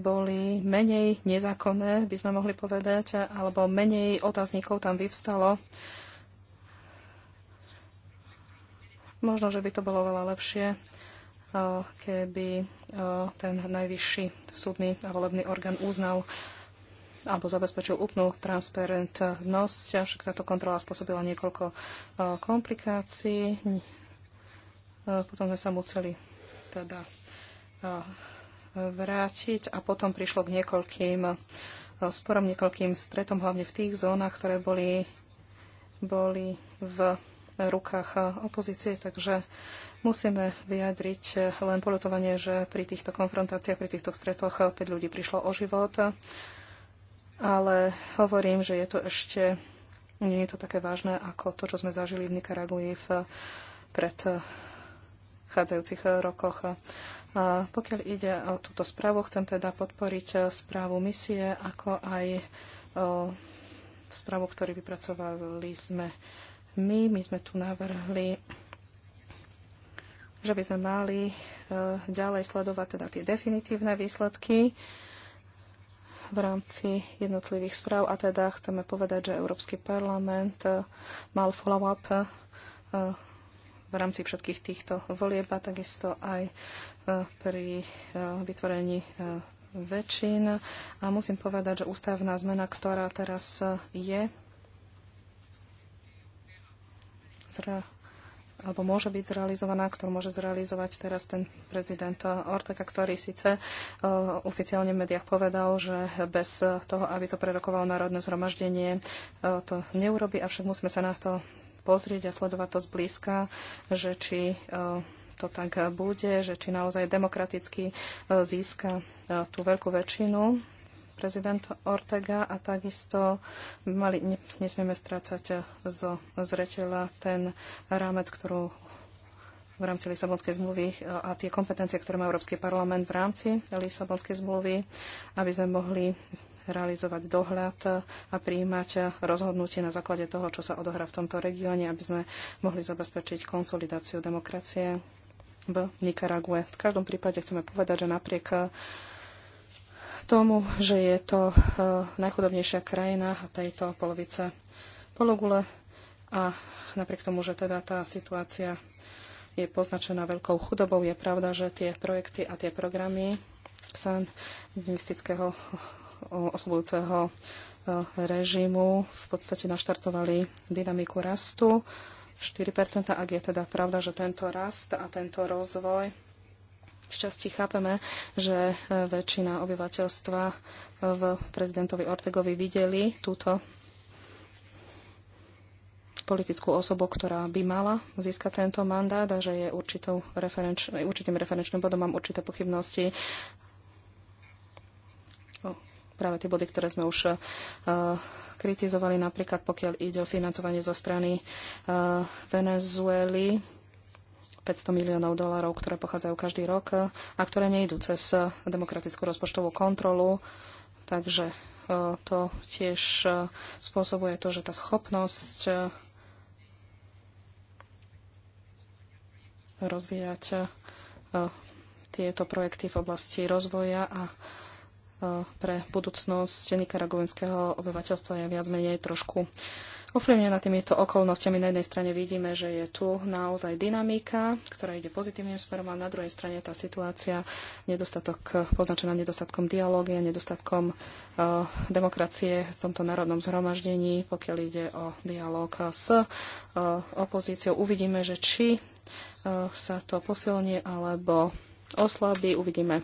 boli menej nezákonné, by sme mohli povedať, alebo menej otáznikov tam vyvstalo. Možno, že by to bolo veľa lepšie, Eh, keby eh, ten najvyšší súdny a volebný orgán uznal alebo zabezpečil úplnú transparentnosť. Eh, však táto kontrola spôsobila niekoľko komplikácií. Potom sme sa museli teda vrátiť a potom prišlo k niekoľkým sporom, niekoľkým stretom, hlavne v tých zónach, ktoré boli, boli v rukách opozície, takže Musíme vyjadriť len polutovanie, že pri týchto konfrontáciách, pri týchto stretoch 5 ľudí prišlo o život, ale hovorím, že je to ešte, nie je to také vážne ako to, čo sme zažili v Nikaragui v, pred chádzajúcich rokoch. A pokiaľ ide o túto správu, chcem teda podporiť správu misie, ako aj o správu, ktorú vypracovali sme my. My sme tu navrhli že by sme mali e, ďalej sledovať teda tie definitívne výsledky v rámci jednotlivých správ a teda chceme povedať, že Európsky parlament e, mal follow-up e, v rámci všetkých týchto volieb a takisto aj pri vytvorení väčšin. A musím povedať, že ústavná zmena, ktorá teraz je, zra alebo môže byť zrealizovaná, ktorú môže zrealizovať teraz ten prezident Ortega, ktorý síce e, oficiálne v médiách povedal, že bez toho, aby to prerokovalo Národné zhromaždenie, e, to neurobi, avšak musíme sa na to pozrieť a sledovať to zblízka, že či e, to tak bude, že či naozaj demokraticky získa tú veľkú väčšinu prezident Ortega a takisto mali, ne, nesmieme strácať eh, zo zreteľa ten rámec, ktorú v rámci Lisabonskej zmluvy eh, a tie kompetencie, ktoré má Európsky parlament v rámci Lisabonskej zmluvy, aby sme mohli realizovať dohľad eh, a prijímať rozhodnutie na základe toho, čo sa odohrá v tomto regióne, aby sme mohli zabezpečiť konsolidáciu demokracie v Nikarague. V každom prípade chceme povedať, že napriek tomu, že je to e, najchudobnejšia krajina tejto polovice pologule a napriek tomu, že teda tá situácia je poznačená veľkou chudobou, je pravda, že tie projekty a tie programy sandinistického osobujúceho e, režimu v podstate naštartovali dynamiku rastu 4%, ak je teda pravda, že tento rast a tento rozvoj v časti chápeme, že e, väčšina obyvateľstva e, v prezidentovi Ortegovi videli túto politickú osobu, ktorá by mala získať tento mandát a že je určitou referenč, určitým referenčným bodom. Mám určité pochybnosti o, práve tie body, ktoré sme už uh, kritizovali, napríklad pokiaľ ide o financovanie zo strany uh, Venezuely 500 miliónov dolárov, ktoré pochádzajú každý rok a ktoré nejdú cez demokratickú rozpočtovú kontrolu. Takže e, to tiež e, spôsobuje to, že tá schopnosť e, rozvíjať tieto projekty v oblasti rozvoja a pre budúcnosť nikaragovinského obyvateľstva je viac menej trošku uh, ovplyvnená týmito okolnostiami. Na jednej strane vidíme, že je tu naozaj dynamika, ktorá ide pozitívnym smerom a na druhej strane tá situácia nedostatok, poznačená nedostatkom dialógy a nedostatkom uh, demokracie v tomto národnom zhromaždení, pokiaľ ide o dialóg s uh, opozíciou. Uvidíme, že či uh, sa to posilní alebo oslabí. Uvidíme.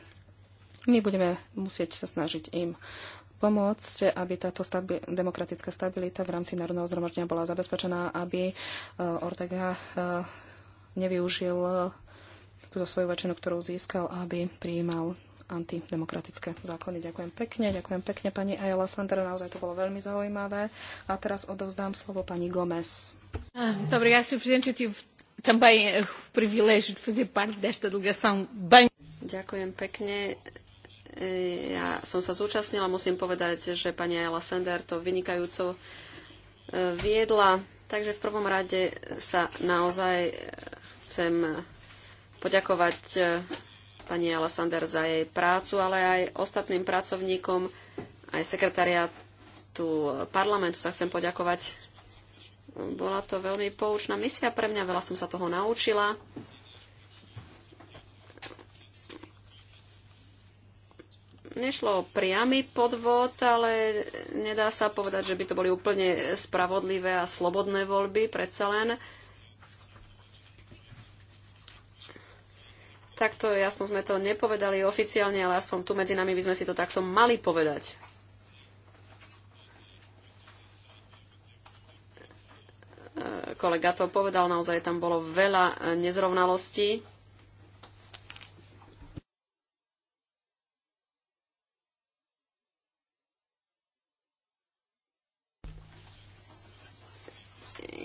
My budeme musieť sa snažiť im pomôcť, aby táto stabi- demokratická stabilita v rámci Národného zhromaždenia bola zabezpečená, aby e, Ortega e, nevyužil e, túto svoju väčšinu, ktorú získal, aby prijímal antidemokratické zákony. Ďakujem pekne, ďakujem pekne pani Ayala Sander, naozaj to bolo veľmi zaujímavé. A teraz odovzdám slovo pani Gomez. Ah, Dobre, ja si também o privilégio Ďakujem pekne. Ja som sa zúčastnila, musím povedať, že pani Ayala Sender to vynikajúco e, viedla. Takže v prvom rade sa naozaj chcem poďakovať e, pani Alessander za jej prácu, ale aj ostatným pracovníkom, aj sekretariatu parlamentu sa chcem poďakovať. Bola to veľmi poučná misia pre mňa, veľa som sa toho naučila. nešlo o priamy podvod, ale nedá sa povedať, že by to boli úplne spravodlivé a slobodné voľby, predsa len. Takto jasno sme to nepovedali oficiálne, ale aspoň tu medzi nami by sme si to takto mali povedať. Kolega to povedal, naozaj tam bolo veľa nezrovnalostí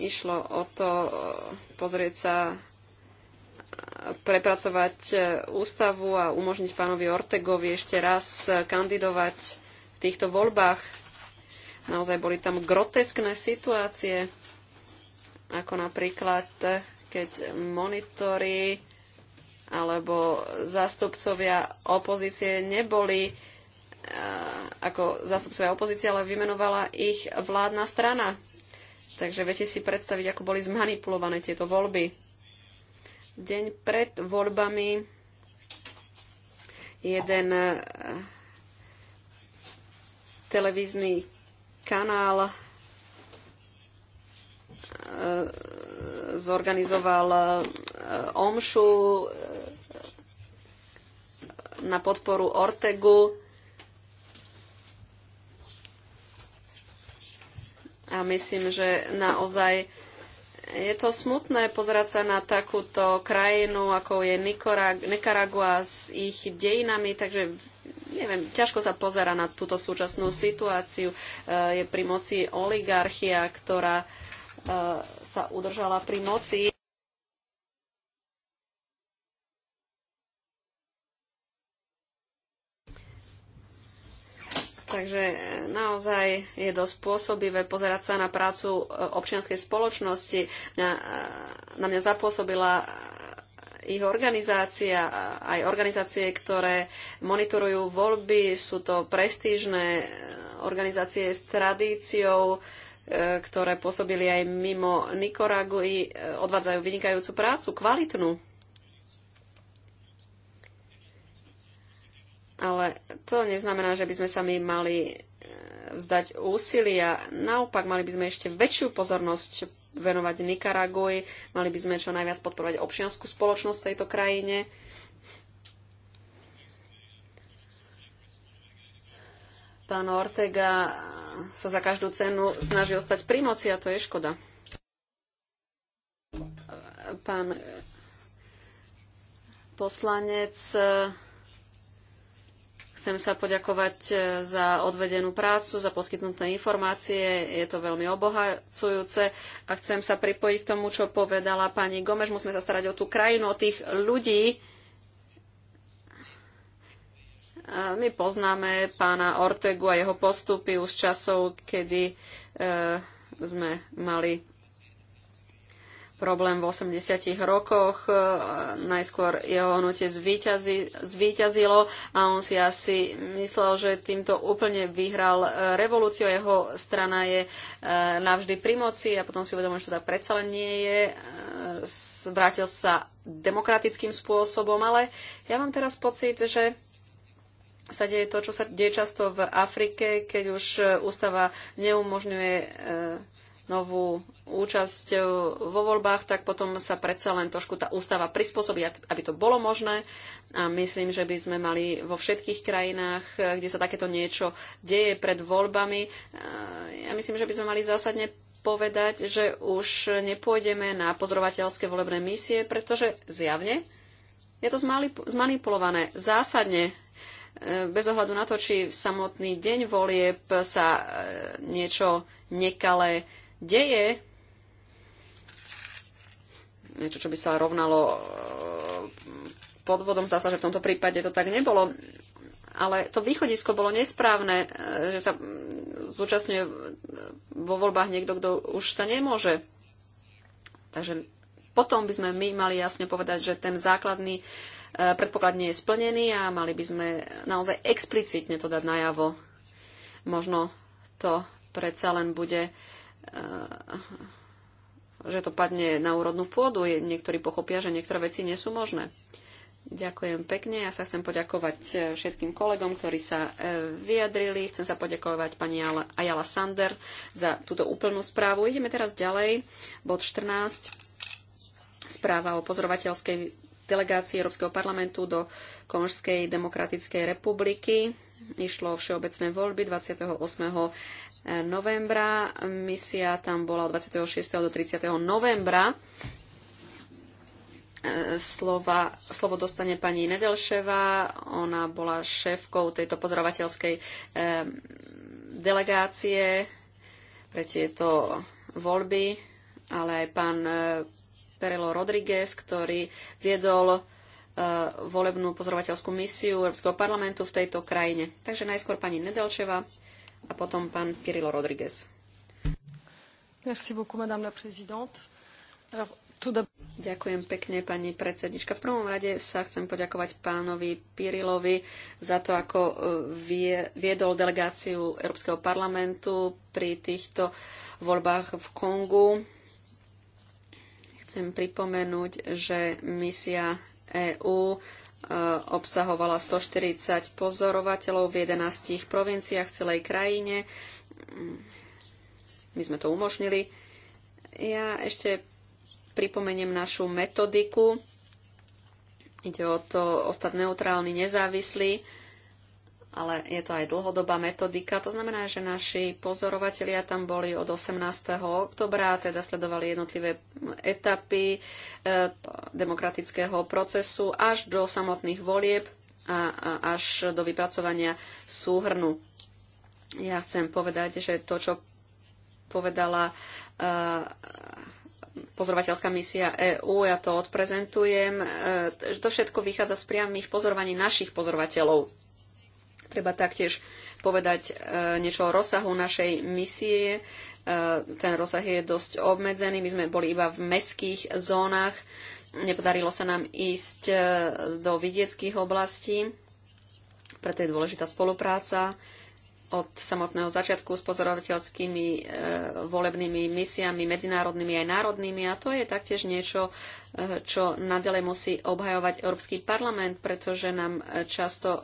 išlo o to e, pozrieť sa, e, prepracovať e, ústavu a umožniť pánovi Ortegovi ešte raz kandidovať v týchto voľbách. Naozaj boli tam groteskné situácie, ako napríklad, keď monitory alebo zástupcovia opozície neboli ako zástupcovia opozície, ale vymenovala ich vládna strana. Takže viete si predstaviť, ako boli zmanipulované tieto voľby. Deň pred voľbami jeden eh, televízny kanál eh, zorganizoval eh, omšu na podporu Ortegu A myslím, že naozaj je to smutné pozerať sa na takúto krajinu, ako je Nicaragua s ich dejinami, takže neviem, ťažko sa pozera na túto súčasnú situáciu. E, je pri moci oligarchia, ktorá e, sa udržala pri moci. Takže e, naozaj je dosť pôsobivé pozerať sa na prácu e, občianskej spoločnosti. Mňa, e, na mňa zapôsobila ich organizácia, aj organizácie, ktoré monitorujú voľby, sú to prestížne organizácie s tradíciou, ktoré pôsobili aj mimo i odvádzajú vynikajúcu prácu, kvalitnú. Ale to neznamená, že by sme sa my mali e, vzdať úsilia. Naopak, mali by sme ešte väčšiu pozornosť venovať Nikaraguj, mali by sme čo najviac podporovať občianskú spoločnosť v tejto krajine. Pán Ortega sa za každú cenu snaží ostať pri moci a to je škoda. Pán poslanec Chcem sa poďakovať e, za odvedenú prácu, za poskytnuté informácie. Je to veľmi obohacujúce a chcem sa pripojiť k tomu, čo povedala pani Gomeš. Musíme sa starať o tú krajinu, o tých ľudí. My poznáme pána Ortegu a jeho postupy už časov, kedy e, sme mali problém v 80 rokoch, e, najskôr jeho hnutie zvíťazilo a on si asi myslel, že týmto úplne vyhral e, revolúciu, jeho strana je e, navždy pri moci a potom si uvedomil, že teda predsa len nie je, vrátil sa demokratickým spôsobom, ale ja mám teraz pocit, že sa deje to, čo sa deje často v Afrike, keď už ústava neumožňuje novú účasť e, vo voľbách, tak potom sa predsa len trošku tá ústava prispôsobí, aby to bolo možné. A myslím, že by sme mali vo všetkých krajinách, e, kde sa takéto niečo deje pred voľbami, e, ja myslím, že by sme mali zásadne povedať, že už nepôjdeme na pozorovateľské volebné misie, pretože zjavne je to zmanipulované zásadne bez ohľadu na to, či v samotný deň volieb sa niečo nekalé deje, niečo, čo by sa rovnalo e, podvodom. Zdá sa, že v tomto prípade to tak nebolo. Ale to východisko bolo nesprávne, e, že sa mm, zúčastňuje e, vo voľbách niekto, kto už sa nemôže. Takže potom by sme my mali jasne povedať, že ten základný predpoklad nie je splnený a mali by sme naozaj explicitne to dať najavo. Možno to predsa len bude že to padne na úrodnú pôdu. Niektorí pochopia, že niektoré veci nie sú možné. Ďakujem pekne. Ja sa chcem poďakovať e, všetkým kolegom, ktorí sa e, vyjadrili. Chcem sa poďakovať pani Ayala Sander za túto úplnú správu. Ideme teraz ďalej. Bod 14. Správa o pozorovateľskej delegácii Európskeho parlamentu do Konžskej demokratickej republiky. Išlo o všeobecné voľby 28 novembra. Misia tam bola od 26. do 30. novembra. E, slova, slovo dostane pani Nedelševa. Ona bola šéfkou tejto pozorovateľskej e, delegácie pre tieto voľby, ale aj pán e, Perelo Rodriguez, ktorý viedol volebnú pozorovateľskú misiu Európskeho parlamentu v tejto krajine. Takže najskôr pani Nedelčeva a potom pán Pirilo Rodriguez. Merci beaucoup, madame la présidente. Ďakujem pekne, pani predsednička. V prvom rade sa chcem poďakovať pánovi Pirilovi za to, ako e, viedol delegáciu Európskeho parlamentu pri týchto voľbách v Kongu. Chcem pripomenúť, že misia EÚ e, obsahovala 140 pozorovateľov v 11 provinciách v celej krajine. My sme to umožnili. Ja ešte pripomeniem našu metodiku. Ide o to ostať neutrálny, nezávislý ale je to aj dlhodobá metodika. To znamená, že naši pozorovatelia tam boli od 18. oktobra, teda sledovali jednotlivé etapy e, demokratického procesu až do samotných volieb a, a až do vypracovania súhrnu. Ja chcem povedať, že to, čo povedala e, pozorovateľská misia EÚ, ja to odprezentujem. E, to všetko vychádza z priamých pozorovaní našich pozorovateľov. Treba taktiež povedať e, niečo o rozsahu našej misie. E, ten rozsah je dosť obmedzený. My sme boli iba v meských zónach. Nepodarilo sa nám ísť e, do vidieckých oblastí. Preto je dôležitá spolupráca od samotného začiatku s pozorovateľskými e, volebnými misiami, medzinárodnými aj národnými. A to je taktiež niečo, e, čo nadalej musí obhajovať Európsky parlament, pretože nám e, často e,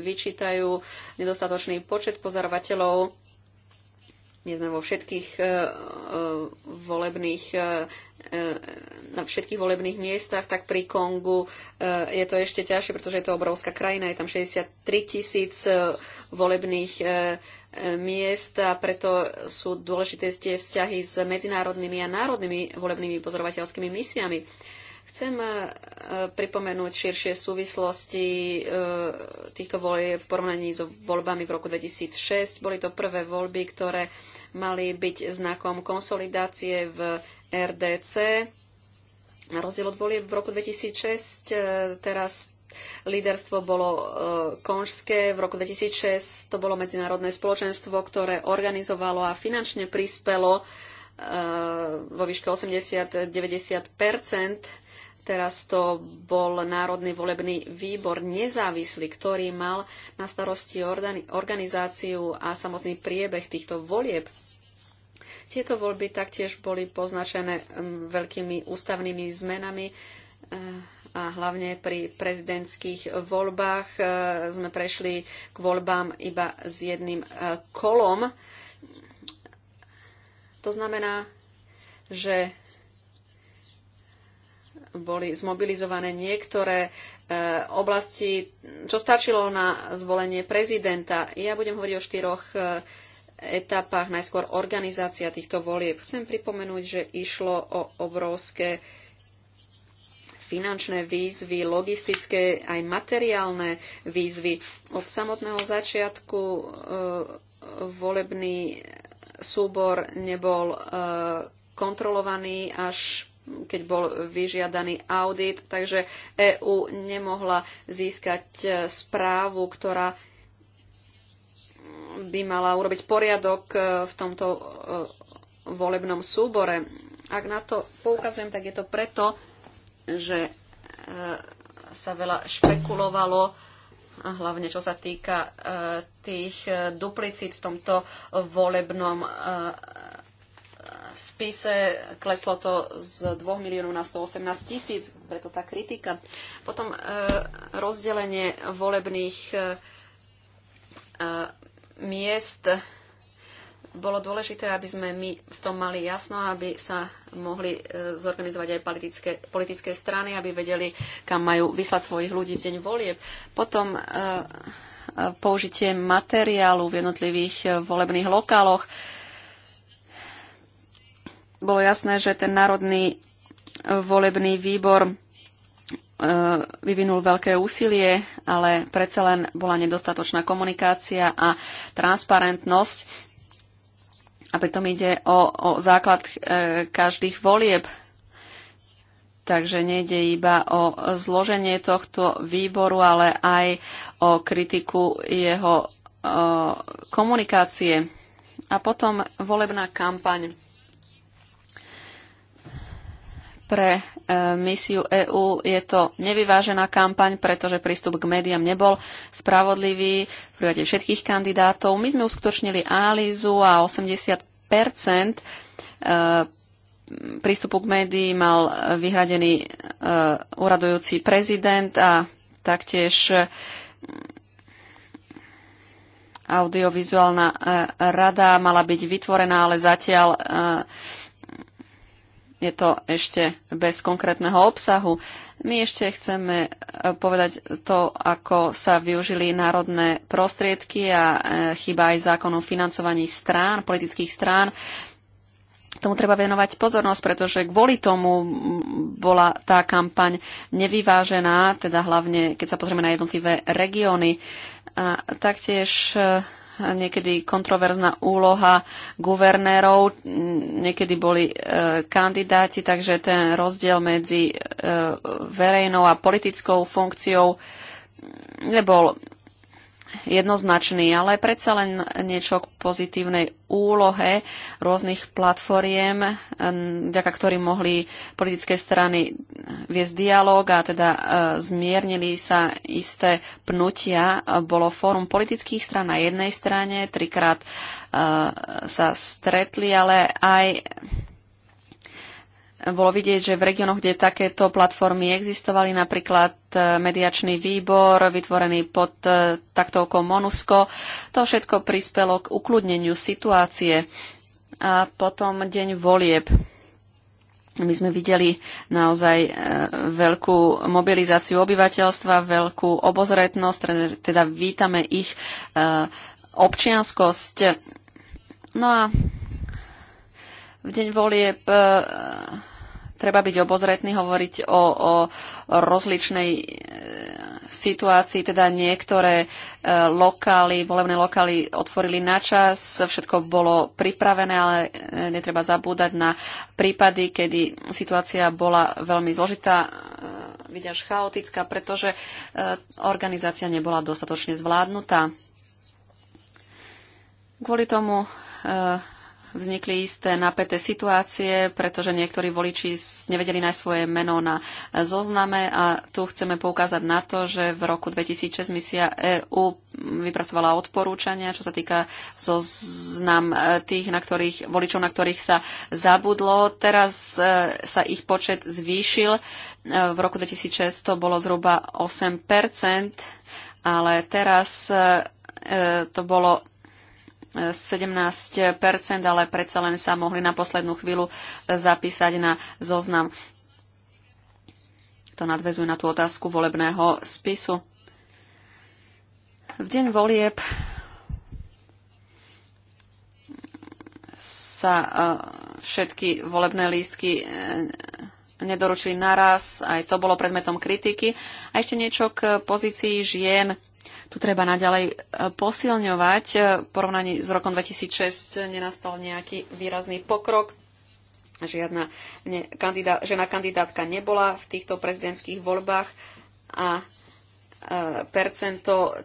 vyčítajú nedostatočný počet pozorovateľov nie sme vo všetkých e, e, volebných e, na všetkých volebných miestach, tak pri Kongu je to ešte ťažšie, pretože je to obrovská krajina, je tam 63 tisíc volebných miest a preto sú dôležité tie vzťahy s medzinárodnými a národnými volebnými pozorovateľskými misiami Chcem e, pripomenúť širšie súvislosti e, týchto volieb v porovnaní so voľbami v roku 2006. Boli to prvé voľby, ktoré mali byť znakom konsolidácie v RDC. Na rozdiel od volieb v roku 2006 e, teraz Líderstvo bolo konžské. V roku 2006 to bolo medzinárodné spoločenstvo, ktoré organizovalo a finančne prispelo E, vo výške 80-90 Teraz to bol Národný volebný výbor nezávislý, ktorý mal na starosti organizáciu a samotný priebeh týchto volieb. Tieto voľby taktiež boli poznačené veľkými ústavnými zmenami e, a hlavne pri prezidentských voľbách e, sme prešli k voľbám iba s jedným kolom to znamená, že boli zmobilizované niektoré e, oblasti, čo stačilo na zvolenie prezidenta. Ja budem hovoriť o štyroch e, etapách, najskôr organizácia týchto volieb. Chcem pripomenúť, že išlo o obrovské finančné výzvy, logistické aj materiálne výzvy. Od samotného začiatku e, volebný súbor nebol e, kontrolovaný až keď bol vyžiadaný audit, takže EÚ nemohla získať e, správu, ktorá by mala urobiť poriadok e, v tomto volebnom súbore. Ak na to poukazujem, tak je to preto, že sa veľa špekulovalo a hlavne čo sa týka e, tých e, duplicit v tomto volebnom e, spise kleslo to z 2 miliónov na 118 tisíc, preto tá kritika. Potom rozdelenie volebných miest bolo dôležité, aby sme my v tom mali jasno, aby sa mohli e, zorganizovať aj politické, politické strany, aby vedeli, kam majú vyslať svojich ľudí v deň volieb. Potom e, e, použitie materiálu v jednotlivých volebných lokáloch. Bolo jasné, že ten národný volebný výbor vyvinul veľké úsilie, ale predsa len bola nedostatočná komunikácia a transparentnosť a pritom ide o, o základ e, každých volieb. Takže nejde iba o zloženie tohto výboru, ale aj o kritiku jeho e, komunikácie. A potom volebná kampaň pre e, misiu EÚ je to nevyvážená kampaň, pretože prístup k médiám nebol spravodlivý v prípade všetkých kandidátov. My sme uskutočnili analýzu a 80 e, prístupu k médií mal vyhradený uradujúci e, prezident a taktiež audiovizuálna rada mala byť vytvorená, ale zatiaľ je to ešte bez konkrétneho obsahu. My ešte chceme e, povedať to, ako sa využili národné prostriedky a e, chyba aj zákon o financovaní strán, politických strán. Tomu treba venovať pozornosť, pretože kvôli tomu bola tá kampaň nevyvážená, teda hlavne keď sa pozrieme na jednotlivé regióny. A taktiež e, niekedy kontroverzná úloha guvernérov, niekedy boli e, kandidáti, takže ten rozdiel medzi e, verejnou a politickou funkciou nebol jednoznačný, ale predsa len niečo k pozitívnej úlohe rôznych platformiem, vďaka ktorým mohli politické strany viesť dialog a teda e, zmiernili sa isté pnutia. Bolo fórum politických stran na jednej strane, trikrát e, sa stretli, ale aj bolo vidieť, že v regiónoch, kde takéto platformy existovali, napríklad e, mediačný výbor vytvorený pod e, taktovkou MONUSCO, to všetko prispelo k ukludneniu situácie. A potom deň volieb. My sme videli naozaj e, veľkú mobilizáciu obyvateľstva, veľkú obozretnosť, teda vítame ich občianskosť. No a v deň volieb treba byť obozretný, hovoriť o, o rozličnej e, situácii, teda niektoré e, lokály, volebné lokály otvorili na čas, všetko bolo pripravené, ale e, netreba zabúdať na prípady, kedy situácia bola veľmi zložitá, vidia chaotická, pretože organizácia nebola dostatočne zvládnutá. Kvôli tomu vznikli isté napäté situácie, pretože niektorí voliči nevedeli nájsť svoje meno na e, zozname a tu chceme poukázať na to, že v roku 2006 misia EU vypracovala odporúčania, čo sa týka zoznam e, tých, na ktorých, voličov, na ktorých sa zabudlo. Teraz e, sa ich počet zvýšil. V roku 2006 to bolo zhruba 8%, ale teraz to bolo 17 ale predsa len sa mohli na poslednú chvíľu zapísať na zoznam. To nadvezuje na tú otázku volebného spisu. V deň volieb sa e, všetky volebné lístky e, nedoručili naraz, aj to bolo predmetom kritiky. A ešte niečo k pozícii žien tu treba naďalej e, posilňovať. E, v porovnaní s rokom 2006 nenastal nejaký výrazný pokrok. Žiadna ne, kandida, žena kandidátka nebola v týchto prezidentských voľbách a e, percento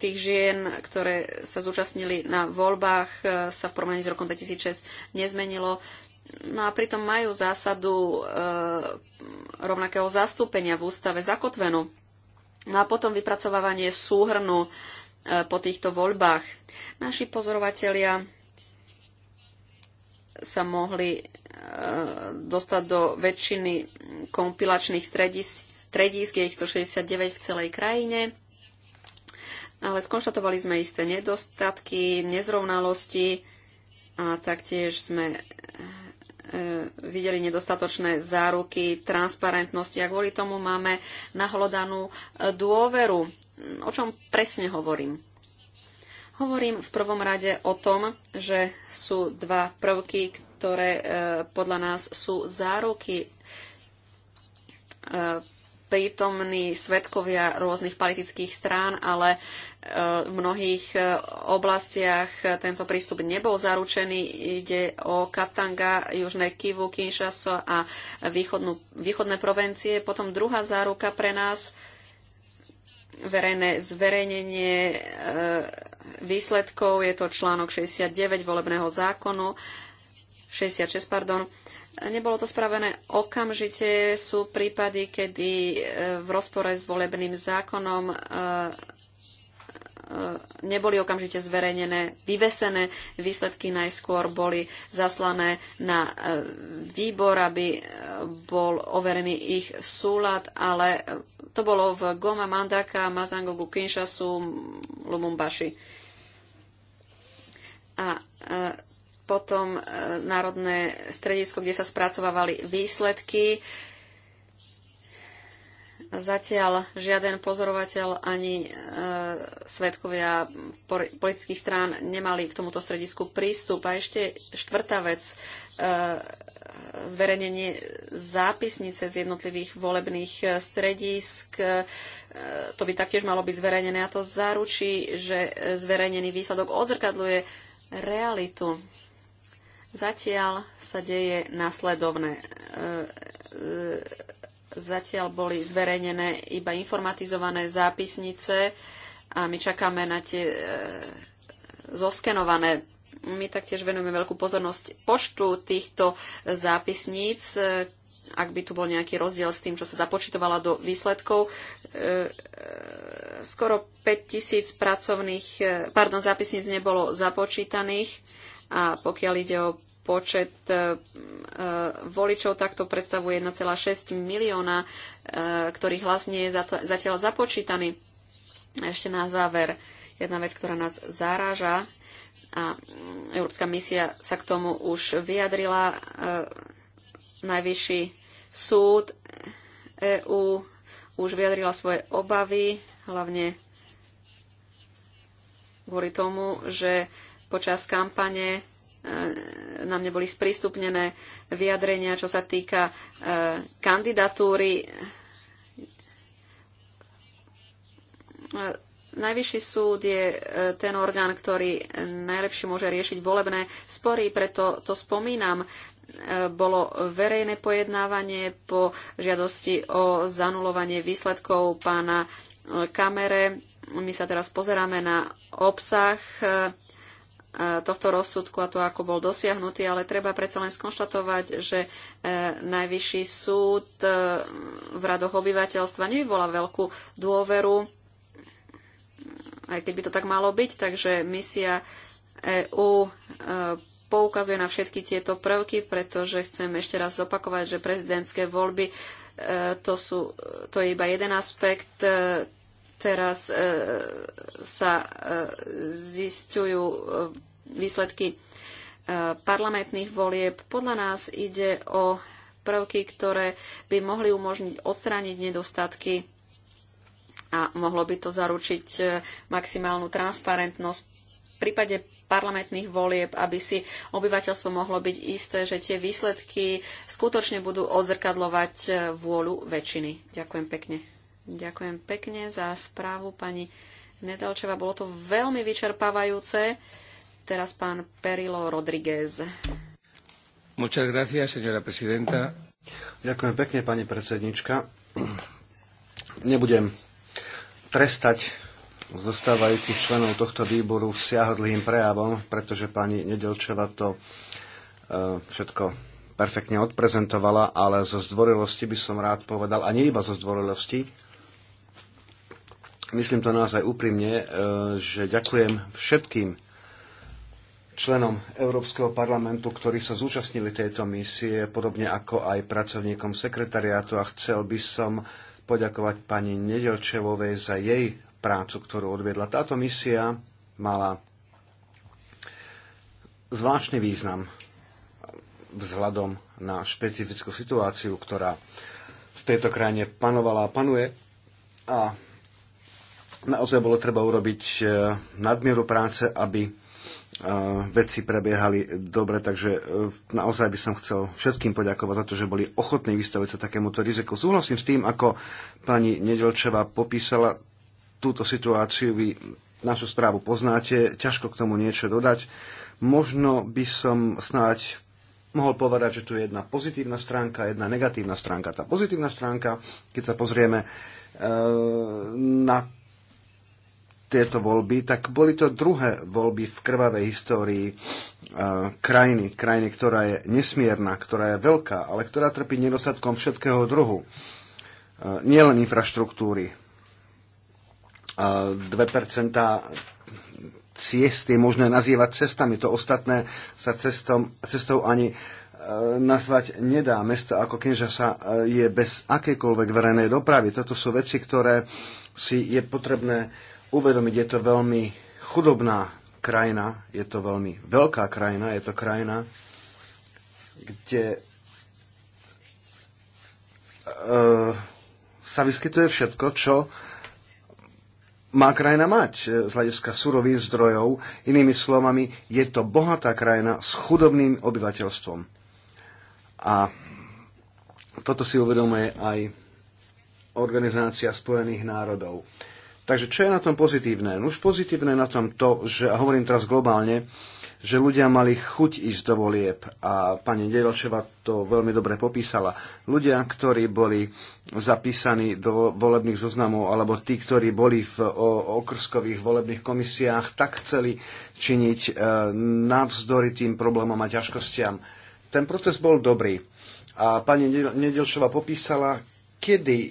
tých žien, ktoré sa zúčastnili na voľbách, sa v porovnaní s rokom 2006 nezmenilo. No a pritom majú zásadu e, rovnakého zastúpenia v ústave zakotvenú. No a potom vypracovávanie súhrnu e, po týchto voľbách. Naši pozorovatelia sa mohli e, dostať do väčšiny kompilačných stredísk, je ich 169 v celej krajine, ale skonštatovali sme isté nedostatky, nezrovnalosti a taktiež sme E, videli nedostatočné záruky transparentnosti a kvôli tomu máme nahlodanú e, dôveru. O čom presne hovorím? Hovorím v prvom rade o tom, že sú dva prvky, ktoré e, podľa nás sú záruky prítomní svetkovia rôznych politických strán, ale v mnohých e, oblastiach tento prístup nebol zaručený. Ide o Katanga, Južné Kivu, Kinshasa a východnú, východné provencie. Potom druhá záruka pre nás verejné zverejnenie e, výsledkov, je to článok 69 volebného zákonu, 66, pardon. Nebolo to spravené okamžite, sú prípady, kedy e, v rozpore s volebným zákonom E, neboli okamžite zverejnené, vyvesené. Výsledky najskôr boli zaslané na e, výbor, aby e, bol overený ich súlad, ale to bolo v Goma, Mandaka, Mazangogu, Kinshasu, Lumumbashi. A potom Národné stredisko, kde sa spracovávali výsledky, Zatiaľ žiaden pozorovateľ ani e, svetkovia politických strán nemali k tomuto stredisku prístup. A ešte štvrtá vec, e, zverejnenie zápisnice z jednotlivých volebných e, stredisk. E, to by taktiež malo byť zverejnené a to zaručí, že zverejnený výsledok odzrkadluje realitu. Zatiaľ sa deje nasledovné e, e, Zatiaľ boli zverejnené iba informatizované zápisnice a my čakáme na tie e, zoskenované. My taktiež venujeme veľkú pozornosť poštu týchto zápisníc, e, ak by tu bol nejaký rozdiel s tým, čo sa započítovala do výsledkov. E, e, skoro 5000 pracovných, e, pardon, zápisníc nebolo započítaných a pokiaľ ide o počet e, e, voličov takto predstavuje 1,6 milióna, e, ktorých hlas nie je zatiaľ započítaný. Ešte na záver jedna vec, ktorá nás zaráža a Európska misia sa k tomu už vyjadrila. Najvyšší súd EÚ už vyjadrila svoje obavy, hlavne kvôli tomu, že počas kampane nám e, neboli sprístupnené vyjadrenia, čo sa týka e, kandidatúry. E, Najvyšší súd je ten orgán, ktorý najlepšie môže riešiť volebné spory, preto to spomínam. Bolo verejné pojednávanie po žiadosti o zanulovanie výsledkov pána kamere. My sa teraz pozeráme na obsah tohto rozsudku a to, ako bol dosiahnutý, ale treba predsa len skonštatovať, že e, Najvyšší súd e, v radoch obyvateľstva nevyvolá veľkú dôveru, aj keď by to tak malo byť, takže misia EU e, poukazuje na všetky tieto prvky, pretože chcem ešte raz zopakovať, že prezidentské voľby to, sú, to je iba jeden aspekt Teraz e, sa e, zistujú e, výsledky parlamentných volieb. Podľa nás ide o prvky, ktoré by mohli umožniť odstrániť nedostatky a mohlo by to zaručiť maximálnu transparentnosť v prípade parlamentných volieb, aby si obyvateľstvo mohlo byť isté, že tie výsledky skutočne budú odzrkadlovať vôľu väčšiny. Ďakujem pekne. Ďakujem pekne za správu pani Nedalčeva. Bolo to veľmi vyčerpávajúce. Teraz pán Perilo Rodriguez. Muchas gracias, señora presidenta. Ďakujem pekne, pani predsednička. Nebudem trestať zostávajúcich členov tohto výboru siahodlým prejavom, pretože pani Nedelčeva to e, všetko perfektne odprezentovala, ale zo zdvorilosti by som rád povedal, a nie iba zo zdvorilosti, myslím to naozaj úprimne, e, že ďakujem všetkým členom Európskeho parlamentu, ktorí sa zúčastnili tejto misie, podobne ako aj pracovníkom sekretariátu a chcel by som poďakovať pani Nedelčevovej za jej prácu, ktorú odviedla. Táto misia mala zvláštny význam vzhľadom na špecifickú situáciu, ktorá v tejto krajine panovala a panuje. A naozaj bolo treba urobiť e, nadmieru práce, aby e, veci prebiehali dobre, takže e, naozaj by som chcel všetkým poďakovať za to, že boli ochotní vystaviť sa takémuto riziku. Súhlasím s tým, ako pani Nedelčeva popísala túto situáciu. Vy našu správu poznáte, ťažko k tomu niečo dodať. Možno by som snáď mohol povedať, že tu je jedna pozitívna stránka, jedna negatívna stránka. Tá pozitívna stránka, keď sa pozrieme na tieto voľby, tak boli to druhé voľby v krvavej histórii e, krajiny, krajiny, ktorá je nesmierna, ktorá je veľká, ale ktorá trpí nedostatkom všetkého druhu. E, nielen infraštruktúry. 2% e, ciest je možné nazývať cestami. To ostatné sa cestom, cestou ani nazvať nedá. Mesto ako Kinshasa je bez akejkoľvek verejnej dopravy. Toto sú veci, ktoré si je potrebné uvedomiť, je to veľmi chudobná krajina, je to veľmi veľká krajina, je to krajina, kde e, sa vyskytuje všetko, čo má krajina mať e, z hľadiska surových zdrojov. Inými slovami, je to bohatá krajina s chudobným obyvateľstvom. A toto si uvedomuje aj Organizácia spojených národov. Takže čo je na tom pozitívne? No už pozitívne na tom to, že, a hovorím teraz globálne, že ľudia mali chuť ísť do volieb a pani Dedelčeva to veľmi dobre popísala. Ľudia, ktorí boli zapísaní do volebných zoznamov alebo tí, ktorí boli v okrskových volebných komisiách, tak chceli činiť e, navzdory tým problémom a ťažkostiam. Ten proces bol dobrý a pani Nedelčova popísala, kedy e,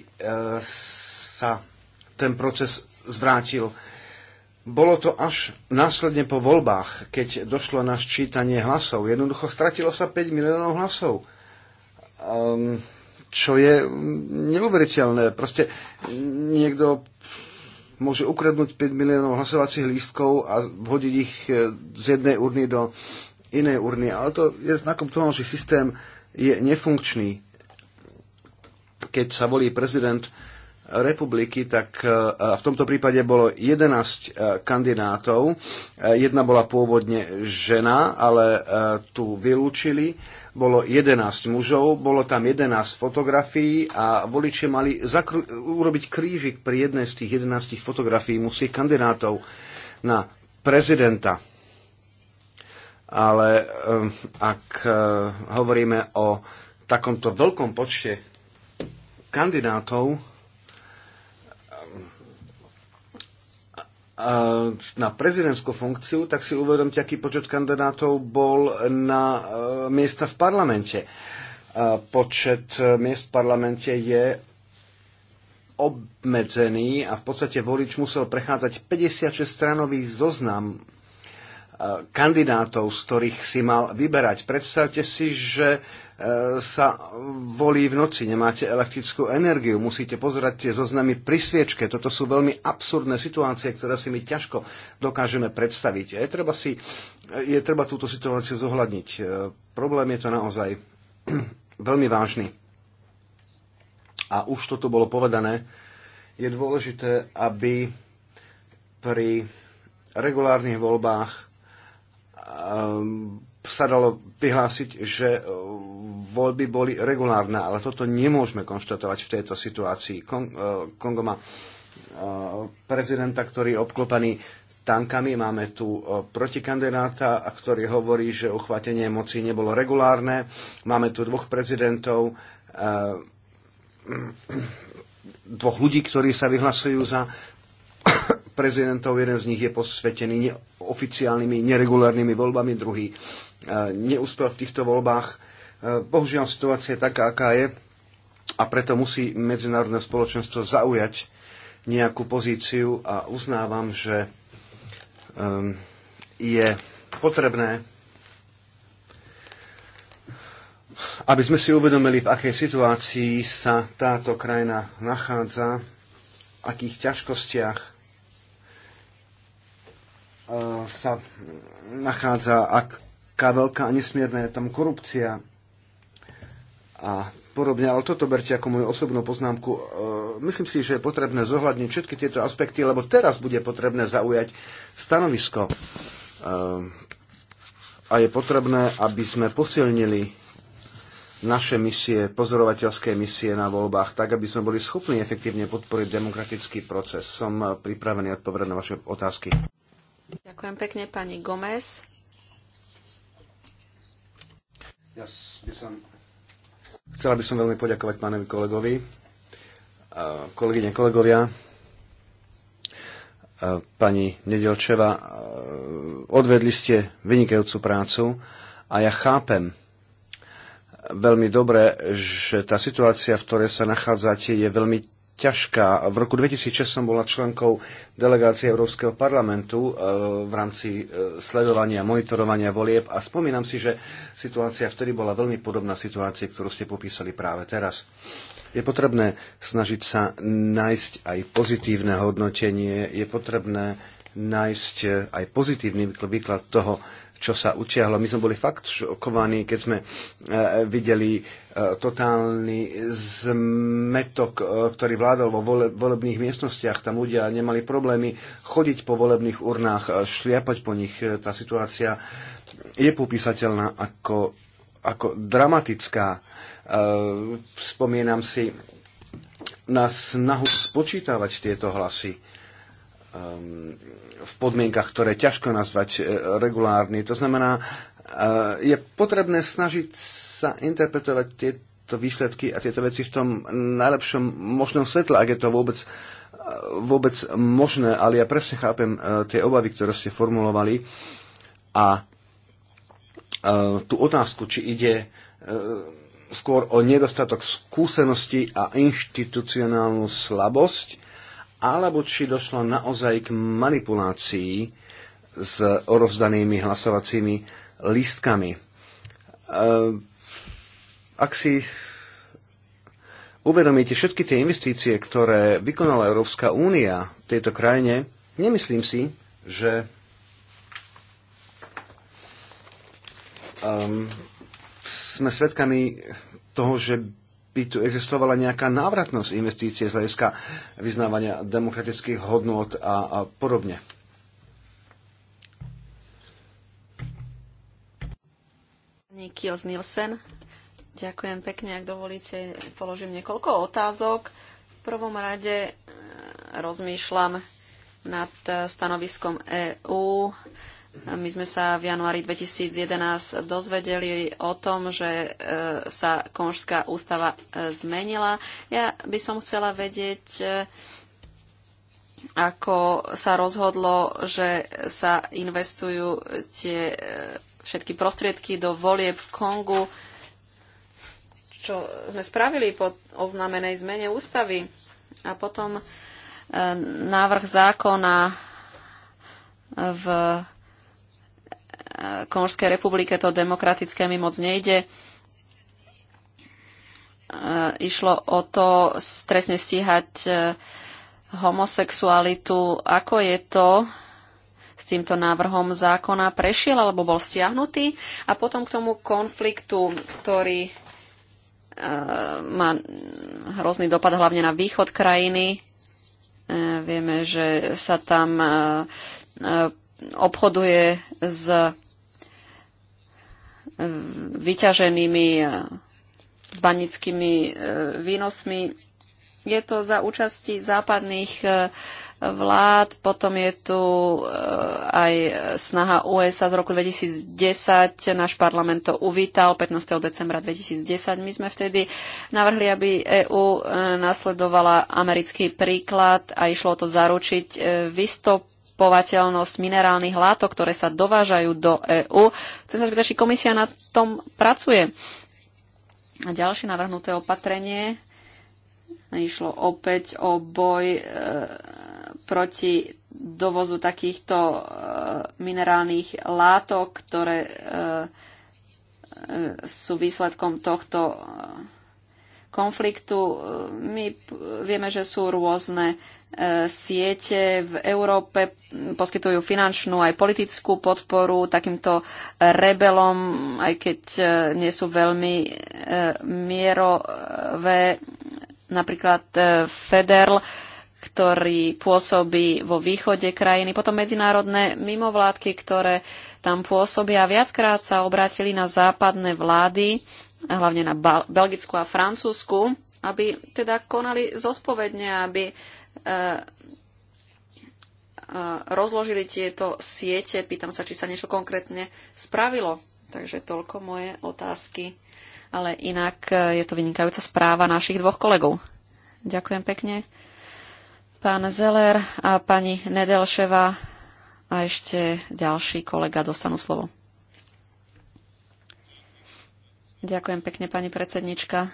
sa ten proces zvrátil. Bolo to až následne po voľbách, keď došlo na sčítanie hlasov. Jednoducho stratilo sa 5 miliónov hlasov. Um, čo je neuveriteľné. Proste niekto môže ukradnúť 5 miliónov hlasovacích lístkov a vhodiť ich e, z jednej urny do inej urny. Ale to je znakom toho, že systém je nefunkčný. Keď sa volí prezident, republiky, tak e, v tomto prípade bolo 11 e, kandidátov. E, jedna bola pôvodne žena, ale tu vylúčili. Bolo 11 mužov, bolo tam 11 fotografií a voličie mali urobiť krížik pri jednej z tých 11 fotografií musí kandidátov na prezidenta. Ale ak hovoríme o takomto veľkom počte kandidátov, na prezidentskú funkciu, tak si uvedomte, aký počet kandidátov bol na e, miesta v parlamente. E, počet e, miest v parlamente je obmedzený a v podstate volič musel prechádzať 56-stranový zoznam kandidátov, z ktorých si mal vyberať. Predstavte si, že E, sa volí v noci, nemáte elektrickú energiu, musíte pozerať tie zoznamy pri sviečke. Toto sú veľmi absurdné situácie, ktoré si my ťažko dokážeme predstaviť. Je treba, si, je treba túto situáciu zohľadniť. E, problém je to naozaj veľmi vážny. A už toto bolo povedané, je dôležité, aby pri regulárnych voľbách e, sa dalo vyhlásiť, že e, voľby boli regulárne, ale toto nemôžeme konštatovať v tejto situácii. Kon- e, Kongo má e, prezidenta, ktorý je obklopaný tankami. Máme tu protikandidáta, ktorý hovorí, že uchvatenie moci nebolo regulárne. Máme tu dvoch prezidentov, dvoch ľudí, ktorí sa vyhlasujú za prezidentov. Jeden z nich je posvetený oficiálnymi neregulárnymi voľbami, druhý neúspel v týchto voľbách. E, bohužiaľ situácia je taká, aká je a preto musí medzinárodné spoločenstvo zaujať nejakú pozíciu a uznávam, že ehm, je potrebné, aby sme si uvedomili, v akej situácii sa táto krajina nachádza, v akých ťažkostiach e, sa nachádza, ak, taká veľká a nesmierna je tam korupcia a podobne, ale toto berte ako moju osobnú poznámku. E, myslím si, že je potrebné zohľadniť všetky tieto aspekty, lebo teraz bude potrebné zaujať stanovisko. E, a je potrebné, aby sme posilnili naše misie, pozorovateľské misie na voľbách, tak, aby sme boli schopní efektívne podporiť demokratický proces. Som pripravený odpovedať na vaše otázky. Ďakujem pekne, pani Gomez. Ja by som... Chcela by som veľmi poďakovať pánovi kolegovi, kolegyne, kolegovia, pani Nedelčeva. Odvedli ste vynikajúcu prácu a ja chápem veľmi dobre, že tá situácia, v ktorej sa nachádzate, je veľmi ťažká. V roku 2006 som bola členkou delegácie Európskeho parlamentu e, v rámci e, sledovania, monitorovania volieb a spomínam si, že situácia vtedy bola veľmi podobná situácii, ktorú ste popísali práve teraz. Je potrebné snažiť sa nájsť aj pozitívne hodnotenie, je potrebné nájsť e, aj pozitívny výklad toho, čo sa utiahlo. My sme boli fakt šokovaní, keď sme e, videli e, totálny zmetok, e, ktorý vládol vo vole, volebných miestnostiach. Tam ľudia nemali problémy chodiť po volebných urnách, šliapať po nich. Tá situácia je popísateľná ako, ako dramatická. Spomínam si na snahu spočítavať tieto hlasy ehm, v podmienkach, ktoré ťažko nazvať e, regulárny. To znamená, e, je potrebné snažiť sa interpretovať tieto výsledky a tieto veci v tom najlepšom možnom svetle, ak je to vôbec, e, vôbec možné, ale ja presne chápem tie obavy, ktoré ste formulovali a tú otázku, či ide skôr o nedostatok skúsenosti a inštitucionálnu slabosť, alebo či došlo naozaj k manipulácii s orovzdanými hlasovacími listkami. E, ak si uvedomíte všetky tie investície, ktoré vykonala Európska únia v tejto krajine, nemyslím si, že um, sme svedkami toho, že by tu existovala nejaká návratnosť investície z hľadiska vyznávania demokratických hodnot a, a podobne. Nikios Nielsen. Ďakujem pekne, ak dovolíte, položím niekoľko otázok. V prvom rade e, rozmýšľam nad stanoviskom EÚ my sme sa v januári 2011 dozvedeli o tom, že e, sa konžská ústava e, zmenila. Ja by som chcela vedieť, e, ako sa rozhodlo, že sa investujú tie všetky prostriedky do volieb v Kongu, čo sme spravili po oznámenej zmene ústavy. A potom návrh zákona v Konžskej republike to demokratické mi moc nejde. E, išlo o to stresne stíhať e, homosexualitu. Ako je to s týmto návrhom zákona prešiel alebo bol stiahnutý? A potom k tomu konfliktu, ktorý e, má hrozný dopad hlavne na východ krajiny. Vieme, že sa tam obchoduje s vyťaženými s e, banickými e, výnosmi. Je to za účasti západných e, vlád, potom je tu aj snaha USA z roku 2010, náš parlament to uvítal 15. decembra 2010. My sme vtedy navrhli, aby EÚ nasledovala americký príklad a išlo to zaručiť vystop zastupovateľnosť minerálnych látok, ktoré sa dovážajú do EÚ. Chcem sa spýtať, či komisia na tom pracuje. A ďalšie navrhnuté opatrenie išlo opäť o boj e, proti dovozu takýchto e, minerálnych látok, ktoré e, e sú výsledkom tohto e, konfliktu. E, my vieme, že sú rôzne siete v Európe poskytujú finančnú aj politickú podporu takýmto rebelom, aj keď e, nie sú veľmi e, mierové. Napríklad e, Federl, ktorý pôsobí vo východe krajiny, potom medzinárodné mimovládky, ktoré tam pôsobia. Viackrát sa obrátili na západné vlády, hlavne na Belgickú a Francúzsku, aby teda konali zodpovedne, aby Eh, eh, rozložili tieto siete. Pýtam sa, či sa niečo konkrétne spravilo. Takže toľko moje otázky. Ale inak eh, je to vynikajúca správa našich dvoch kolegov. Ďakujem pekne. Pán Zeller a pani Nedelševa a ešte ďalší kolega dostanú slovo. Ďakujem pekne, pani predsednička.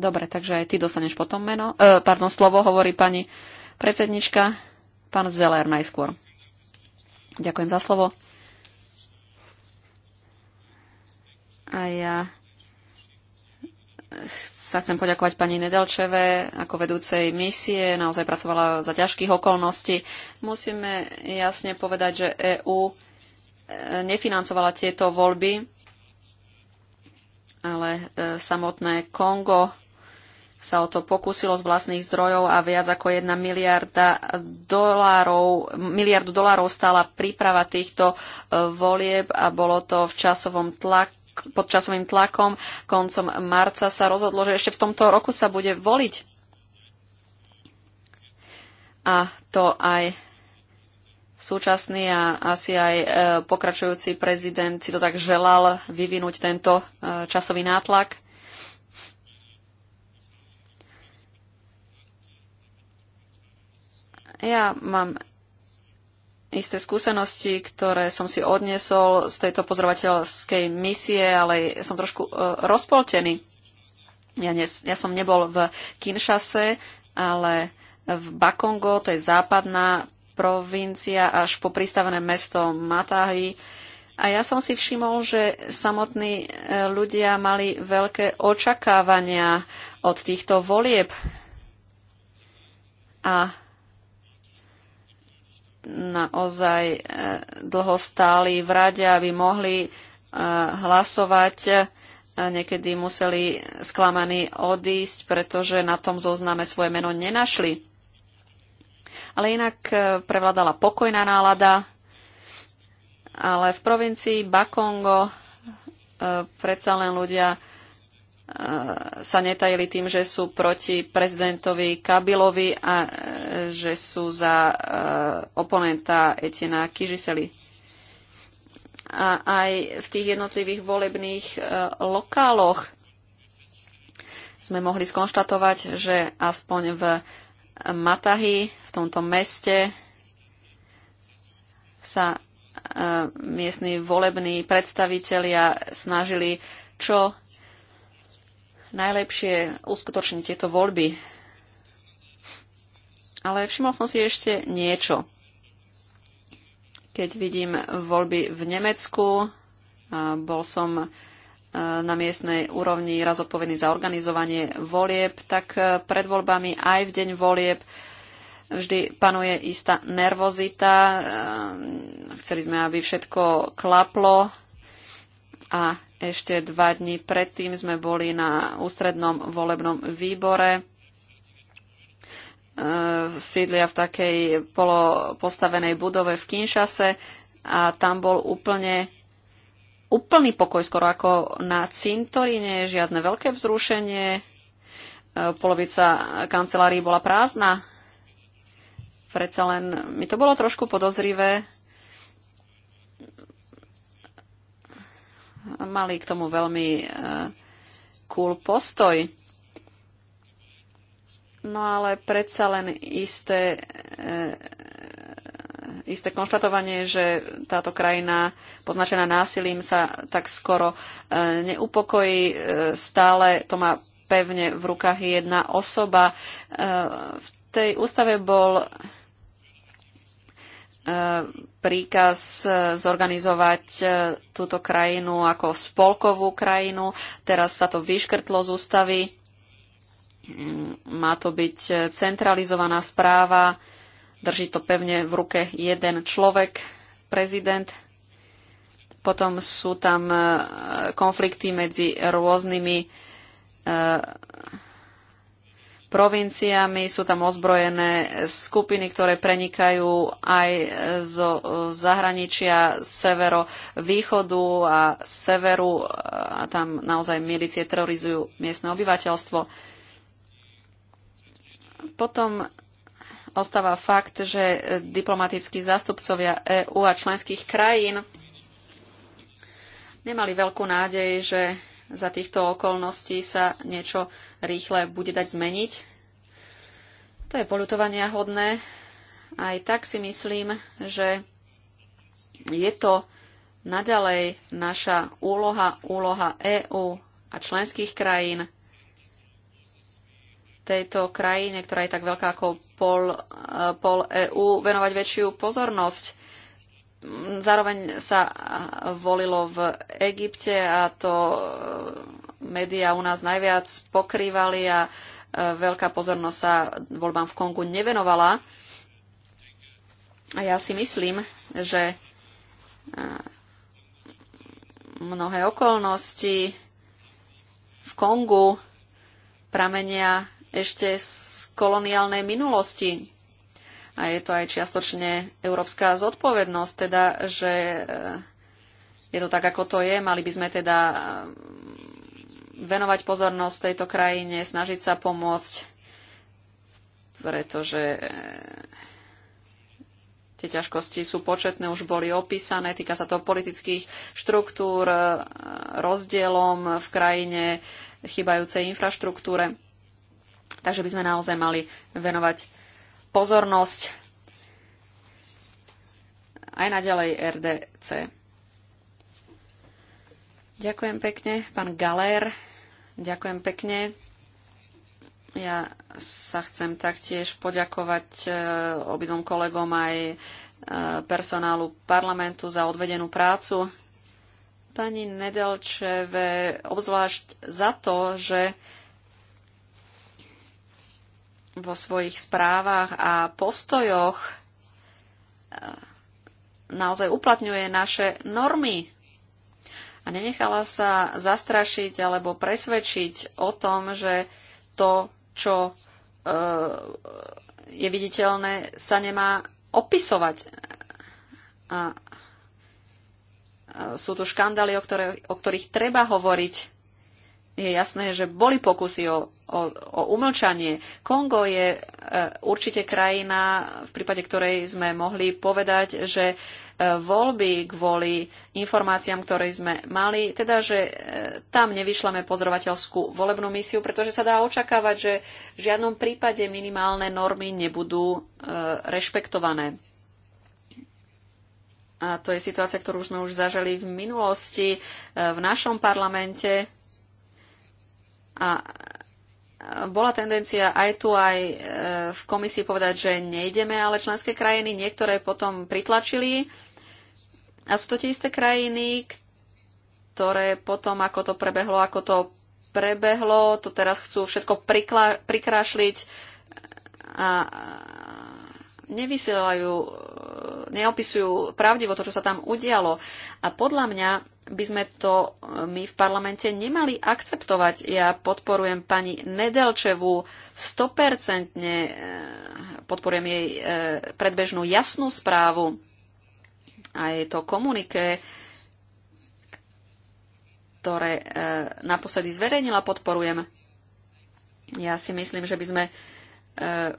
Dobre, takže aj ty dostaneš potom meno, e, pardon, slovo, hovorí pani predsednička, pán Zeller najskôr. Ďakujem za slovo. A ja sa chcem poďakovať pani Nedelčeve ako vedúcej misie. Naozaj pracovala za ťažkých okolností. Musíme jasne povedať, že EÚ e, nefinancovala tieto voľby, ale e, samotné Kongo sa o to pokúsilo z vlastných zdrojov a viac ako jedna miliarda dolárov, miliardu dolárov stala príprava týchto e, volieb a bolo to v časovom tlaku pod časovým tlakom. Koncom marca sa rozhodlo, že ešte v tomto roku sa bude voliť. A to aj súčasný a asi aj e, pokračujúci prezident si to tak želal vyvinúť tento e, časový nátlak Ja mám isté skúsenosti, ktoré som si odnesol z tejto pozorovateľskej misie, ale som trošku uh, rozpoltený. Ja, ne, ja som nebol v Kinshase, ale v Bakongo, to je západná provincia, až po pristavené mesto Matahy. A ja som si všimol, že samotní e, ľudia mali veľké očakávania od týchto volieb. A naozaj e, dlho stáli v rade, aby mohli e, hlasovať. E, niekedy museli sklamaní odísť, pretože na tom zozname svoje meno nenašli. Ale inak prevladala pokojná nálada, ale v provincii Bakongo predsa len ľudia Eh, sa netajili tým, že sú proti prezidentovi Kabilovi a eh, že sú za eh, oponenta Etina Kižiseli. A aj v tých jednotlivých volebných lokáloch sme mohli skonštatovať, že aspoň v Matahy, v tomto meste, sa miestni volební predstavitelia snažili čo najlepšie uskutočniť tieto voľby. Ale všimol som si ešte niečo. Keď vidím voľby v Nemecku, bol som e, na miestnej úrovni raz odpovedný za organizovanie volieb, tak e, pred voľbami aj v deň volieb vždy panuje istá nervozita. E, chceli sme, aby všetko klaplo, a ešte dva dní predtým sme boli na ústrednom volebnom výbore e, sídlia v takej polopostavenej budove v Kinšase a tam bol úplne úplný pokoj, skoro ako na cintorine, žiadne veľké vzrušenie, e, polovica kancelárií bola prázdna. Predsa len mi to bolo trošku podozrivé, mali k tomu veľmi e, cool postoj. No ale predsa len isté, e, isté konštatovanie, že táto krajina poznačená násilím sa tak skoro e, neupokojí. Stále to má pevne v rukách jedna osoba. V tej ústave bol E, príkaz e, zorganizovať e, túto krajinu ako spolkovú krajinu. Teraz sa to vyškrtlo z ústavy. Má to byť centralizovaná správa. Drží to pevne v ruke jeden človek, prezident. Potom sú tam konflikty medzi rôznymi provinciami, sú tam ozbrojené skupiny, ktoré prenikajú aj zo zahraničia severo-východu a severu a tam naozaj milície terorizujú miestne obyvateľstvo. Potom ostáva fakt, že diplomatickí zástupcovia EÚ a členských krajín nemali veľkú nádej, že za týchto okolností sa niečo rýchle bude dať zmeniť. To je polutovania hodné. Aj tak si myslím, že je to naďalej naša úloha, úloha EÚ a členských krajín tejto krajine, ktorá je tak veľká ako pol, e, pol EÚ, venovať väčšiu pozornosť Zároveň sa volilo v Egypte a to e, médiá u nás najviac pokrývali a e, veľká pozornosť sa voľbám v Kongu nevenovala. A ja si myslím, že e, mnohé okolnosti v Kongu pramenia ešte z koloniálnej minulosti a je to aj čiastočne európska zodpovednosť, teda, že eh, je to tak, ako to je. Mali by sme teda eh, venovať pozornosť tejto krajine, snažiť sa pomôcť, pretože eh, tie ťažkosti sú početné, už boli opísané, týka sa to politických štruktúr, rozdielom v krajine, chybajúcej infraštruktúre. Takže by sme naozaj mali venovať pozornosť aj ďalej RDC. Ďakujem pekne, pán Galér. Ďakujem pekne. Ja sa chcem taktiež poďakovať e, obidvom kolegom aj e, personálu parlamentu za odvedenú prácu. Pani Nedelčeve, obzvlášť za to, že vo svojich správach a postojoch e, naozaj uplatňuje naše normy a nenechala sa zastrašiť alebo presvedčiť o tom, že to, čo e, je viditeľné, sa nemá opisovať. A sú tu škandály, o, ktoré, o ktorých treba hovoriť je jasné, že boli pokusy o, o, o umlčanie. Kongo je e, určite krajina, v prípade ktorej sme mohli povedať, že e, voľby kvôli informáciám, ktoré sme mali, teda, že e, tam nevyšlame pozorovateľskú volebnú misiu, pretože sa dá očakávať, že v žiadnom prípade minimálne normy nebudú e, rešpektované. A to je situácia, ktorú sme už zažili v minulosti e, v našom parlamente a bola tendencia aj tu, aj e, v komisii povedať, že nejdeme, ale členské krajiny niektoré potom pritlačili. A sú to tie isté krajiny, ktoré potom, ako to prebehlo, ako to prebehlo, to teraz chcú všetko prikla- prikrášliť a nevysielajú, e, neopisujú pravdivo to, čo sa tam udialo. A podľa mňa by sme to e, my v parlamente nemali akceptovať. Ja podporujem pani Nedelčevu 100%, e, podporujem jej e, predbežnú jasnú správu a je to komuniké, ktoré naposledy zverejnila, podporujem. Ja si myslím, že by sme E,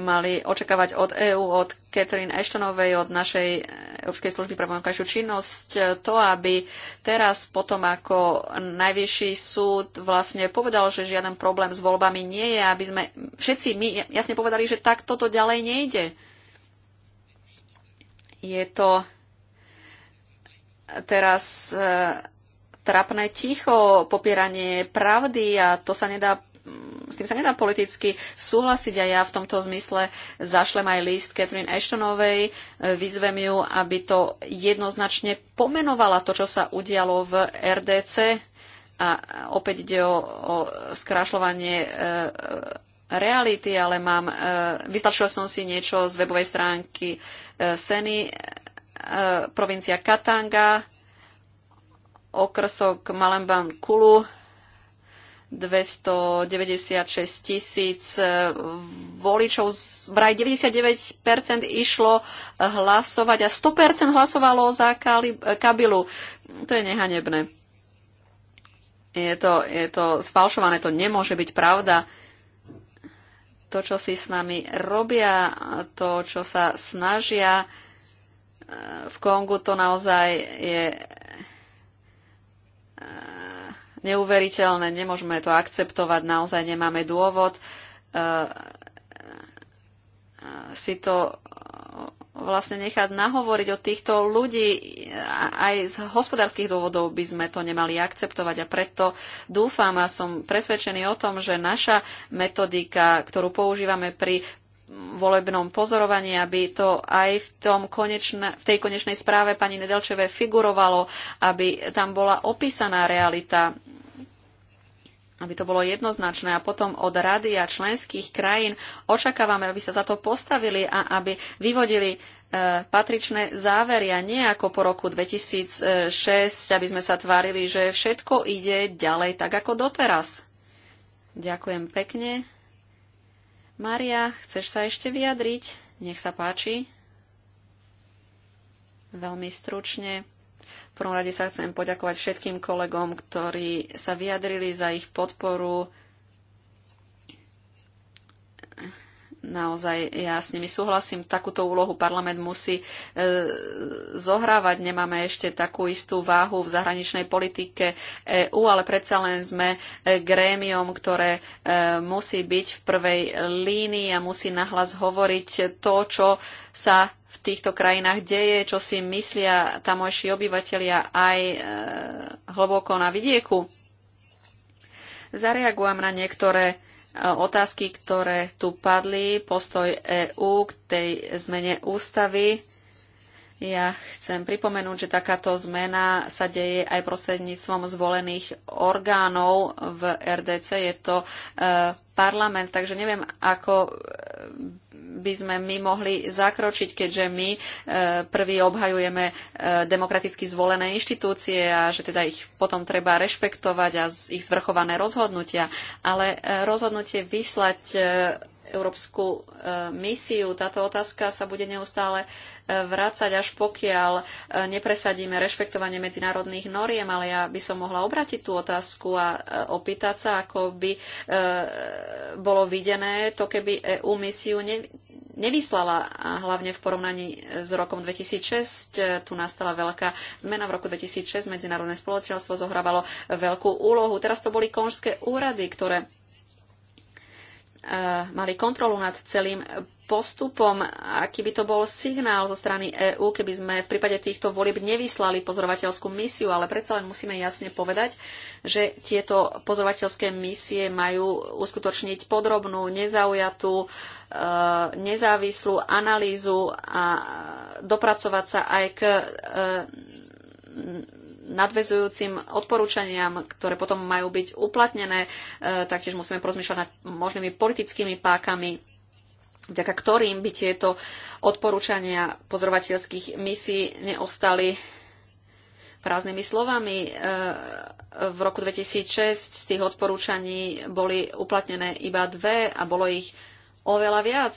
mali očakávať od EÚ, od Catherine Ashtonovej, od našej Európskej služby pre vonkajšiu činnosť, e, to, aby teraz potom ako najvyšší súd vlastne povedal, že žiaden problém s voľbami nie je, aby sme všetci my jasne povedali, že tak toto ďalej nejde. Je to teraz e, trapné ticho, popieranie pravdy a to sa nedá s tým sa nedá politicky súhlasiť a ja v tomto zmysle zašlem aj list Catherine Ashtonovej, e, vyzvem ju, aby to jednoznačne pomenovala to, čo sa udialo v RDC a opäť ide o, o skrášľovanie e, reality, ale mám, e, vytlačila som si niečo z webovej stránky e, Seny, e, provincia Katanga, okrsok Malembam Kulu, 296 tisíc e, voličov, vraj 99% išlo hlasovať a 100% hlasovalo za Kabilu. To je nehanebné. Je to, je to sfalšované, to nemôže byť pravda. To, čo si s nami robia, to, čo sa snažia e, v Kongu, to naozaj je neuveriteľné, nemôžeme to akceptovať, naozaj nemáme dôvod e, e, si to e, vlastne nechať nahovoriť od týchto ľudí. Aj z hospodárskych dôvodov by sme to nemali akceptovať a preto dúfam a som presvedčený o tom, že naša metodika, ktorú používame pri volebnom pozorovaní, aby to aj v, tom konečne, v tej konečnej správe pani Nedelčeve figurovalo, aby tam bola opísaná realita aby to bolo jednoznačné a potom od rady a členských krajín očakávame, aby sa za to postavili a aby vyvodili e, patričné závery a nie ako po roku 2006, aby sme sa tvárili, že všetko ide ďalej tak ako doteraz. Ďakujem pekne. Maria, chceš sa ešte vyjadriť? Nech sa páči. Veľmi stručne. V prvom rade sa chcem poďakovať všetkým kolegom, ktorí sa vyjadrili za ich podporu naozaj ja s nimi súhlasím, takúto úlohu parlament musí e, zohrávať. Nemáme ešte takú istú váhu v zahraničnej politike EÚ, ale predsa len sme e, grémium, ktoré e, musí byť v prvej línii a musí nahlas hovoriť to, čo sa v týchto krajinách deje, čo si myslia tamojší obyvateľia aj e, hlboko na vidieku. Zareagujem na niektoré otázky, ktoré tu padli, postoj EÚ k tej zmene ústavy. Ja chcem pripomenúť, že takáto zmena sa deje aj prostredníctvom zvolených orgánov v RDC. Je to eh, parlament, takže neviem, ako eh, by sme my mohli zakročiť, keďže my e, prvý obhajujeme e, demokraticky zvolené inštitúcie a že teda ich potom treba rešpektovať a ich zvrchované rozhodnutia. Ale e, rozhodnutie vyslať európsku e, misiu. Táto otázka sa bude neustále e, vrácať, až pokiaľ e, nepresadíme rešpektovanie medzinárodných noriem, ale ja by som mohla obratiť tú otázku a opýtať sa, ako by bolo videné to, keby EU misiu nevyslala, a hlavne v porovnaní s rokom 2006. Tu nastala veľká zmena. V roku 2006 medzinárodné spoločenstvo zohrávalo veľkú úlohu. Teraz to boli konžské úrady, ktoré Eh, mali kontrolu nad celým postupom, aký by to bol signál zo strany EÚ, keby sme v prípade týchto volieb nevyslali pozorovateľskú misiu, ale predsa len musíme jasne povedať, že tieto pozorovateľské misie majú uskutočniť podrobnú, nezaujatú, eh, nezávislú analýzu a dopracovať sa aj k eh, nadvezujúcim odporúčaniam, ktoré potom majú byť uplatnené. E, taktiež musíme porozmýšľať nad možnými politickými pákami vďaka ktorým by tieto odporúčania pozorovateľských misí neostali prázdnymi slovami. E, v roku 2006 z tých odporúčaní boli uplatnené iba dve a bolo ich oveľa viac.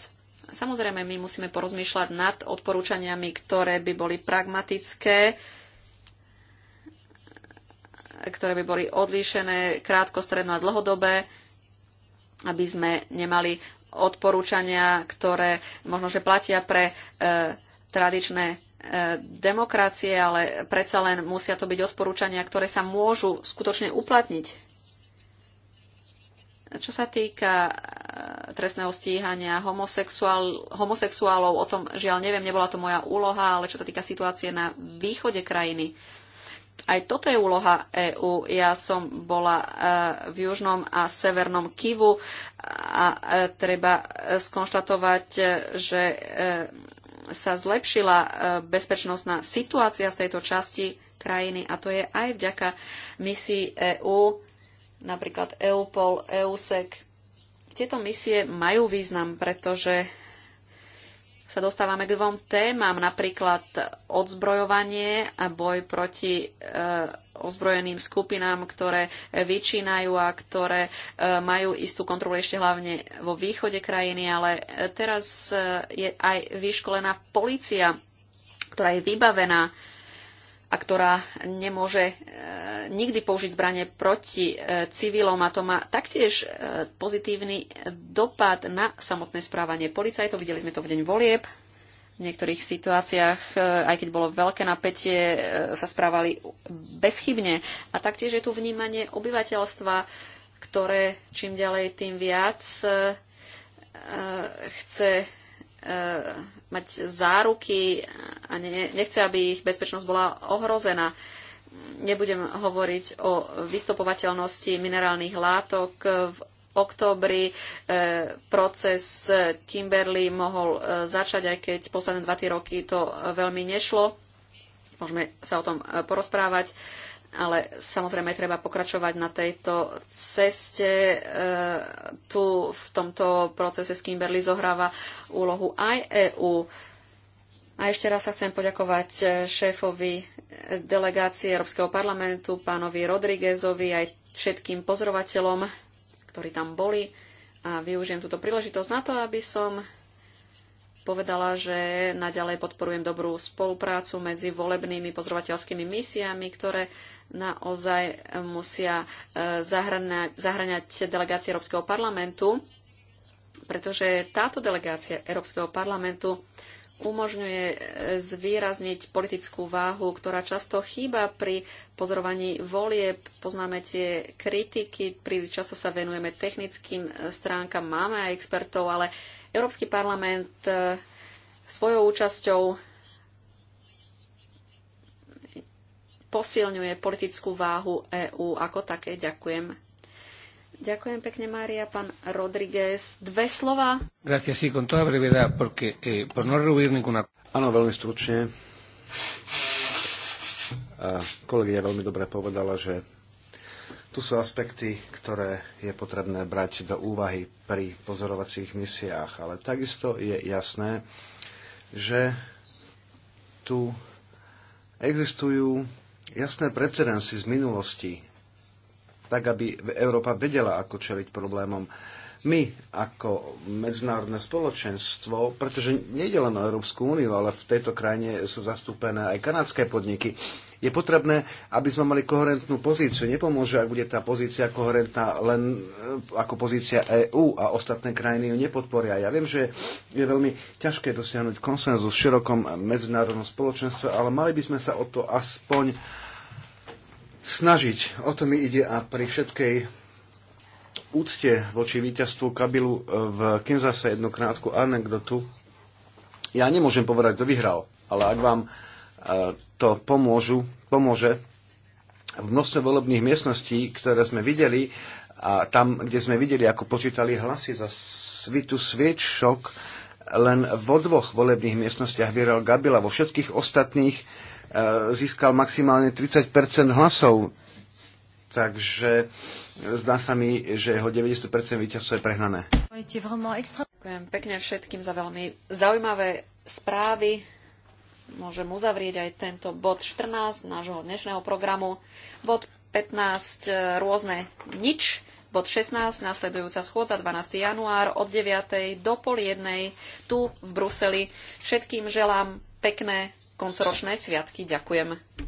Samozrejme, my musíme porozmýšľať nad odporúčaniami, ktoré by boli pragmatické, ktoré by boli odlíšené krátko, stredno a dlhodobé, aby sme nemali odporúčania, ktoré možno, že platia pre e, tradičné e, demokracie, ale predsa len musia to byť odporúčania, ktoré sa môžu skutočne uplatniť. Čo sa týka e, trestného stíhania homosexuál, homosexuálov, o tom žiaľ neviem, nebola to moja úloha, ale čo sa týka situácie na východe krajiny, aj toto je úloha EÚ. Ja som bola e, v južnom a severnom Kivu a e, treba e, skonštatovať, že sa zlepšila bezpečnostná situácia v tejto časti krajiny a to je aj vďaka misii EÚ, napríklad EUPOL, EUSEC. Tieto misie majú význam, pretože sa dostávame k dvom témam, napríklad odzbrojovanie a boj proti e, ozbrojeným skupinám, ktoré vyčínajú a ktoré e, majú istú kontrolu ešte hlavne vo východe krajiny, ale teraz e, je aj vyškolená policia, ktorá je vybavená a ktorá nemôže e, nikdy použiť zbranie proti e, civilom a to má taktiež e, pozitívny dopad na samotné správanie policajtov. Videli sme to v deň volieb. V niektorých situáciách, aj keď bolo veľké napätie, sa správali bezchybne. A taktiež je tu vnímanie obyvateľstva, ktoré čím ďalej tým viac chce mať záruky a ne, nechce, aby ich bezpečnosť bola ohrozená. Nebudem hovoriť o vystopovateľnosti minerálnych látok v októbri e, proces Kimberly mohol e, začať, aj keď posledné dva roky to e, veľmi nešlo. Môžeme sa o tom porozprávať ale samozrejme treba pokračovať na tejto ceste. E, tu v tomto procese s Kimberly zohráva úlohu aj EÚ. A ešte raz sa chcem poďakovať e, šéfovi e, delegácie Európskeho parlamentu, pánovi Rodriguezovi, aj všetkým pozorovateľom, ktorí tam boli. A využijem túto príležitosť na to, aby som povedala, že naďalej podporujem dobrú spoluprácu medzi volebnými pozorovateľskými misiami, ktoré naozaj musia e, zahŕňať delegácie Európskeho parlamentu, pretože táto delegácia Európskeho parlamentu umožňuje e, zvýrazniť politickú váhu, ktorá často chýba pri pozorovaní volie. Poznáme tie kritiky, príliš často sa venujeme technickým e, stránkam, máme aj expertov, ale Európsky parlament e, svojou účasťou posilňuje politickú váhu EÚ ako také. Ďakujem. Ďakujem pekne, Mária. Pán Rodriguez, dve slova. Gracias, sí, con toda brevedad, porque eh, por no ninguna... Áno, veľmi stručne. A kolegyňa veľmi dobre povedala, že tu sú aspekty, ktoré je potrebné brať do úvahy pri pozorovacích misiách, ale takisto je jasné, že tu existujú jasné precedensy z minulosti, tak aby Európa vedela, ako čeliť problémom my ako medzinárodné spoločenstvo, pretože nejde len o Európsku úniu, ale v tejto krajine sú zastúpené aj kanadské podniky, je potrebné, aby sme mali koherentnú pozíciu. Nepomôže, ak bude tá pozícia koherentná len e, ako pozícia EÚ a ostatné krajiny ju nepodporia. Ja viem, že je veľmi ťažké dosiahnuť konsenzus v širokom medzinárodnom spoločenstve, ale mali by sme sa o to aspoň snažiť. O to mi ide a pri všetkej úcte voči víťazstvu Kabilu e, v Kinzase jednu krátku anekdotu. Ja nemôžem povedať, kto vyhral, ale ak vám e, to pomôžu, pomôže, v množstve volebných miestností, ktoré sme videli, a tam, kde sme videli, ako počítali hlasy za svitu sviečok, len vo dvoch volebných miestnostiach vyhral Gabila. Vo všetkých ostatných e, získal maximálne 30 hlasov. Takže Zdá sa mi, že jeho 90% víťazstvo je prehnané. Ďakujem pekne všetkým za veľmi zaujímavé správy. Môžem uzavrieť aj tento bod 14 nášho dnešného programu. Bod 15 e, rôzne nič. Bod 16, nasledujúca schôdza 12. január od 9. do pol 1. tu v Bruseli. Všetkým želám pekné koncoročné sviatky. Ďakujem.